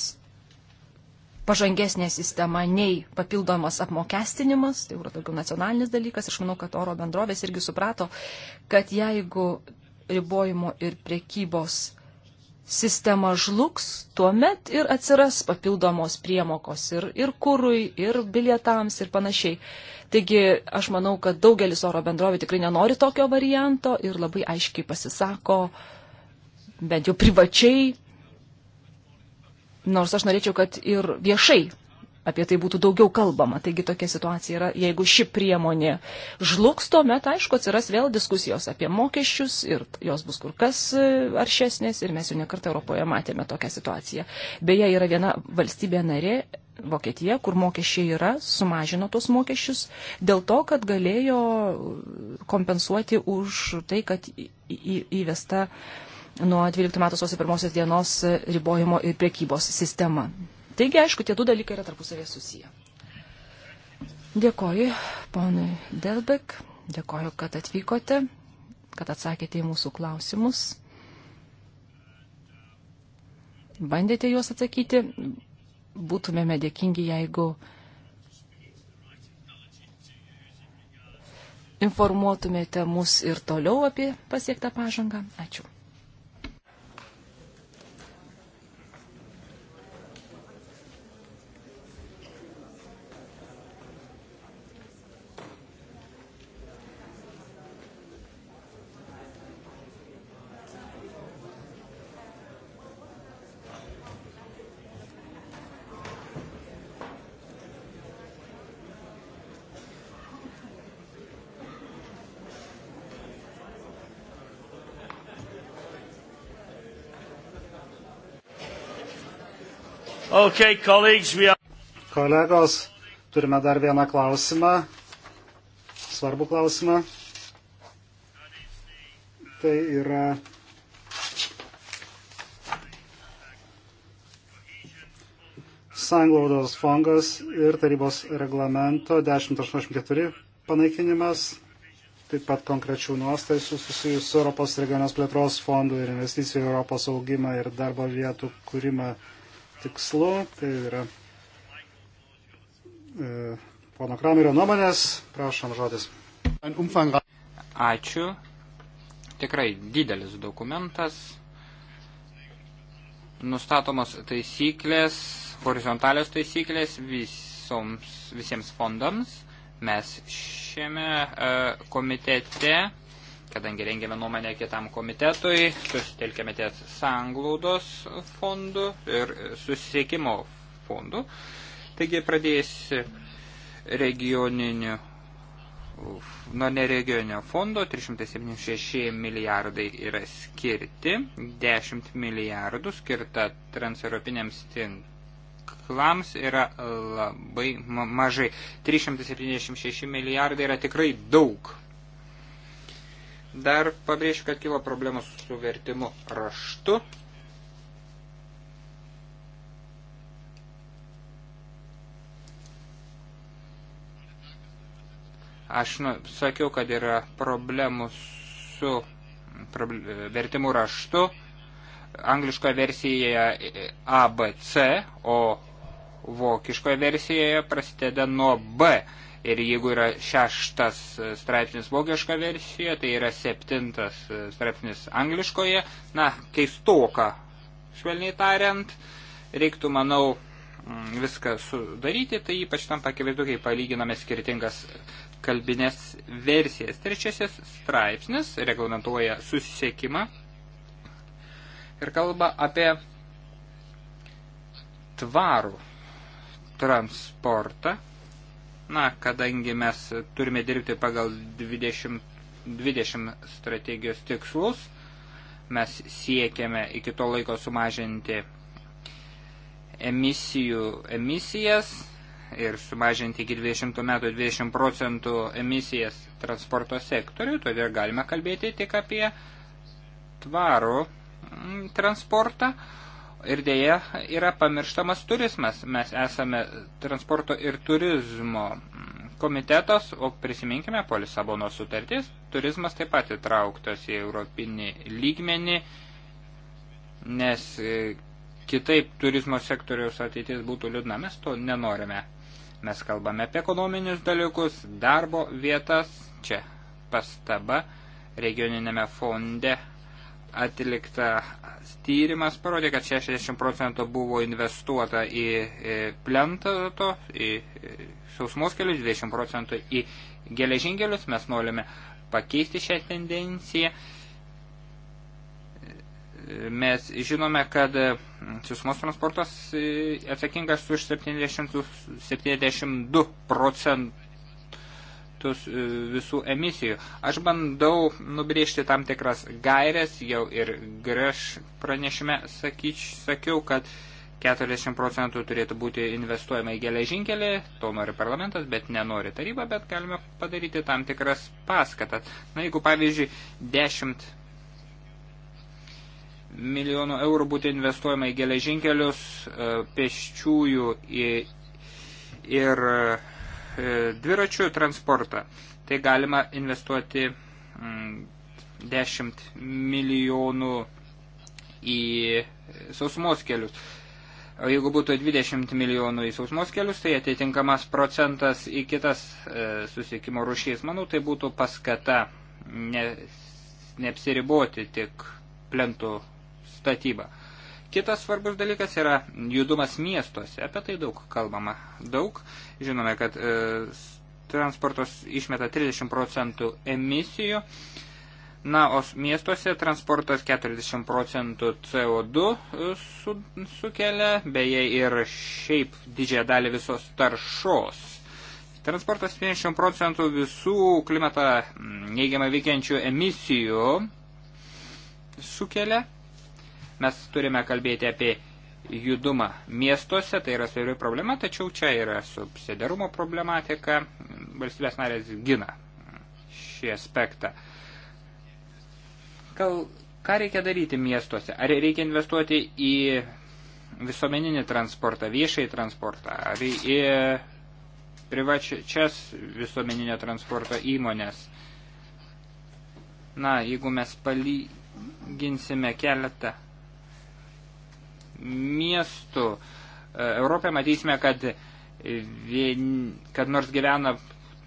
pažangesnė sistema nei papildomas apmokestinimas, tai yra daugiau nacionalinis dalykas. Aš manau, kad oro bendrovės irgi suprato, kad jeigu ribojimo ir prekybos sistema žlugs, tuomet ir atsiras papildomos priemokos ir, ir kūrui, ir bilietams, ir panašiai. Taigi aš manau, kad daugelis oro bendrovių tikrai nenori tokio varianto ir labai aiškiai pasisako, bent jau privačiai, nors aš norėčiau, kad ir viešai apie tai būtų daugiau kalbama. Taigi tokia situacija yra, jeigu ši priemonė žlugs, tuomet aišku atsiras vėl diskusijos apie mokesčius ir jos bus kur kas e, aršesnės ir mes jau nekartą Europoje matėme tokią situaciją. Beje, yra viena valstybė narė. Vokietija, kur mokesčiai yra, sumažino tos mokesčius dėl to, kad galėjo kompensuoti už tai, kad įvesta nuo 12 metų sausio pirmosios dienos ribojimo ir priekybos sistema. Taigi, aišku, tie du dalykai yra tarpusavė susiję. Dėkoju ponui Delbek, dėkoju, kad atvykote, kad atsakėte į mūsų klausimus. Bandėte juos atsakyti, būtumėme dėkingi, jeigu informuotumėte mus ir toliau apie pasiektą pažangą. Ačiū. Okay, colleagues, we are... Kolegos, turime dar vieną klausimą. Svarbų klausimą. Tai yra Sanglaudos fondas ir tarybos reglamento 1084 panaikinimas, taip pat konkrečių nuostaisų susijusių su Europos regionos plėtros fondu ir investicijų Europos augimą ir darbo vietų kūrimą tikslu, tai yra e, pono Kramerio nuomonės, prašom žodis. Ačiū, tikrai didelis dokumentas, nustatomos taisyklės, horizontalios taisyklės visoms, visiems fondams. Mes šiame e, komitete kadangi rengėme nuomonę kitam komitetui, susitelkėme ties sanglaudos fondų ir susisiekimo fondų. Taigi pradėjusi regioninių nuo neregioninio fondo 376 milijardai yra skirti, 10 milijardų skirta transeuropiniams tinklams yra labai mažai. 376 milijardai yra tikrai daug Dar pabrėšiu, kad kilo problemų su vertimu raštu. Aš nu, sakiau, kad yra problemų su proble vertimu raštu. Angliškoje versijoje ABC, o vokiškoje versijoje prasideda nuo B ir jeigu yra šeštas straipsnis vokiška versija, tai yra septintas straipsnis angliškoje, na, keistoka, švelniai tariant, reiktų, manau, mm, viską sudaryti, tai ypač tam pakivaizdu, kai palyginame skirtingas kalbinės versijas. Trečiasis straipsnis reglamentuoja susisiekimą ir kalba apie tvarų transportą Na, kadangi mes turime dirbti pagal 20, 20 strategijos tikslus, mes siekiame iki to laiko sumažinti emisijų emisijas ir sumažinti iki 20 metų 20 procentų emisijas transporto sektoriui, todėl galime kalbėti tik apie tvarų mm, transportą ir dėja yra pamirštamas turizmas. Mes esame transporto ir turizmo komitetas, o prisiminkime, po Lisabono sutartis, turizmas taip pat įtrauktas į europinį lygmenį, nes e, kitaip turizmo sektoriaus ateitis būtų liūdna, mes to nenorime. Mes kalbame apie ekonominius dalykus, darbo vietas, čia pastaba regioninėme fonde atlikta tyrimas parodė, kad 60 procentų buvo investuota į plentą, į sausmos kelius, 20 procentų į geležinkelius. Mes norime pakeisti šią tendenciją. Mes žinome, kad sausmos transportas atsakingas už 70, 72 procentų E, visų emisijų. Aš bandau nubrėžti tam tikras gairias, jau ir greš pranešime sakyč, sakiau, kad 40 procentų turėtų būti investuojama į geležinkelį, to nori parlamentas, bet nenori taryba, bet galime padaryti tam tikras paskatas. Na, jeigu pavyzdžiui 10 milijonų eurų būtų investuojama į geležinkelius, e, pėsčiųjų ir, ir E, dviračių transportą. Tai galima investuoti 10 mm, milijonų į sausumos kelius. O jeigu būtų 20 milijonų į sausumos kelius, tai atitinkamas procentas į kitas e, susiekimo rušys. Manau, tai būtų paskata ne, neapsiriboti tik plentų statybą. Kitas svarbus dalykas yra judumas miestuose, apie tai daug kalbama. Daug žinome, kad e, transportos išmeta 30 procentų emisijų, na, o miestuose transportas 40 procentų CO2 e, su, sukelia, beje ir šiaip didžiąją dalį visos taršos. Transportas 50 procentų visų klimatą neigiamai veikiančių emisijų sukelia Mes turime kalbėti apie judumą miestuose, tai yra svarbi problema, tačiau čia yra subsidarumo problematika, valstybės narės gina šį aspektą. Kal, ką reikia daryti miestuose? Ar reikia investuoti į visuomeninį transportą, viešai transportą, ar į privačias visuomeninio transporto įmonės? Na, jeigu mes palyginsime keletą miestų. E, Europoje matysime, kad, vien, kad nors gyvena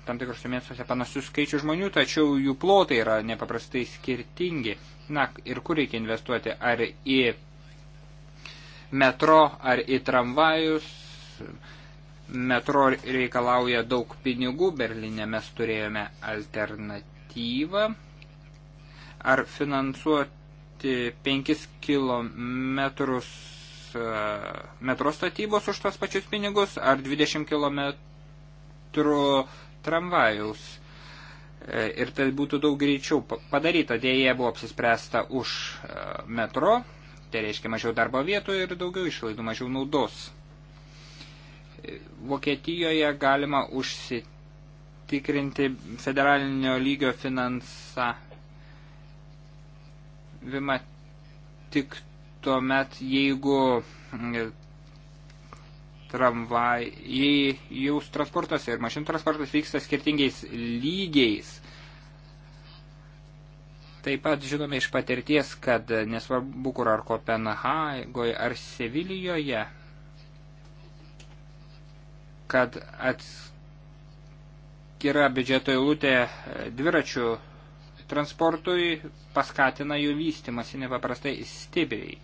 tam tikrose miestuose panašius skaičių žmonių, tačiau jų plotai yra nepaprastai skirtingi. Na, ir kur reikia investuoti? Ar į metro, ar į tramvajus? Metro reikalauja daug pinigų, Berlinė mes turėjome alternatyvą. Ar finansuoti 5 kilometrus E, metro statybos už tos pačius pinigus ar 20 km tramvajaus. E, ir tai būtų daug greičiau padaryta, dėje buvo apsispręsta už e, metro, tai reiškia mažiau darbo vietų ir daugiau išlaidų, mažiau naudos. Vokietijoje galima užsitikrinti federalinio lygio finansavimą tik tuomet jeigu mm, tramvajai jaus transportas ir mašinų transportas vyksta skirtingais lygiais. Taip pat žinome iš patirties, kad nesvarbu kur ar Kopenhagoje ar Sevilijoje, kad atskira biudžeto eilutė dviračių transportui paskatina jų vystimasi nepaprastai stipriai.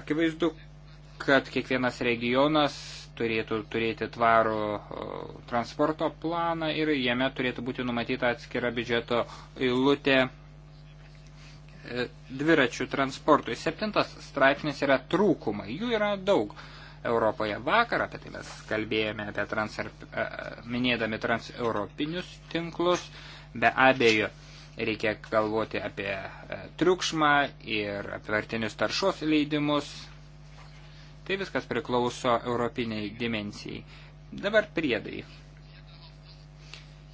Akivaizdu, kad kiekvienas regionas turėtų turėti tvarų transporto planą ir jame turėtų būti numatyta atskira biudžeto eilutė e, dviračių transportui. Septintas straipsnis yra trūkumai. Jų yra daug. Europoje vakar, apie tai mes kalbėjome apie trans, e, minėdami transeuropinius tinklus, be abejo reikia galvoti apie e, triukšmą ir apvertinius taršos leidimus. Tai viskas priklauso europiniai dimensijai. Dabar priedai.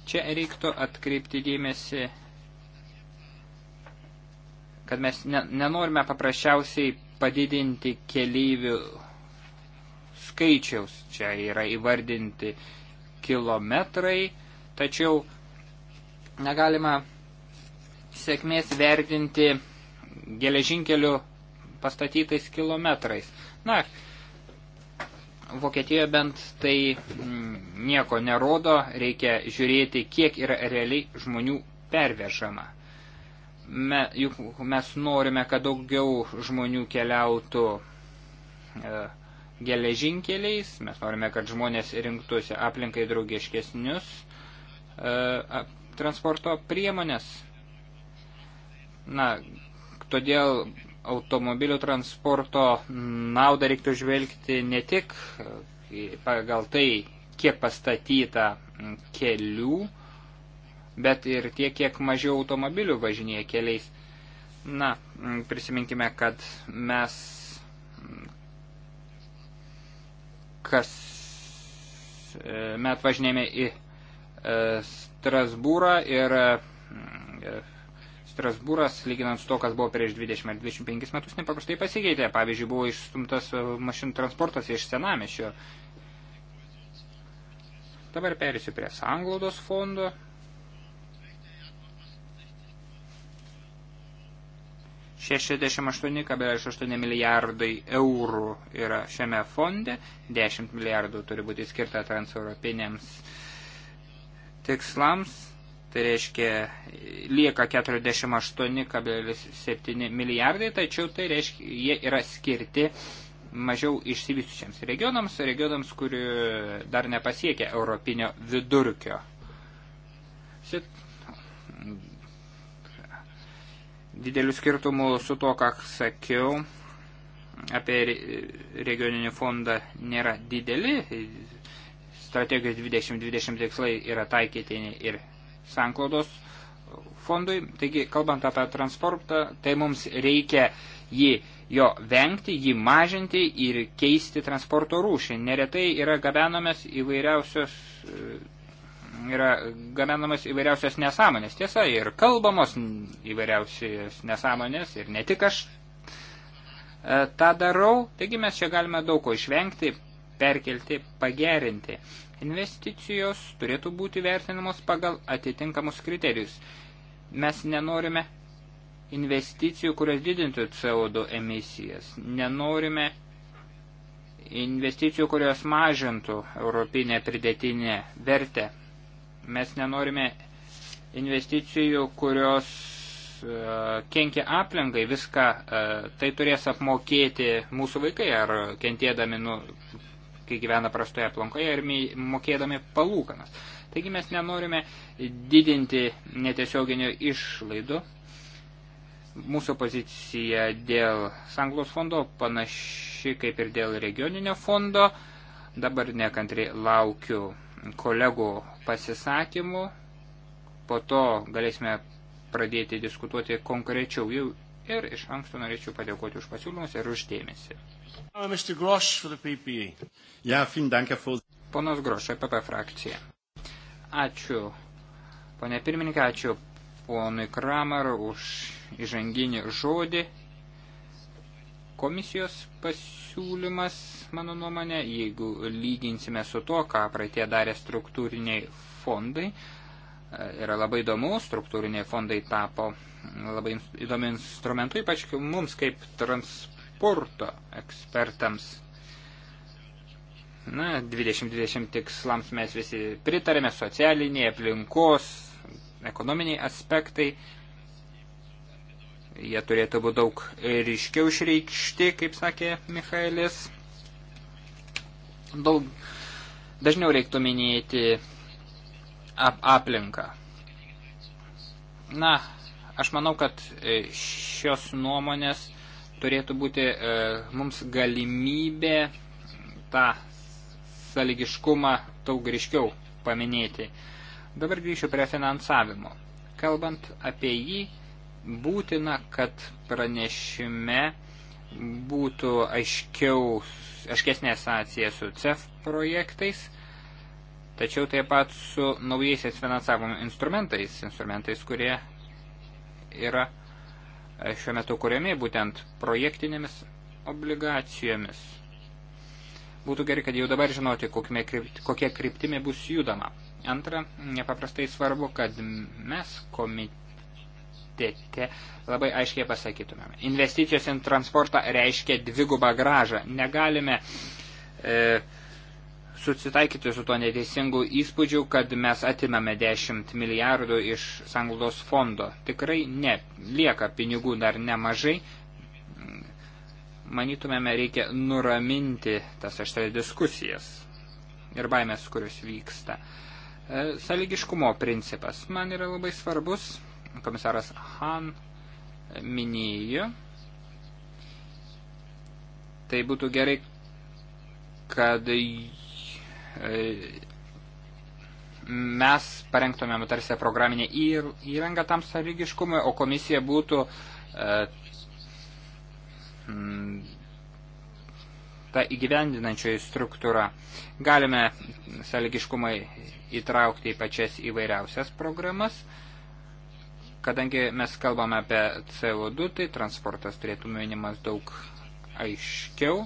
Čia reiktų atkreipti dėmesį, kad mes ne, nenorime paprasčiausiai padidinti keleivių skaičiaus. Čia yra įvardinti kilometrai, tačiau negalima sėkmės vertinti geležinkeliu pastatytais kilometrais. Na, Vokietijoje bent tai mm, nieko nerodo, reikia žiūrėti, kiek yra realiai žmonių pervežama. Me, juk mes norime, kad daugiau žmonių keliautų e, geležinkeliais, mes norime, kad žmonės rinktųsi aplinkai draugiškesnius e, transporto priemonės. Na, todėl automobilių transporto naudą reiktų žvelgti ne tik e, pagal tai, kiek pastatyta kelių, bet ir tiek, kiek mažiau automobilių važinėja keliais. Na, prisiminkime, kad mes kas e, met važinėjame į e, Strasbūrą ir mm, e, Strasbūras, lyginant su to, kas buvo prieš 20 ar 25 metus, nepaprastai pasikeitė. Pavyzdžiui, buvo išstumtas mašinų transportas iš senamišio. Dabar perėsiu prie sanglaudos fondo. 68,8 milijardai eurų yra šiame fonde, 10 milijardų turi būti skirta transeuropiniams tikslams, tai reiškia lieka 48,7 milijardai, tačiau tai reiškia, jie yra skirti mažiau išsivysiučiams regionams, regionams, kuri dar nepasiekia europinio vidurkio. Šit didelių skirtumų su to, ką sakiau apie regioninį fondą nėra dideli. Strategijos 2020 tikslai yra taikytini ir sanklaudos fondui. Taigi, kalbant apie transportą, tai mums reikia jį jo vengti, jį mažinti ir keisti transporto rūšį. Neretai yra gabenomės įvairiausios e, yra gamenamas įvairiausios nesąmonės. Tiesa, ir kalbamos įvairiausios nesąmonės, ir ne tik aš e, tą darau. Taigi mes čia galime daug ko išvengti, perkelti, pagerinti. Investicijos turėtų būti vertinamos pagal atitinkamus kriterijus. Mes nenorime investicijų, kurios didintų CO2 emisijas. Nenorime investicijų, kurios mažintų europinę pridėtinę vertę. Mes nenorime investicijų, kurios e, kenkia aplinkai, viską e, tai turės apmokėti mūsų vaikai ar kentėdami, nu, kai gyvena prastoje aplinkoje ir mokėdami palūkanas. Taigi mes nenorime didinti netiesioginio išlaidų. Mūsų pozicija dėl Sanglos fondo panaši kaip ir dėl regioninio fondo. Dabar nekantriai laukiu kolegų pasisakymų, po to galėsime pradėti diskutuoti konkrečiau jau ir iš anksto norėčiau padėkoti už pasiūlymus ir uždėmesį. Uh, e. Ponas Groš, EPP frakcija. Ačiū, ponė pirmininkė, ačiū ponui Kramer už įžanginį žodį komisijos pasiūlymas, mano nuomonė, jeigu lyginsime su to, ką praeitie darė struktūriniai fondai, e, yra labai įdomu, struktūriniai fondai tapo labai įdomiu instrumentu, ypač mums kaip transporto ekspertams. Na, 2020 tikslams mes visi pritarėme, socialiniai, aplinkos, ekonominiai aspektai jie turėtų būti daug ryškiau išreikšti, kaip sakė Michaelis. Daug, dažniau reiktų minėti ap aplinką. Na, aš manau, kad e, šios nuomonės turėtų būti e, mums galimybė tą saligiškumą daug ryškiau paminėti. Dabar grįšiu prie finansavimo. Kalbant apie jį, būtina, kad pranešime būtų aiškiau, aiškesnė sąsaja su CEF projektais, tačiau taip pat su naujaisiais finansavimo instrumentais, instrumentais, kurie yra e, šiuo metu kuriami būtent projektinėmis obligacijomis. Būtų gerai, kad jau dabar žinoti, kokie kryptimi bus judama. Antra, nepaprastai svarbu, kad mes komite komitete labai aiškiai pasakytumėme. Investicijos į in transportą reiškia dvigubą gražą. Negalime e, susitaikyti su to neteisingu įspūdžiu, kad mes atimame 10 milijardų iš sanglaudos fondo. Tikrai ne, lieka pinigų dar nemažai. Manytumėme, reikia nuraminti tas aštrias diskusijas ir baimės, kurios vyksta. E, saligiškumo principas man yra labai svarbus komisaras Han minėjo, tai būtų gerai, kad e, mes parengtumėm tarsi programinę įrangą tam sąlygiškumui, o komisija būtų e, ta įgyvendinančioji struktūra. Galime sąlygiškumai įtraukti į pačias įvairiausias programas. Uh, Kadangi mes kalbame apie CO2, tai transportas turėtų minimas daug aiškiau.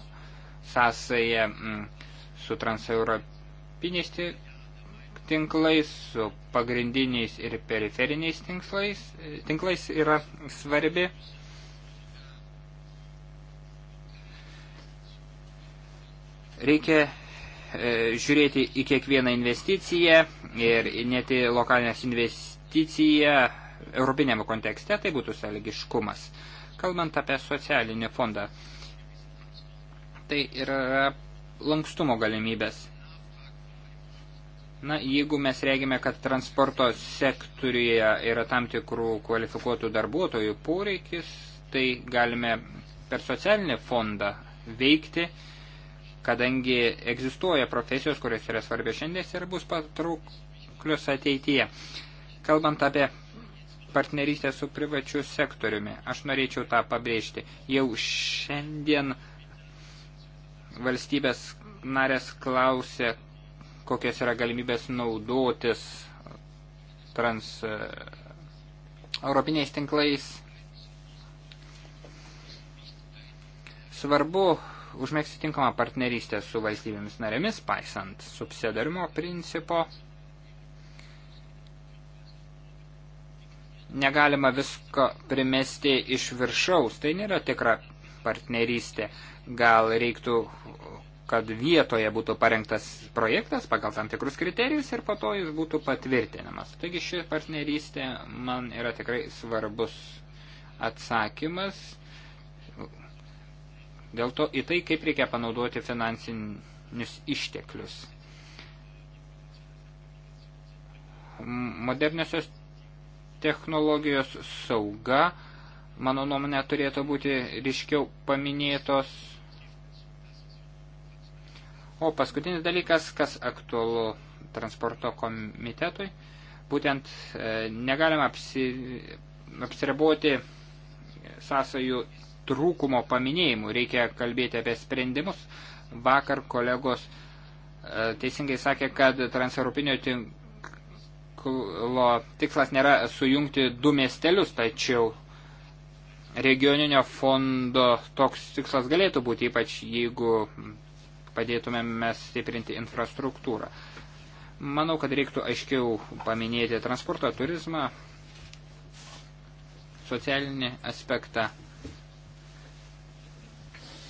Sąsaja mm, su transeuropiniais tinklais, su pagrindiniais ir periferiniais tinklais, e, tinklais yra svarbi. Reikia e, žiūrėti į kiekvieną investiciją ir net į lokalinės investiciją europinėme kontekste tai būtų sąlygiškumas. Kalbant apie socialinį fondą, tai yra lankstumo galimybės. Na, jeigu mes reagime, kad transporto sektoriuje yra tam tikrų kvalifikuotų darbuotojų poreikis, tai galime per socialinį fondą veikti, kadangi egzistuoja profesijos, kurios yra svarbios šiandien ir bus patrauklius ateityje. Kalbant apie partnerystę su privačiu sektoriumi. Aš norėčiau tą pabrėžti. Jau šiandien valstybės narės klausė, kokios yra galimybės naudotis trans e, europiniais tinklais. Svarbu užmėgsti tinkamą partnerystę su valstybėmis narėmis, paisant subsidarimo principo. Negalima visko primesti iš viršaus, tai nėra tikra partnerystė. Gal reiktų, kad vietoje būtų parengtas projektas pagal tam tikrus kriterijus ir po to jis būtų patvirtinamas. Taigi ši partnerystė man yra tikrai svarbus atsakymas dėl to į tai, kaip reikia panaudoti finansinius išteklius. Moderniosios technologijos sauga, mano nuomonė, turėtų būti ryškiau paminėtos. O paskutinis dalykas, kas aktualu transporto komitetui, būtent e, negalima apsi, apsiriboti sąsajų trūkumo paminėjimų, reikia kalbėti apie sprendimus. Vakar kolegos e, teisingai sakė, kad transeuropinio tinklo tinklo tikslas nėra sujungti du miestelius, tačiau regioninio fondo toks tikslas galėtų būti, ypač jeigu padėtumėme stiprinti infrastruktūrą. Manau, kad reiktų aiškiau paminėti transportą, turizmą, socialinį aspektą,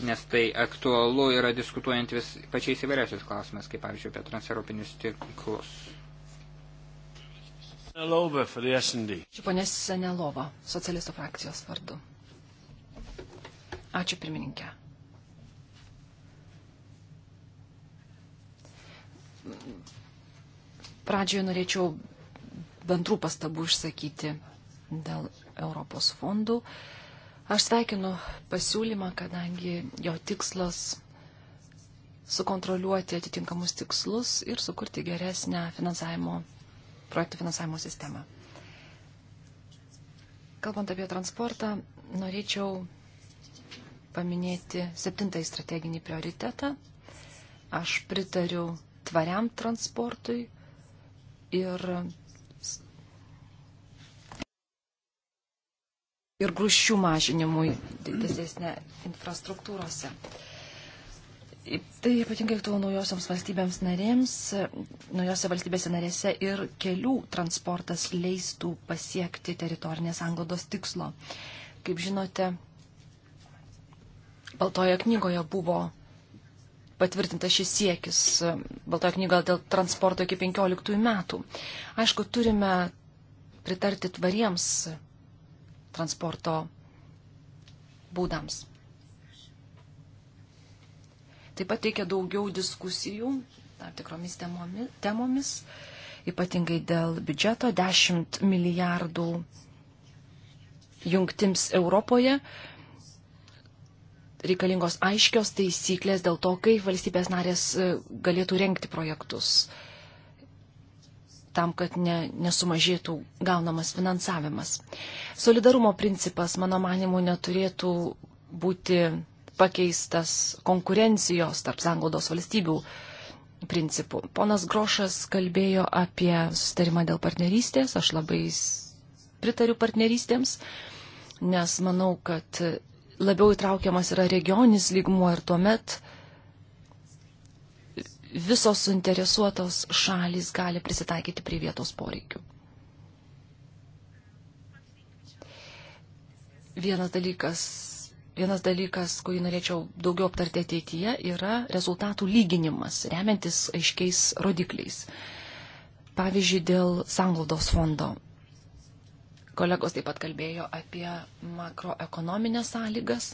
nes tai aktualu yra diskutuojant vis pačiais įvairiausiais klausimais, kaip pavyzdžiui apie transeuropinius tinklus. Ačiū ponė Senelova, socialistų frakcijos vardu. Ačiū pirmininkė. Pradžioje norėčiau bendrų pastabų išsakyti dėl Europos fondų. Aš sveikinu pasiūlymą, kadangi jo tikslas sukontroliuoti atitinkamus tikslus ir sukurti geresnę finansavimo projektų finansavimo sistemą. Kalbant apie transportą, norėčiau paminėti septintąjį strateginį prioritetą. Aš pritariu tvariam transportui ir, ir grūščių mažinimui didesnė infrastruktūrose. Uh, Tai ypatingai aktualu naujosioms valstybėms narėms, naujose valstybėse narėse ir kelių transportas leistų pasiekti teritorinės anglodos tikslo. Kaip žinote, Baltoje knygoje buvo patvirtintas šis siekis, Baltoje knygoje dėl transporto iki 15 metų. Aišku, turime pritarti tvariems transporto būdams. Taip pat reikia daugiau diskusijų tam tikromis temomis, ypatingai dėl biudžeto 10 milijardų jungtims Europoje. Reikalingos aiškios taisyklės dėl to, kaip valstybės narės e, galėtų renkti projektus tam, kad ne, nesumažėtų gaunamas finansavimas. Solidarumo principas, mano manimu, neturėtų būti pakeistas konkurencijos tarp sanglaudos valstybių principų. Ponas Grošas kalbėjo apie sustarimą dėl partnerystės, aš labai pritariu partnerystėms, nes manau, kad labiau įtraukiamas yra regioninis lygmuo ir tuomet visos suinteresuotos šalys gali prisitaikyti prie vietos poreikių. Vienas dalykas vienas dalykas, kurį norėčiau daugiau aptarti ateityje, yra rezultatų lyginimas, remiantis aiškiais rodikliais. Pavyzdžiui, dėl sanglaudos fondo. Kolegos taip pat kalbėjo apie makroekonominės sąlygas.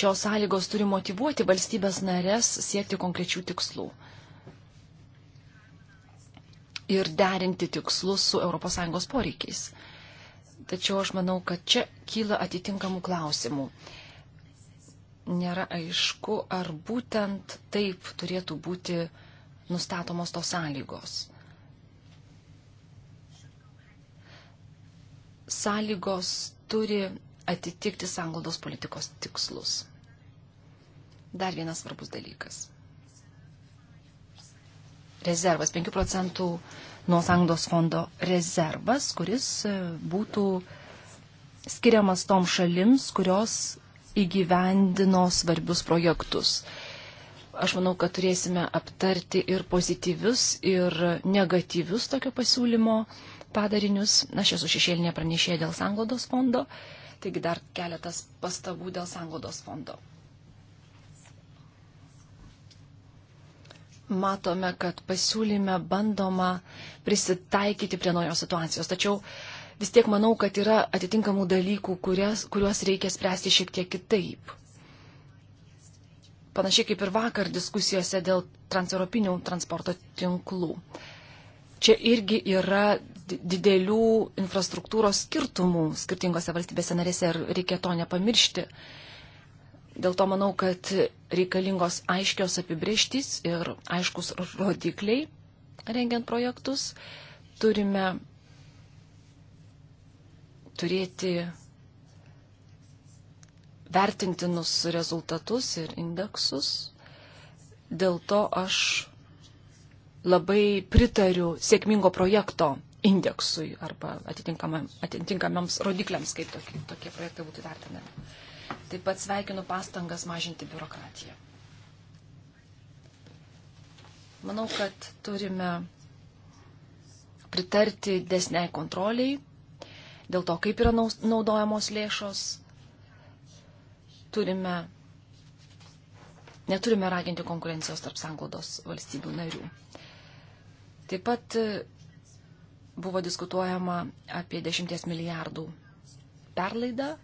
Šios sąlygos turi motivuoti valstybės narės siekti konkrečių tikslų ir derinti tikslus su ES poreikiais. Tačiau aš manau, kad čia kyla atitinkamų klausimų. Nėra aišku, ar būtent taip turėtų būti nustatomos tos sąlygos. Sąlygos turi atitikti sąnglaudos politikos tikslus. Dar vienas svarbus dalykas. Rezervas 5 procentų nuo sangdos fondo rezervas, kuris e, būtų skiriamas tom šalims, kurios įgyvendino svarbius projektus. Aš manau, kad turėsime aptarti ir pozityvius, ir negatyvius tokio pasiūlymo padarinius. Aš esu šešėlinė pranešėja dėl sanglodos fondo, taigi dar keletas pastabų dėl sanglodos fondo. matome, kad pasiūlyme bandoma prisitaikyti prie naujos situacijos. Tačiau vis tiek manau, kad yra atitinkamų dalykų, kurias, kuriuos reikia spręsti šiek tiek kitaip. Panašiai kaip ir vakar diskusijose dėl transeuropinių transporto tinklų. Čia irgi yra didelių infrastruktūros skirtumų skirtingose valstybėse narėse ir reikia to nepamiršti. Uh, Dėl to manau, kad reikalingos aiškios apibrieštys ir aiškus rodikliai rengiant projektus. Turime turėti vertintinus rezultatus ir indeksus. Dėl to aš labai pritariu sėkmingo projekto indeksui arba atitinkamiems rodikliams, kaip tokie, tokie projektai būtų vertinami. Taip pat sveikinu pastangas mažinti biurokratiją. Manau, kad turime pritarti desniai kontroliai dėl to, kaip yra naudojamos lėšos. Turime, neturime raginti konkurencijos tarp sanglaudos valstybių narių. Taip pat e, buvo diskutuojama apie 10 milijardų perlaidą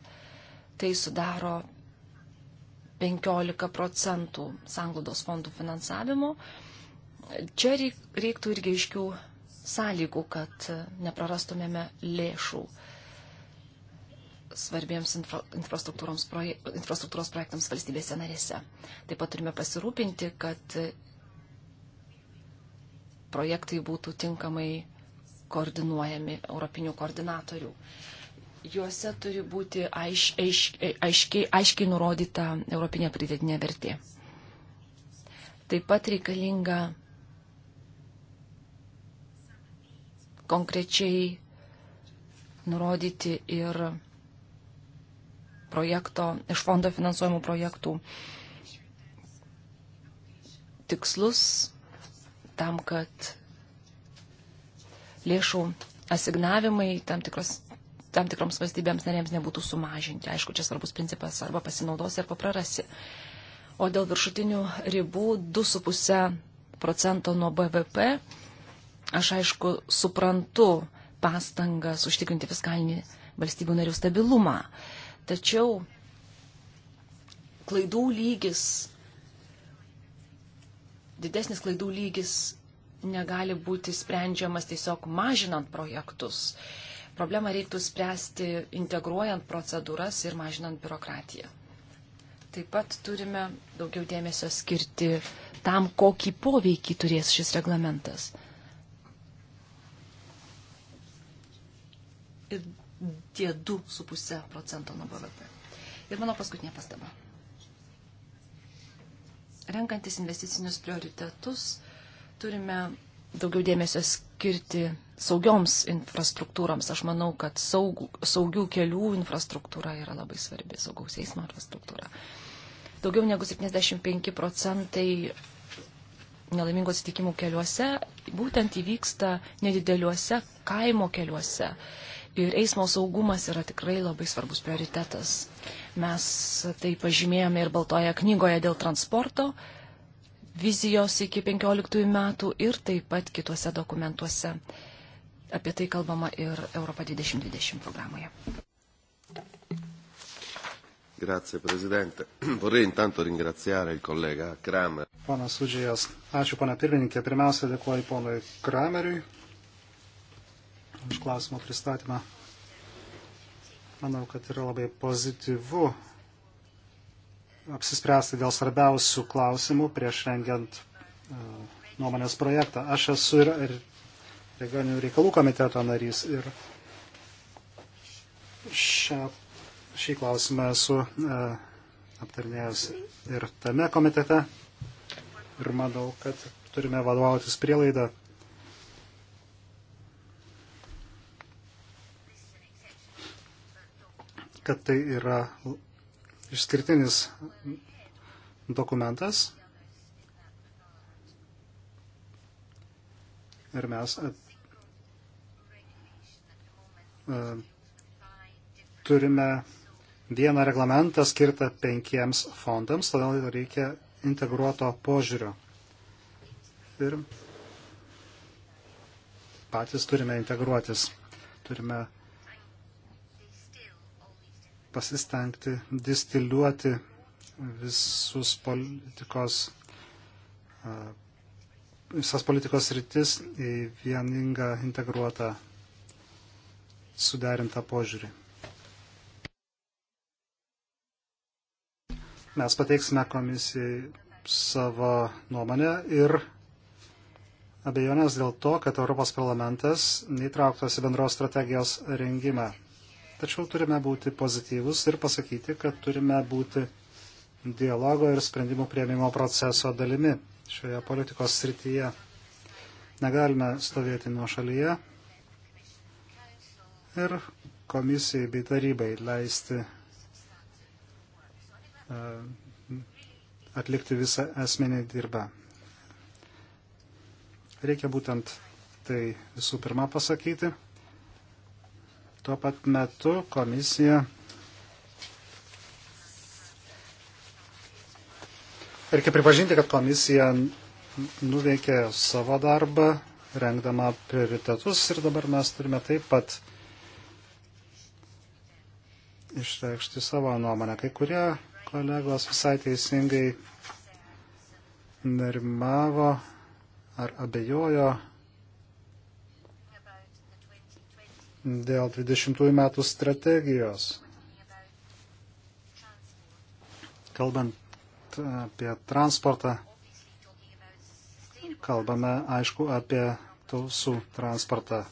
tai sudaro 15 procentų sanglaudos fondų finansavimo. Čia reiktų irgi iškių sąlygų, kad neprarastumėme lėšų svarbiems infra, infrastruktūros, proje, infrastruktūros projektams valstybėse narėse. Taip pat turime pasirūpinti, kad projektai būtų tinkamai koordinuojami europinių koordinatorių. Uh, juose turi būti aiš, aiš, aiškiai, aiškiai nurodyta europinė pridėtinė vertė. Taip pat reikalinga konkrečiai nurodyti ir projekto, iš fondo finansuojamų projektų tikslus tam, kad lėšų asignavimai tam tikros tam tikroms valstybėms narėms nebūtų sumažinti. Aišku, čia svarbus principas arba pasinaudosi, arba prarasi. O dėl viršutinių ribų 2,5 procento nuo BVP, aš aišku suprantu pastangas užtikrinti fiskalinį valstybių narių stabilumą. Tačiau klaidų lygis, didesnis klaidų lygis negali būti sprendžiamas tiesiog mažinant projektus. Uh, problemą reiktų spręsti integruojant procedūras ir mažinant biurokratiją. Taip pat turime daugiau dėmesio skirti tam, kokį poveikį turės šis reglamentas. Ir tie 2,5 procento nuo BVP. Ir mano paskutinė pastaba. Renkantis investicinius prioritetus, turime daugiau dėmesio skirti saugioms infrastruktūroms. Aš manau, kad saugų, saugių kelių infrastruktūra yra labai svarbi, saugaus eismo infrastruktūra. Daugiau negu 75 procentai nelaimingų atsitikimų keliuose būtent įvyksta nedideliuose kaimo keliuose. Ir eismo saugumas yra tikrai labai svarbus prioritetas. Mes tai pažymėjome ir Baltoje knygoje dėl transporto vizijos iki 15 metų ir taip pat kituose dokumentuose. Apie tai kalbama ir Europa 2020 programoje. Grazie Presidente. *clears throat* Vorrei intanto ringraziare il collega Kramer. Ponas Udžijas, ačiū pana pirmininkė. Pirmiausia, dėkuoju ponui Krameriui už klausimo pristatymą. Manau, kad yra labai pozityvu apsispręsti dėl svarbiausių klausimų prieš rengiant e, nuomonės projektą. Aš esu ir, ir regioninių reikalų komiteto narys ir šią, šį klausimą esu e, aptarnėjęs ir tame komitete ir manau, kad turime vadovautis prielaidą. kad tai yra išskirtinis dokumentas. Ir mes at, uh, turime vieną reglamentą skirtą penkiems fondams, todėl reikia integruoto požiūrio. Ir patys turime integruotis. Turime uh, pasistengti distiliuoti visus politikos, visas politikos rytis į vieningą integruotą suderintą požiūrį. Mes pateiksime komisijai savo nuomonę ir abejonės dėl to, kad Europos parlamentas neįtrauktas į bendros strategijos rengimą. Tačiau turime būti pozityvus ir pasakyti, kad turime būti dialogo ir sprendimų prieimimo proceso dalimi šioje politikos srityje. Negalime stovėti nuo šalyje ir komisijai bei tarybai leisti e, atlikti visą esminį dirbą. Reikia būtent tai visų pirma pasakyti. Tuo pat metu komisija Reikia pripažinti, kad komisija nuveikė savo darbą, rengdama prioritetus ir dabar mes turime taip pat išreikšti savo nuomonę. Kai kurie kolegos visai teisingai nerimavo ar abejojo dėl 20 metų strategijos. Kalbant apie transportą, kalbame aišku apie tausų transportą.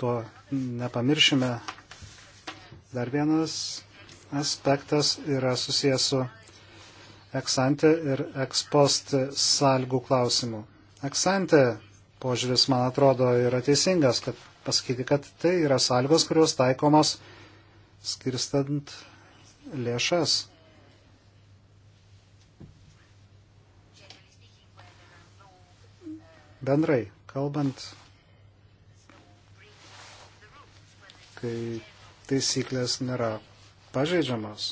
Tuo nepamiršime. Dar vienas aspektas yra susijęs su eksante ir ekspost salgų klausimu. Eksante požiūris, man atrodo, yra teisingas, kad pasakyti, kad tai yra sąlygos, kurios taikomos skirstant lėšas. Bendrai, kalbant, kai taisyklės nėra pažeidžiamos.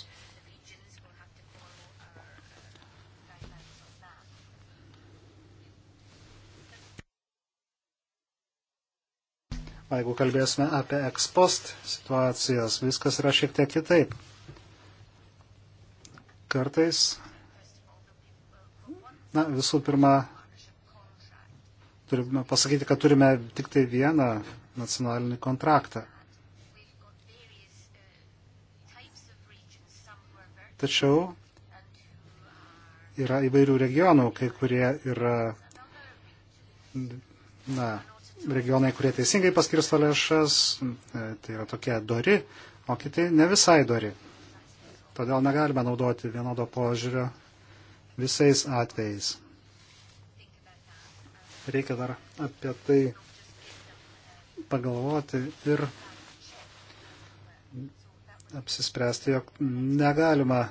jeigu kalbėsime apie ekspost situacijas, viskas yra šiek tiek kitaip. Kartais, na, visų pirma, turime pasakyti, kad turime tik tai vieną nacionalinį kontraktą. Tačiau yra įvairių regionų, kai kurie yra na, regionai, kurie teisingai paskirsto lėšas, e, tai yra tokie dori, o kiti ne visai dori. Todėl negalime naudoti vienodo požiūrio visais atvejais. Reikia dar apie tai pagalvoti ir apsispręsti, jog negalima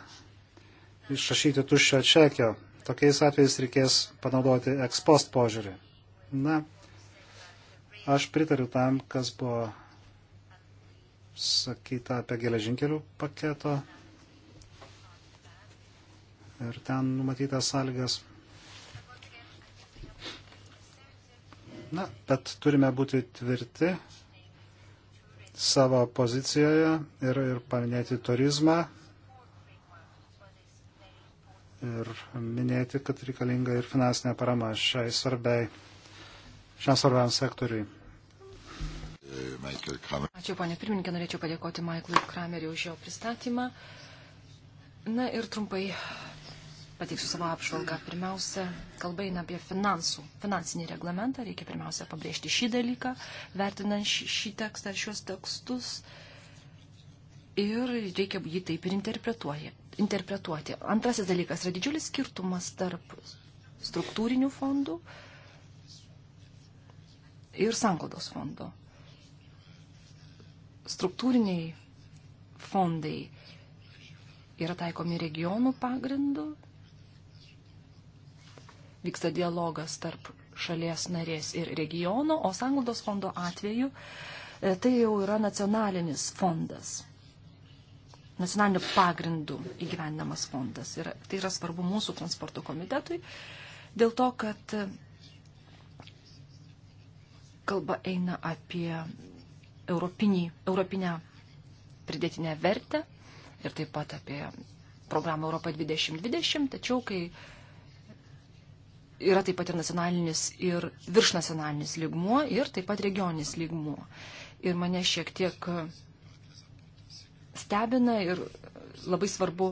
išrašyti tuščio čekio. Tokiais atvejais reikės panaudoti ekspost požiūrį. Na, Aš pritariu tam, kas buvo sakyta apie geležinkelių paketo ir ten numatytas sąlygas. Na, bet turime būti tvirti savo pozicijoje ir, ir paminėti turizmą ir minėti, kad reikalinga ir finansinė parama šiai svarbiai, šiam svarbiam sektoriui. Michael Kramer. Ačiū, ponė pirmininkė, norėčiau padėkoti Michaelui Krameriu už jo pristatymą. Na ir trumpai pateiksiu savo apžvalgą. Pirmiausia, kalba eina apie finansų, finansinį reglamentą. Reikia pirmiausia pabrėžti šį dalyką, vertinant šį tekstą ar šios tekstus. Ir reikia jį taip ir interpretuoti. Antrasis dalykas yra didžiulis skirtumas tarp struktūrinių fondų ir sankodos fondo struktūriniai fondai yra taikomi regionų pagrindu, vyksta dialogas tarp šalies narės ir regiono, o sanglaudos fondo atveju e, tai jau yra nacionalinis fondas. Nacionaliniu pagrindu įgyvendinamas fondas. Ir tai yra svarbu mūsų transporto komitetui, dėl to, kad kalba eina apie europinį, europinę pridėtinę vertę ir taip pat apie programą Europą 2020, tačiau kai yra taip pat ir nacionalinis ir viršnacionalinis lygmuo ir taip pat regioninis lygmuo. Ir mane šiek tiek stebina ir labai svarbu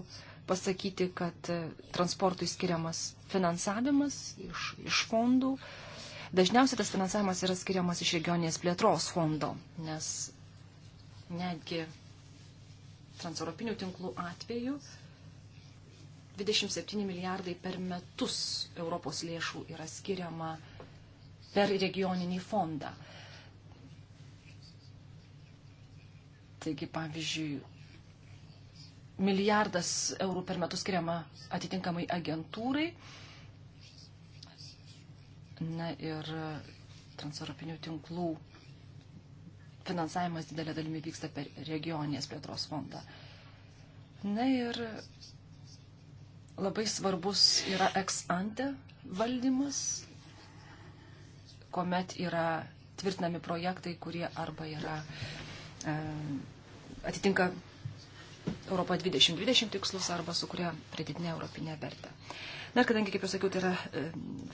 pasakyti, kad transportui skiriamas finansavimas iš, iš fondų, uh, Dažniausiai tas finansavimas yra skiriamas iš regioninės plėtros fondo, nes netgi transeuropinių tinklų atveju 27 milijardai per metus Europos lėšų yra skiriama per regioninį fondą. Taigi, pavyzdžiui, milijardas eurų per metus skiriama atitinkamai agentūrai Na ir transeuropinių tinklų finansavimas didelė dalimi vyksta per regioninės plėtros fondą. Na ir labai svarbus yra ex ante valdymas, kuomet yra tvirtinami projektai, kurie arba yra e, atitinka Europo 2020 tikslus arba sukuria pridėtinę europinę vertę. E, Na ir kadangi, kaip jau sakiau, tai yra e,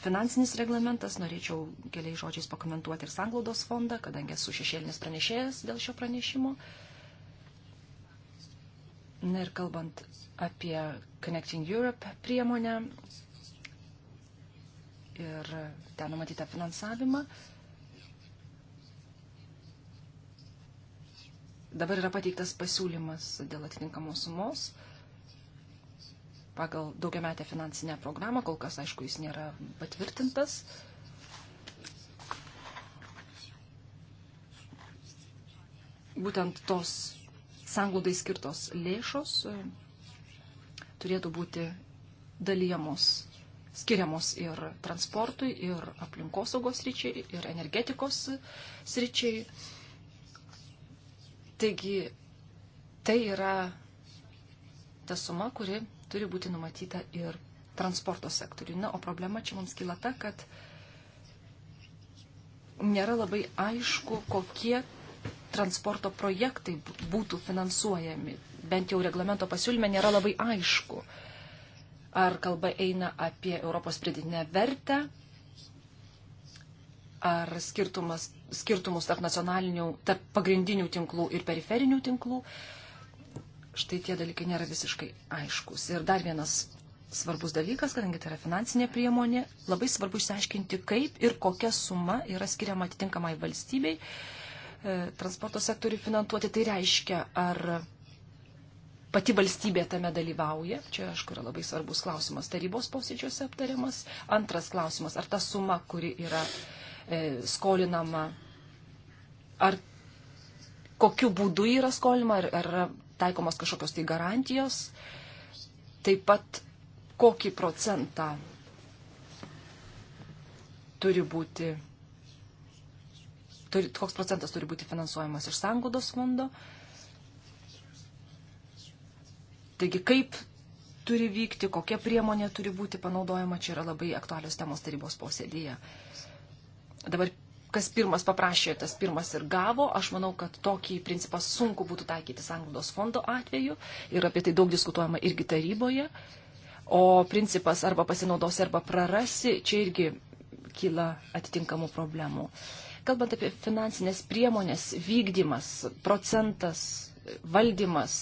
finansinis reglamentas, norėčiau keliais žodžiais pakomentuoti ir sanglaudos fondą, kadangi esu šešėlinis pranešėjas dėl šio pranešimo. Na ir kalbant apie Connecting Europe priemonę ir ten numatytą finansavimą, dabar yra pateiktas pasiūlymas dėl atitinkamos sumos pagal daugiametę finansinę programą, kol kas, aišku, jis nėra patvirtintas. Būtent tos sanglaudai skirtos lėšos e, turėtų būti dalyjamos, skiriamos ir transportui, ir aplinkosaugos ryčiai, ir energetikos ryčiai. Taigi tai yra ta suma, kuri turi būti numatyta ir transporto sektoriui. Na, o problema čia mums kyla ta, kad nėra labai aišku, kokie transporto projektai būtų finansuojami. Bent jau reglamento pasiūlyme nėra labai aišku, ar kalba eina apie Europos pridinę vertę, ar skirtumus tarp nacionalinių, tarp pagrindinių tinklų ir periferinių tinklų. Uh, štai tie dalykai nėra visiškai aiškus. Ir dar vienas svarbus dalykas, kadangi tai yra finansinė priemonė, labai svarbu išsiaiškinti, kaip ir kokia suma yra skiriama atitinkamai valstybei e, transporto sektoriui finansuoti. Tai reiškia, ar pati valstybė tame dalyvauja. Čia, aišku, yra labai svarbus klausimas tarybos posėdžiuose aptariamas. Antras klausimas, ar ta suma, kuri yra e, skolinama, ar kokiu būdu yra skolima, ar, ar taikomos kažkokios tai garantijos, taip pat kokį procentą turi būti, turi, koks procentas turi būti finansuojamas iš sangudos fondo. Taigi, kaip turi vykti, kokia priemonė turi būti panaudojama, čia yra labai aktualios temos tarybos posėdėje. Dabar kas pirmas paprašė, tas pirmas ir gavo. Aš manau, kad tokį principą sunku būtų taikyti sanglaudos fondo atveju ir apie tai daug diskutuojama irgi taryboje. O principas arba pasinaudosi, arba prarasi, čia irgi kyla atitinkamų problemų. Kalbant apie finansinės priemonės, vykdymas, procentas, valdymas,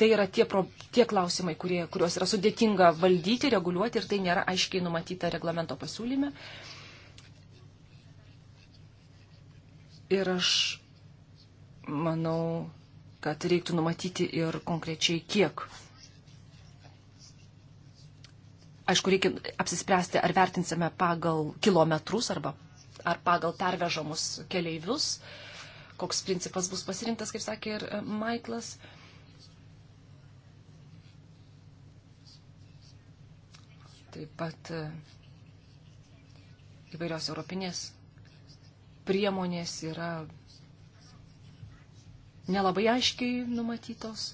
tai yra tie, pro, tie klausimai, kurie, kuriuos yra sudėtinga valdyti, reguliuoti ir tai nėra aiškiai numatyta reglamento pasiūlyme. Uh, Ir aš manau, kad reiktų numatyti ir konkrečiai kiek. Aišku, reikia apsispręsti, ar vertinsime pagal kilometrus arba ar pagal pervežamus keleivius, koks principas bus pasirinktas, kaip sakė ir e, Maiklas. Taip pat e, įvairios europinės priemonės yra nelabai aiškiai numatytos.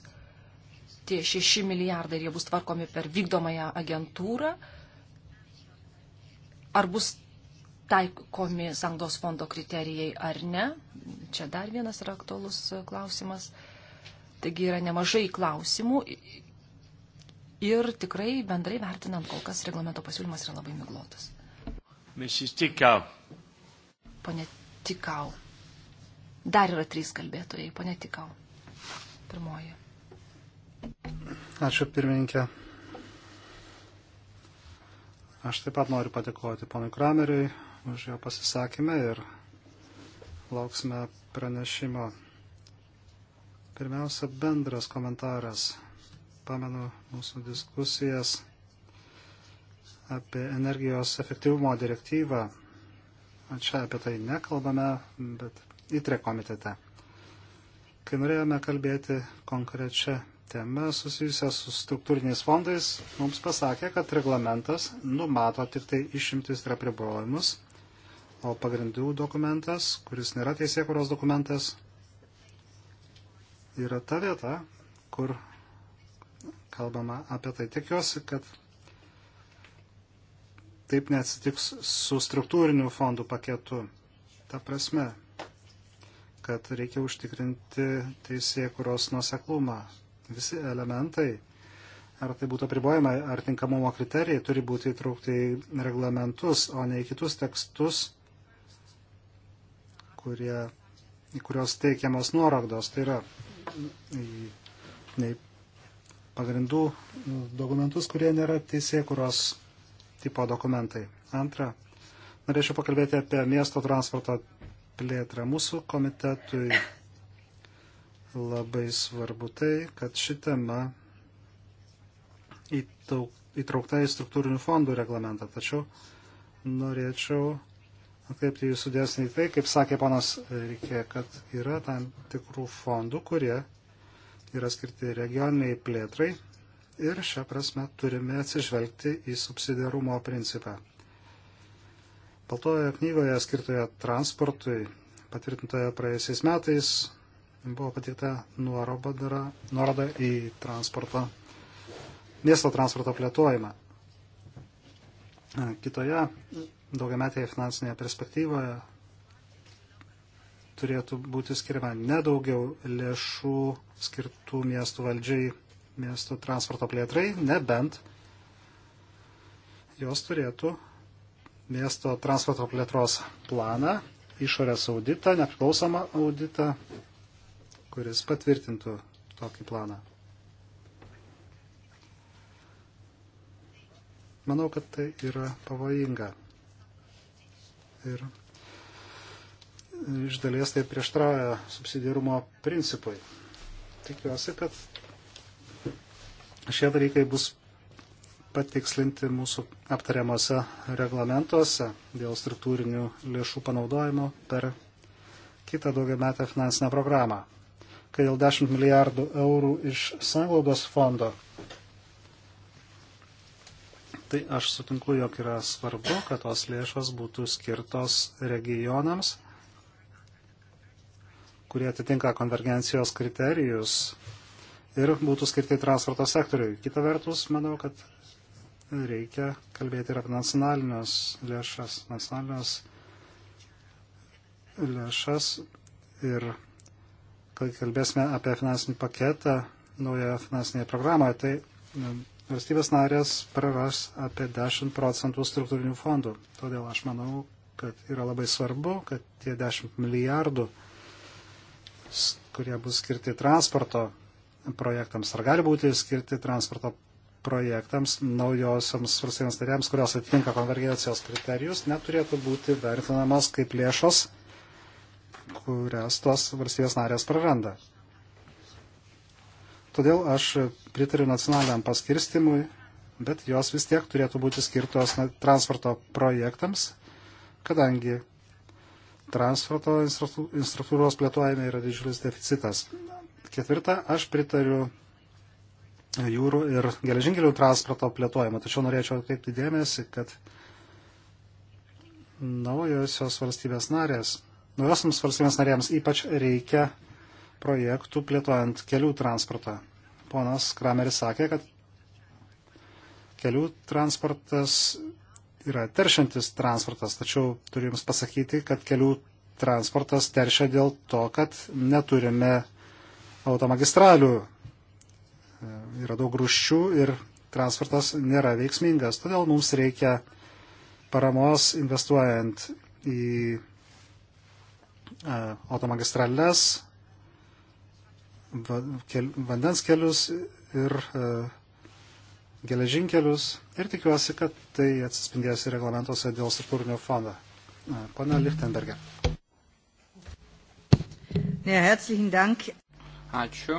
Tie 6 milijardai, jie bus tvarkomi per vykdomąją agentūrą. Ar bus taikomi sangdos fondo kriterijai ar ne? Čia dar vienas yra aktuolus klausimas. Taigi yra nemažai klausimų ir tikrai bendrai vertinant kol kas reglamento pasiūlymas yra labai miglotas. Pone Tikau. Dar yra trys kalbėtojai, ponė Tikau. Pirmoji. Ačiū pirmininkė. Aš taip pat noriu padėkoti ponui Krameriui už jo pasisakymą ir lauksime pranešimo. Pirmiausia, bendras komentaras. Pamenu mūsų diskusijas apie energijos efektyvumo direktyvą čia apie tai nekalbame, bet įtre komitete. Kai norėjome kalbėti konkrečią temą susijusią su struktūriniais fondais, mums pasakė, kad reglamentas numato tik tai išimtis ir apribojimus, o pagrindų dokumentas, kuris nėra teisėkuros dokumentas, yra ta vieta, kur kalbama apie tai. Tikiuosi, kad taip neatsitiks su struktūriniu fondų paketu. Ta prasme, kad reikia užtikrinti teisėje kuros nuoseklumą. Visi elementai, ar tai būtų apribojimai, ar tinkamumo kriterijai, turi būti įtraukti į reglamentus, o ne į kitus tekstus, kurie, į kurios teikiamos nuorodos. Tai yra į, nei pagrindų dokumentus, kurie nėra teisėje kuros tipo dokumentai. Antra, norėčiau pakalbėti apie miesto transporto plėtrą. Mūsų komitetui labai svarbu tai, kad ši tema įtraukta į struktūrinių fondų reglamentą. Tačiau norėčiau atkreipti jūsų dėsnį į tai, kaip sakė panas Rikė, kad yra tam tikrų fondų, kurie yra skirti regioniniai plėtrai ir šią prasme turime atsižvelgti į subsidiarumo principą. Baltojoje knygoje skirtoje transportui, patvirtintoje praėjusiais metais, buvo patikta nuoroda į transporto, miesto transporto plėtojimą. Kitoje daugiametėje finansinėje perspektyvoje turėtų būti skiriama nedaugiau lėšų skirtų miestų valdžiai miestų transporto plėtrai, nebent jos turėtų miesto transporto plėtros planą, išorės auditą, nepriklausomą auditą, kuris patvirtintų tokį planą. Manau, kad tai yra pavojinga. Ir iš dalies tai prieštrauja subsidiarumo principui. Tikiuosi, kad Šie dalykai bus patikslinti mūsų aptariamuose reglamentuose dėl struktūrinių lėšų panaudojimo per kitą daugiametę finansinę programą. Kai dėl 10 milijardų eurų iš sanglaudos fondo, tai aš sutinku, jog yra svarbu, kad tos lėšos būtų skirtos regionams, kurie atitinka konvergencijos kriterijus ir būtų skirti transporto sektoriui. Kita vertus, manau, kad reikia kalbėti ir apie nacionalinius lėšas, nacionalinius lėšas ir kai kalbėsime apie finansinį paketą, naują finansinę programą, tai valstybės narės praras apie 10 procentų struktūrinių fondų. Todėl aš manau, kad yra labai svarbu, kad tie 10 milijardų, kurie bus skirti transporto projektams. Ar gali būti skirti transporto projektams naujosioms valstybėms narėms, kurios atitinka konvergencijos kriterijus, neturėtų būti vertinamos kaip lėšos, kurias tos valstybės narės praranda. Todėl aš pritariu nacionaliniam paskirstimui, bet jos vis tiek turėtų būti skirtos transporto projektams, kadangi transporto infrastruktūros plėtojame yra didžiulis deficitas. Ketvirta, aš pritariu jūrų ir geležinkelių transporto plėtojimą, tačiau norėčiau atkreipti dėmesį, kad naujosios valstybės narės, naujosiams valstybės narėms ypač reikia projektų plėtojant kelių transportą. Ponas Krameris sakė, kad kelių transportas yra teršiantis transportas, tačiau turiu Jums pasakyti, kad kelių transportas teršia dėl to, kad neturime automagistralių. E, yra daug rušių ir transportas nėra veiksmingas. Todėl mums reikia paramos investuojant į e, automagistrales, vandens kelius ir e, geležinkelius. Ir tikiuosi, kad tai atsispindės ir reglamentuose dėl struktūrinio fondo. Pana Lichtenberger. Ja, herzlichen Dank. Ačiū.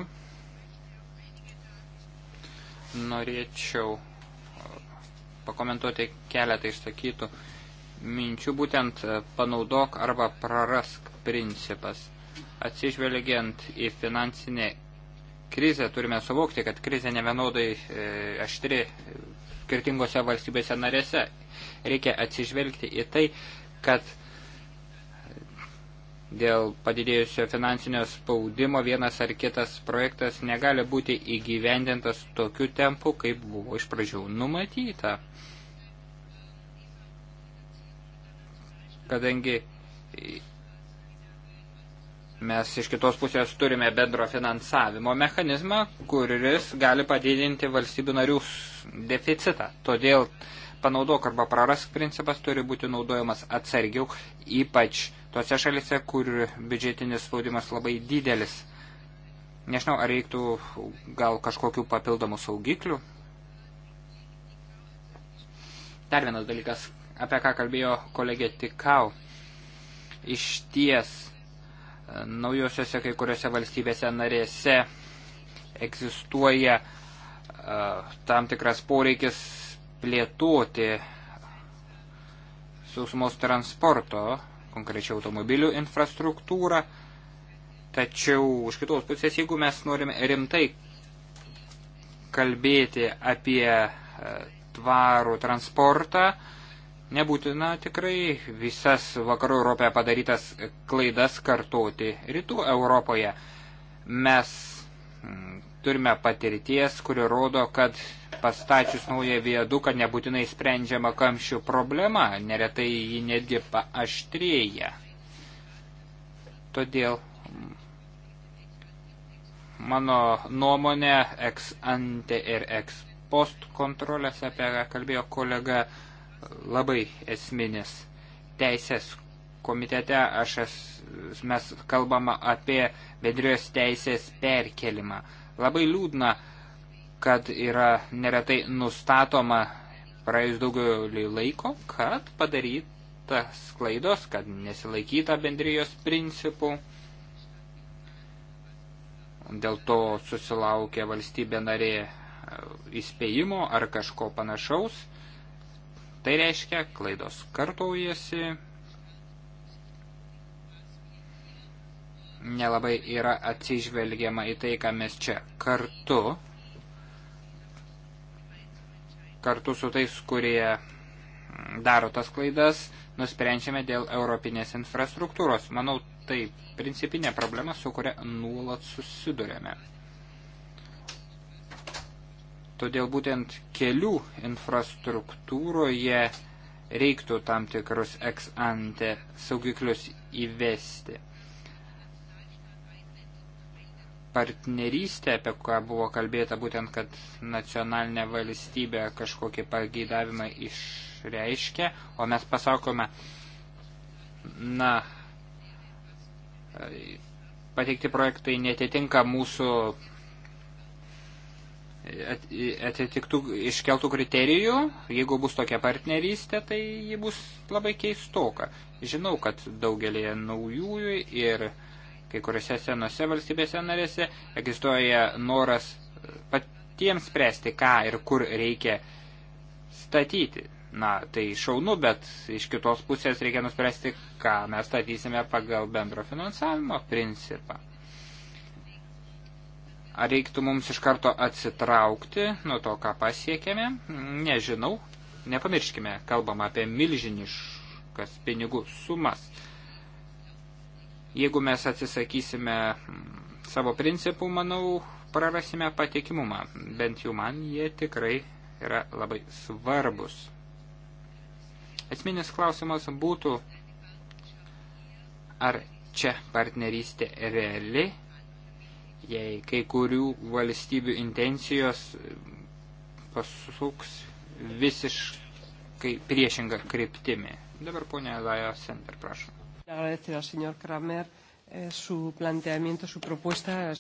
Norėčiau uh, pakomentuoti keletą išsakytų minčių, būtent uh, panaudok arba prarask principas. Atsižvelgiant į finansinę krizę, turime suvokti, kad krizė nevienodai uh, aštri skirtingose valstybėse narėse. Reikia atsižvelgti į tai, kad dėl padidėjusio finansinio spaudimo vienas ar kitas projektas negali būti įgyvendintas tokiu tempu, kaip buvo iš pradžių numatyta. Kadangi mes iš kitos pusės turime bendro finansavimo mechanizmą, kuris gali padidinti valstybių narių deficitą. Todėl panaudok arba prarask principas turi būti naudojamas atsargiau, ypač tose šalise, kur biudžetinis spaudimas labai didelis. Nežinau, ar reiktų gal kažkokių papildomų saugiklių. Dar vienas dalykas, apie ką kalbėjo kolegė Tikau. Iš ties naujosiuose kai kuriuose valstybėse narėse egzistuoja uh, tam tikras poreikis plėtoti sausumos transporto, konkrečiai automobilių infrastruktūrą, tačiau už kitos pusės, jeigu mes norime rimtai kalbėti apie e, tvarų transportą, nebūtina tikrai visas vakarų Europoje padarytas klaidas kartoti rytų Europoje. Mes turime patirties, kuri rodo, kad pastačius naują viaduką nebūtinai sprendžiama kamščių problema, neretai ji netgi paaštrėja. Todėl mano nuomonė ex ante ir ex post kontrolės, apie ką kalbėjo kolega, labai esminis teisės komitete aš es, mes kalbama apie bendrijos teisės perkelimą. Labai liūdna, kad yra neretai nustatoma praėjus daugiau laiko, kad padarytas klaidos, kad nesilaikyta bendrijos principų. Dėl to susilaukė valstybė narė e, įspėjimo ar kažko panašaus. Tai reiškia, klaidos kartojasi, nelabai yra atsižvelgiama į tai, ką mes čia kartu kartu su tais, kurie daro tas klaidas, nusprendžiame dėl europinės infrastruktūros. Manau, tai principinė problema, su kuria nuolat susidurėme. Todėl būtent kelių infrastruktūroje reiktų tam tikrus ex ante saugiklius įvesti partnerystę, apie ką buvo kalbėta būtent, kad nacionalinė valstybė kažkokį pageidavimą išreiškia, o mes pasakome, na, pateikti projektai netitinka mūsų atitiktų iškeltų kriterijų, jeigu bus tokia partnerystė, tai ji bus labai keistoka. Žinau, kad daugelėje naujųjų ir Kai kuriuose senose valstybėse narėse egzistuoja noras e, patiems spręsti, ką ir kur reikia statyti. Na, tai šaunu, bet iš kitos pusės reikia nuspręsti, ką mes statysime pagal bendro finansavimo principą. Ar reiktų mums iš karto atsitraukti nuo to, ką pasiekėme? Nežinau. Nepamirškime, kalbam apie milžiniškas pinigų sumas. Jeigu mes atsisakysime mm, savo principų, manau, prarasime patikimumą. Bent jau man jie tikrai yra labai svarbus. Esminis klausimas būtų, ar čia partnerystė reali, jei kai kurių valstybių intencijos mm, pasuks visiškai priešingą kryptimį. Dabar ponia Lajo Center, prašom. Agradecer al señor Kramer eh, su planteamiento, su propuesta.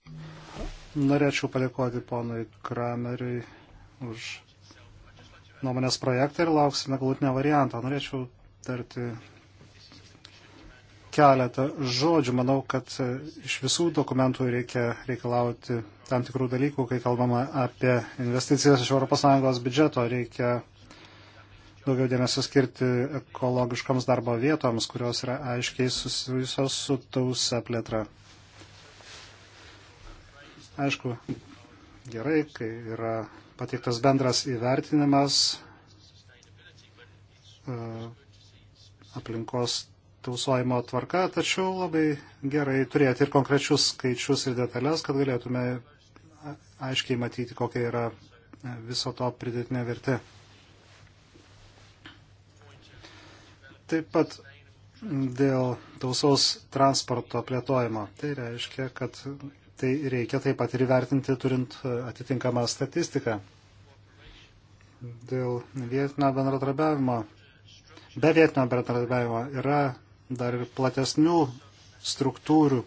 Norėčiau padėkoti ponui Krameriui už nuomonės projektą ir lauksime galutinę variantą. Norėčiau tarti keletą žodžių. Manau, kad eh, iš visų dokumentų reikia reikalauti tam tikrų dalykų, kai kalbama apie investicijas iš ES biudžeto. Reikia daugiau dėmesio skirti ekologiškoms darbo vietoms, kurios yra aiškiai susijusios su tausa plėtra. Aišku, gerai, kai yra pateiktas bendras įvertinimas e, aplinkos tausojimo tvarka, tačiau labai gerai turėti ir konkrečius skaičius ir detalės, kad galėtume aiškiai matyti, kokia yra viso to pridėtinė vertė. Taip pat dėl tausaus transporto plėtojimo. Tai reiškia, kad tai reikia taip pat ir įvertinti turint atitinkamą statistiką. Dėl vietinio bendradarbiavimo. Be vietinio bendradarbiavimo yra dar ir platesnių struktūrų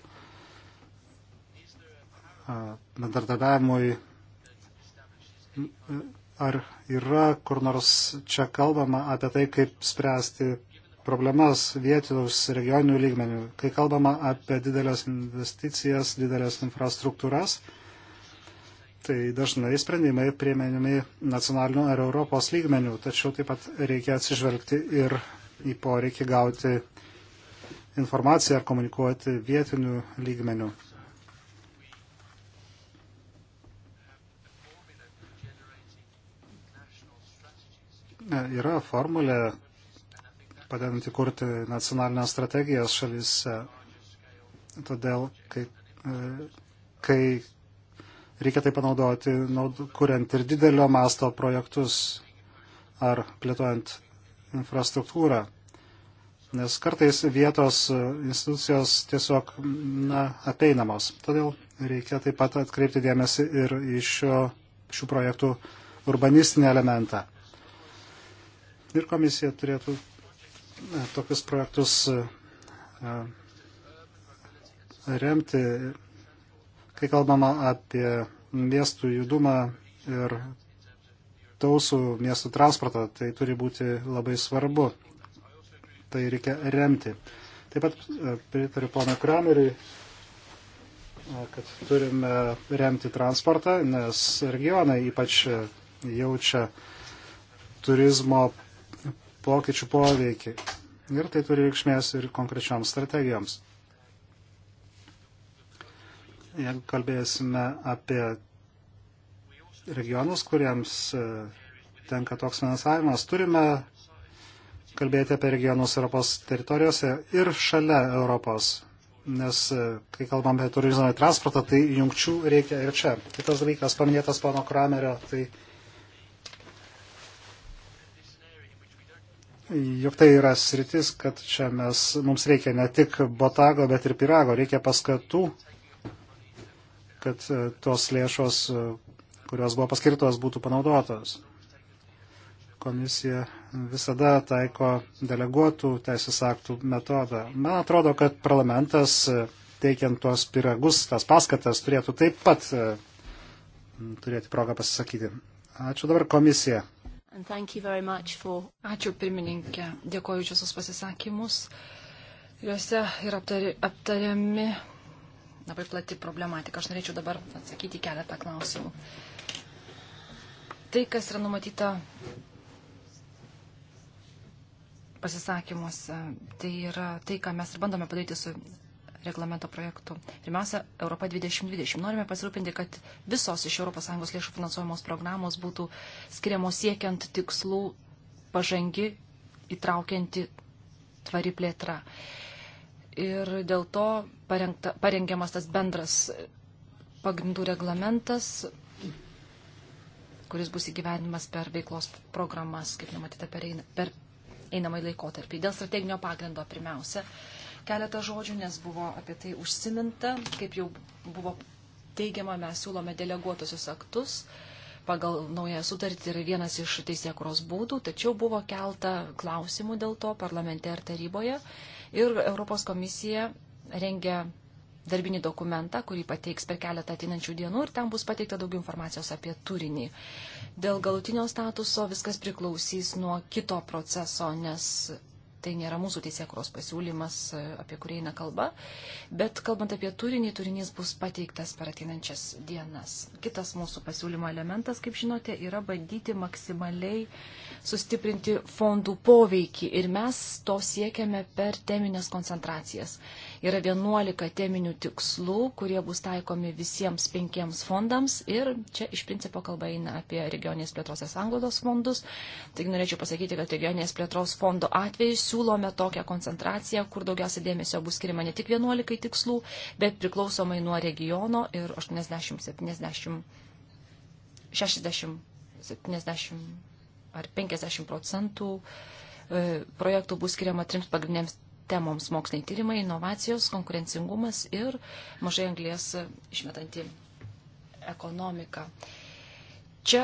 bendradarbiavimui. Ar yra kur nors čia kalbama apie tai, kaip spręsti problemas vietinius regioninių lygmenių. Kai kalbama apie didelės investicijas, didelės infrastruktūras, tai dažnai sprendimai priimenimi nacionalinių ar Europos lygmenių, tačiau taip pat reikia atsižvelgti ir į poreikį gauti informaciją ar komunikuoti vietinių lygmenių. Yra formulė, padedanti kurti nacionalinės strategijas šalyse. Todėl, kai, e, kai reikia tai panaudoti, naud, kuriant ir didelio masto projektus ar plėtojant infrastruktūrą. Nes kartais vietos institucijos tiesiog na, apeinamos. Todėl reikia taip pat atkreipti dėmesį ir iš šio, šių projektų urbanistinį elementą. Ir komisija turėtų tokius projektus e, e, remti, kai kalbama apie miestų judumą ir tausų miestų transportą, tai turi būti labai svarbu. Tai reikia remti. Taip pat e, pritariu ponui Krameriui, kad turime remti transportą, nes regionai ypač jaučia turizmo pokyčių poveikį. Ir tai turi reikšmės ir konkrečioms strategijoms. Jeigu kalbėsime apie regionus, kuriems e, tenka toks finansavimas, turime kalbėti apie regionus Europos teritorijose ir šalia Europos. Nes e, kai kalbam apie turizmą ir transportą, tai jungčių reikia ir čia. Kitas dalykas paminėtas pono Kramerio, tai Juk tai yra sritis, kad čia mes, mums reikia ne tik botago, bet ir pirago, reikia paskatų, kad e, tos lėšos, e, kurios buvo paskirtos, būtų panaudotos. Komisija visada taiko deleguotų teisės aktų metodą. Man atrodo, kad parlamentas, e, teikiant tuos piragus, tas paskatas, turėtų taip pat turėti progą pasisakyti. Ačiū dabar komisija. For... Ačiū pirmininkė, dėkoju už visus pasisakymus. Juose yra aptari, aptariami labai plati problematika. Aš norėčiau dabar atsakyti keletą klausimų. Tai, kas yra numatyta pasisakymuose, tai yra tai, ką mes ir bandome padaryti su reglamento projektų. Pirmiausia, Europa 2020. Norime pasirūpinti, kad visos iš ES lėšų finansuojamos programos būtų skiriamos siekiant tikslų pažangi, įtraukianti tvari plėtra. Ir dėl to parengta, parengiamas tas bendras pagrindų reglamentas, kuris bus įgyvenimas per veiklos programas, kaip numatyta per, eina, per einamąjį laikotarpį. Dėl strateginio pagrindo pirmiausia, keletą žodžių, nes buvo apie tai užsiminta. Kaip jau buvo teigiama, mes siūlome deleguotusius aktus. Pagal naują sutartį yra vienas iš teisėkuros būdų, tačiau buvo kelta klausimų dėl to parlamente ir taryboje. Ir Europos komisija rengia darbinį dokumentą, kurį pateiks per keletą atinančių dienų ir ten bus pateikta daugiau informacijos apie turinį. Dėl galutinio statuso viskas priklausys nuo kito proceso, nes tai nėra mūsų teisėkuros pasiūlymas, e, apie kurį eina kalba, bet kalbant apie turinį, turinys bus pateiktas per ateinančias dienas. Kitas mūsų pasiūlymo elementas, kaip žinote, yra bandyti maksimaliai sustiprinti fondų poveikį ir mes to siekiame per teminės koncentracijas. Yra 11 teminių tikslų, kurie bus taikomi visiems penkiems fondams ir čia iš principo kalba eina apie regioninės plėtros ir sanglaudos fondus. Taigi norėčiau pasakyti, kad regioninės plėtros fondo atveju siūlome tokią koncentraciją, kur daugiausia dėmesio bus skirima ne tik 11 tikslų, bet priklausomai nuo regiono ir 80, 70, 60, 70 ar 50 procentų e, projektų bus skiriama trims pagrindiniams temoms moksliniai tyrimai, inovacijos, konkurencingumas ir mažai anglės išmetanti ekonomika. Čia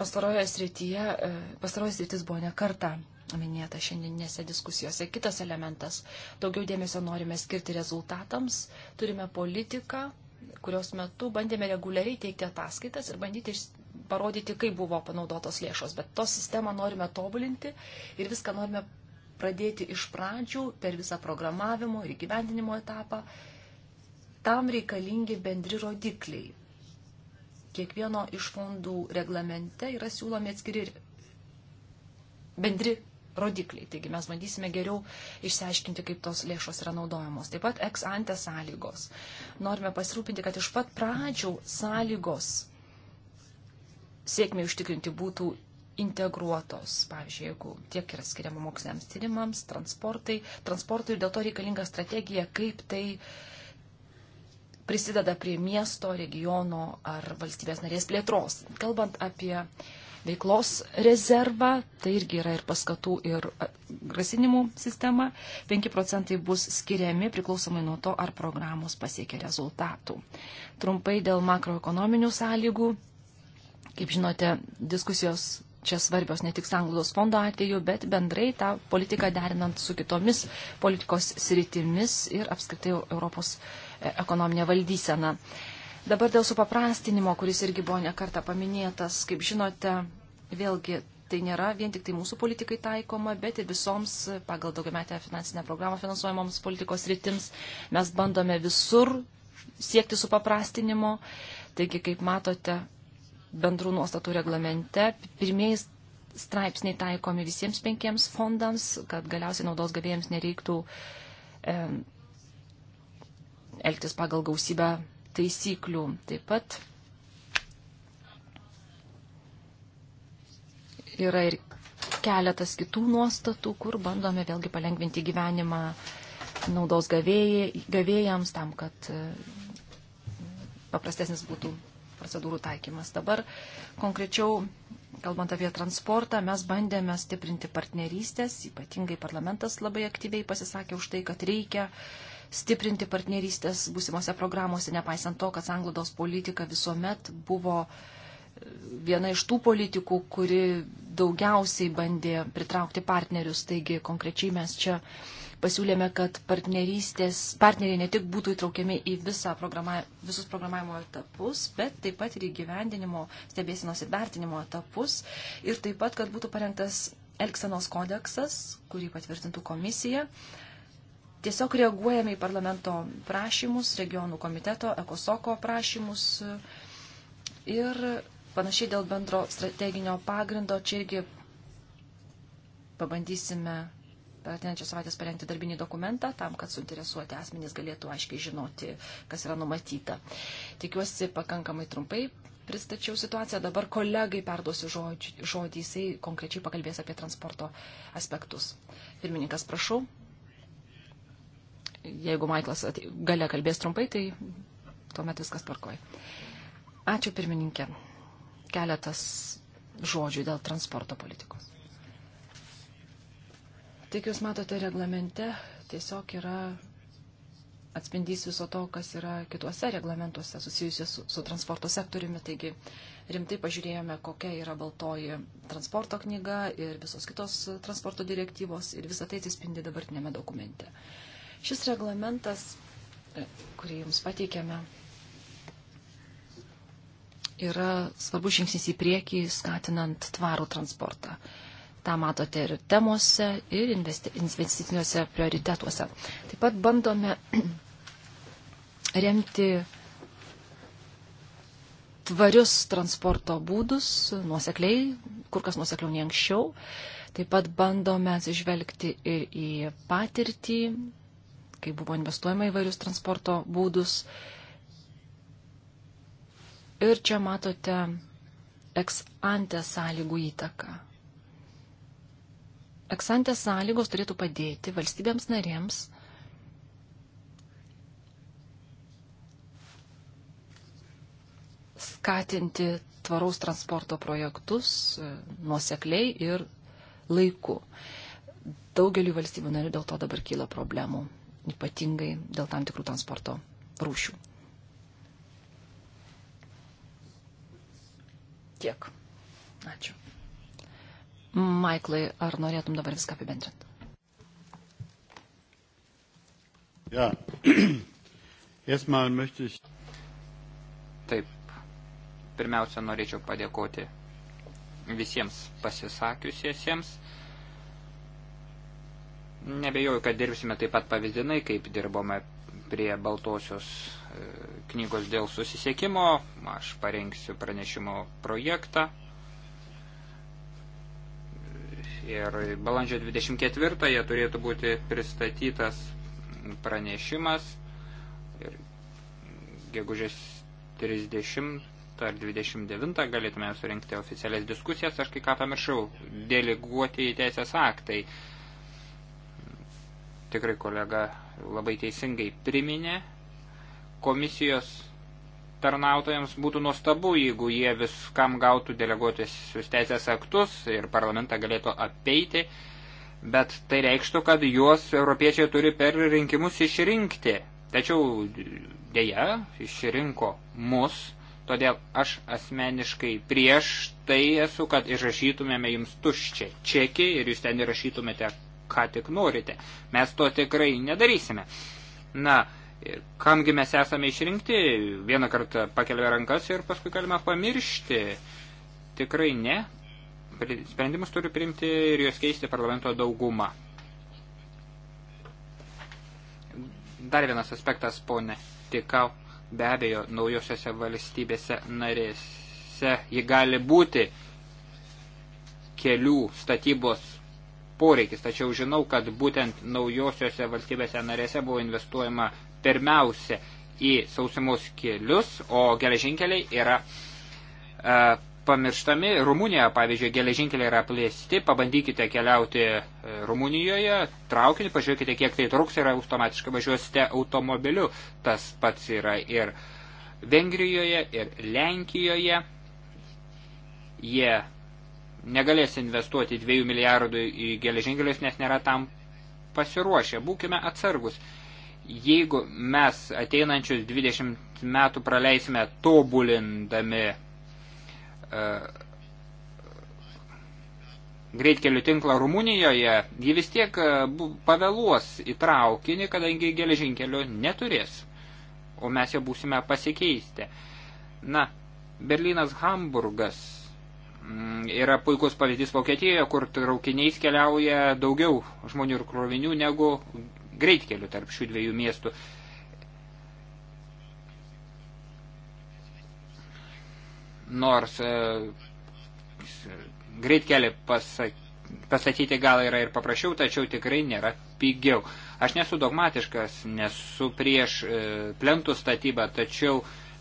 pastarojoje srityje, e, pastarojoje sritis buvo nekarta minėta šiandieninėse diskusijose. Kitas elementas - daugiau dėmesio norime skirti rezultatams, turime politiką, kurios metu bandėme reguliariai teikti ataskaitas ir bandyti parodyti, kaip buvo panaudotos lėšos, bet to sistemą norime tobulinti ir viską norime pradėti iš pradžių per visą programavimo ir gyvendinimo etapą. Tam reikalingi bendri rodikliai. Kiekvieno iš fondų reglamente yra siūlomi atskiri bendri rodikliai. Taigi mes bandysime geriau išsiaiškinti, kaip tos lėšos yra naudojamos. Taip pat ex ante sąlygos. Norime pasirūpinti, kad iš pat pradžių sąlygos sėkmė užtikrinti būtų integruotos. Pavyzdžiui, jeigu tiek yra skiriama moksliniams tyrimams, transportui ir dėl to reikalinga strategija, kaip tai prisideda prie miesto, regiono ar valstybės narės plėtros. Kalbant apie veiklos rezervą, tai irgi yra ir paskatų, ir grasinimų sistema. 5 procentai bus skiriami priklausomai nuo to, ar programos pasiekia rezultatų. Trumpai dėl makroekonominių sąlygų. Kaip žinote, diskusijos čia svarbios ne tik sanglaudos fondo atveju, bet bendrai tą politiką derinant su kitomis politikos sritimis ir apskritai Europos e, ekonominė valdysena. Dabar dėl supaprastinimo, kuris irgi buvo nekarta paminėtas, kaip žinote, vėlgi tai nėra vien tik tai mūsų politikai taikoma, bet ir visoms pagal daugiametę finansinę programą finansuojamoms politikos rytims mes bandome visur siekti supaprastinimo. Taigi, kaip matote, bendrų nuostatų reglamente. Pirmieji straipsniai taikomi visiems penkiems fondams, kad galiausiai naudos gavėjams nereiktų e, elgtis pagal gausybę taisyklių. Taip pat yra ir keletas kitų nuostatų, kur bandome vėlgi palengvinti gyvenimą naudos gavėjai, gavėjams tam, kad paprastesnis būtų procedūrų taikymas. Dabar konkrečiau, kalbant apie transportą, mes bandėme stiprinti partnerystės, ypatingai parlamentas labai aktyviai pasisakė už tai, kad reikia stiprinti partnerystės būsimose programuose, nepaisant to, kad sanglados politika visuomet buvo viena iš tų politikų, kuri daugiausiai bandė pritraukti partnerius. Taigi konkrečiai mes čia uh, pasiūlėme, kad partneriai ne tik būtų įtraukiami į visą programa, visus programavimo etapus, bet taip pat ir įgyvendinimo, stebėsinos ir vertinimo etapus ir taip pat, kad būtų parengtas Elksenos kodeksas, kurį patvirtintų komisija. Tiesiog reaguojame į parlamento prašymus, regionų komiteto, ekosoko prašymus ir panašiai dėl bendro strateginio pagrindo čia irgi pabandysime per ateinančią savaitę parengti darbinį dokumentą, tam, kad suinteresuoti asmenys galėtų aiškiai žinoti, kas yra numatyta. Tikiuosi pakankamai trumpai pristačiau situaciją, dabar kolegai perduosiu žodį, žodį jisai konkrečiai pakalbės apie transporto aspektus. Pirmininkas, prašau. Jeigu Maiklas gale kalbės trumpai, tai tuomet viskas tvarkoja. Ačiū pirmininkė. Keletas žodžių dėl transporto politikos. Tik jūs matote reglamente, tiesiog yra atspindys viso to, kas yra kituose reglamentuose susijusiuose su, su transporto sektoriumi. Taigi rimtai pažiūrėjome, kokia yra baltoji transporto knyga ir visos kitos transporto direktyvos ir visą tai atsispindi dabartinėme dokumente. Šis reglamentas, e, kurį jums pateikėme, yra svarbus žingsnis į priekį, skatinant tvarų transportą. Ta matote ir temose, ir investiciniuose prioritetuose. Taip pat bandome *clears throat* remti tvarius transporto būdus nuosekliai, kur kas nuosekliau nei anksčiau. Taip pat bandome atsižvelgti ir į patirtį, kai buvo investuojama į varius transporto būdus. Ir čia matote ex ante sąlygų įtaką. Eksantės sąlygos turėtų padėti valstybėms narėms skatinti tvaraus transporto projektus e, nuosekliai ir laiku. Daugeliu valstybių narių dėl to dabar kyla problemų, ypatingai dėl tam tikrų transporto rūšių. Tiek. Ačiū. Maiklai, ar norėtum dabar viską apibendrinti? Ja. *clears throat* Erstmal möchte ich. Taip. Pirmiausia, norėčiau padėkoti visiems pasisakiusiesiems. Nebejoju, kad dirbsime taip pat pavyzdinai, kaip dirbome prie Baltosios e, knygos dėl susisiekimo. Aš parengsiu pranešimo projektą, ir balandžio 24-ąją turėtų būti pristatytas pranešimas ir gegužės 30 ar 29 galėtume surinkti oficialias diskusijas, aš kai ką pamiršau, deleguoti į teisės aktai. Tikrai kolega labai teisingai priminė komisijos tarnautojams būtų nuostabu, jeigu jie viskam gautų deleguotisius teisės aktus ir parlamentą galėtų apeiti, bet tai reikštų, kad juos europiečiai turi per rinkimus išrinkti. Tačiau dėja, išrinko mus, todėl aš asmeniškai prieš tai esu, kad išrašytumėme jums tuščią čekį ir jūs ten įrašytumėte, ką tik norite. Mes to tikrai nedarysime. Na, kamgi mes esame išrinkti, vieną kartą pakelia rankas ir paskui galime pamiršti. Tikrai ne. Sprendimus turi priimti ir juos keisti parlamento daugumą. Dar vienas aspektas, ponė Tikau, be abejo, naujosiuose valstybėse narėse ji gali būti kelių statybos poreikis, tačiau žinau, kad būtent naujosiuose valstybėse narėse buvo investuojama pirmiausia į sausumos kelius, o geležinkeliai yra e, pamirštami. Rumunijoje, pavyzdžiui, geležinkeliai yra plėsti, pabandykite keliauti e, Rumunijoje, traukinį, pažiūrėkite, kiek tai truks ir automatiškai važiuosite automobiliu. Tas pats yra ir Vengrijoje, ir Lenkijoje. Jie negalės investuoti 2 milijardų į geležinkelius, nes nėra tam pasiruošę. Būkime atsargus. Jeigu mes ateinančius 20 metų praleisime tobulindami uh, greitkelių tinklą Rumunijoje, ji vis tiek e, pavėluos į traukinį, kadangi geležinkelio neturės, o mes jau būsime pasikeisti. Na, Berlynas Hamburgas mm, yra puikus pavyzdys Vokietijoje, kur traukiniais keliauja daugiau žmonių ir krovinių negu greitkeliu tarp šių dviejų miestų. Nors e, greitkelį pastatyti gal yra ir paprasčiau, tačiau tikrai nėra pigiau. Aš nesu dogmatiškas, nesu prieš e, plentų statybą, tačiau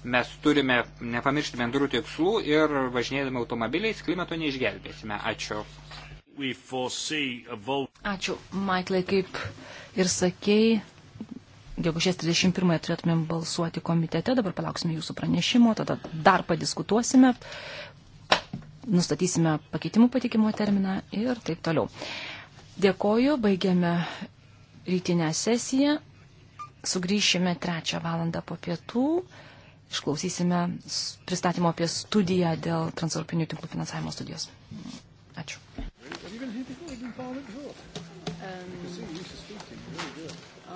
mes turime nepamiršti bendrų tikslų ir važinėdami automobiliais klimato neišgelbėsime. Ačiū. Ačiū, Maiklai, kaip ir sakei, gegužės 31 turėtumėm balsuoti komitete, dabar palauksime jūsų pranešimo, tada dar padiskutuosime, nustatysime pakeitimų patikimo terminą ir taip toliau. Dėkoju, baigiame rytinę sesiją, sugrįšime trečią valandą po pietų, išklausysime pristatymo apie studiją dėl transeuropinių tinklų finansavimo studijos. Ačiū. Are you going to hear before? You've been following before.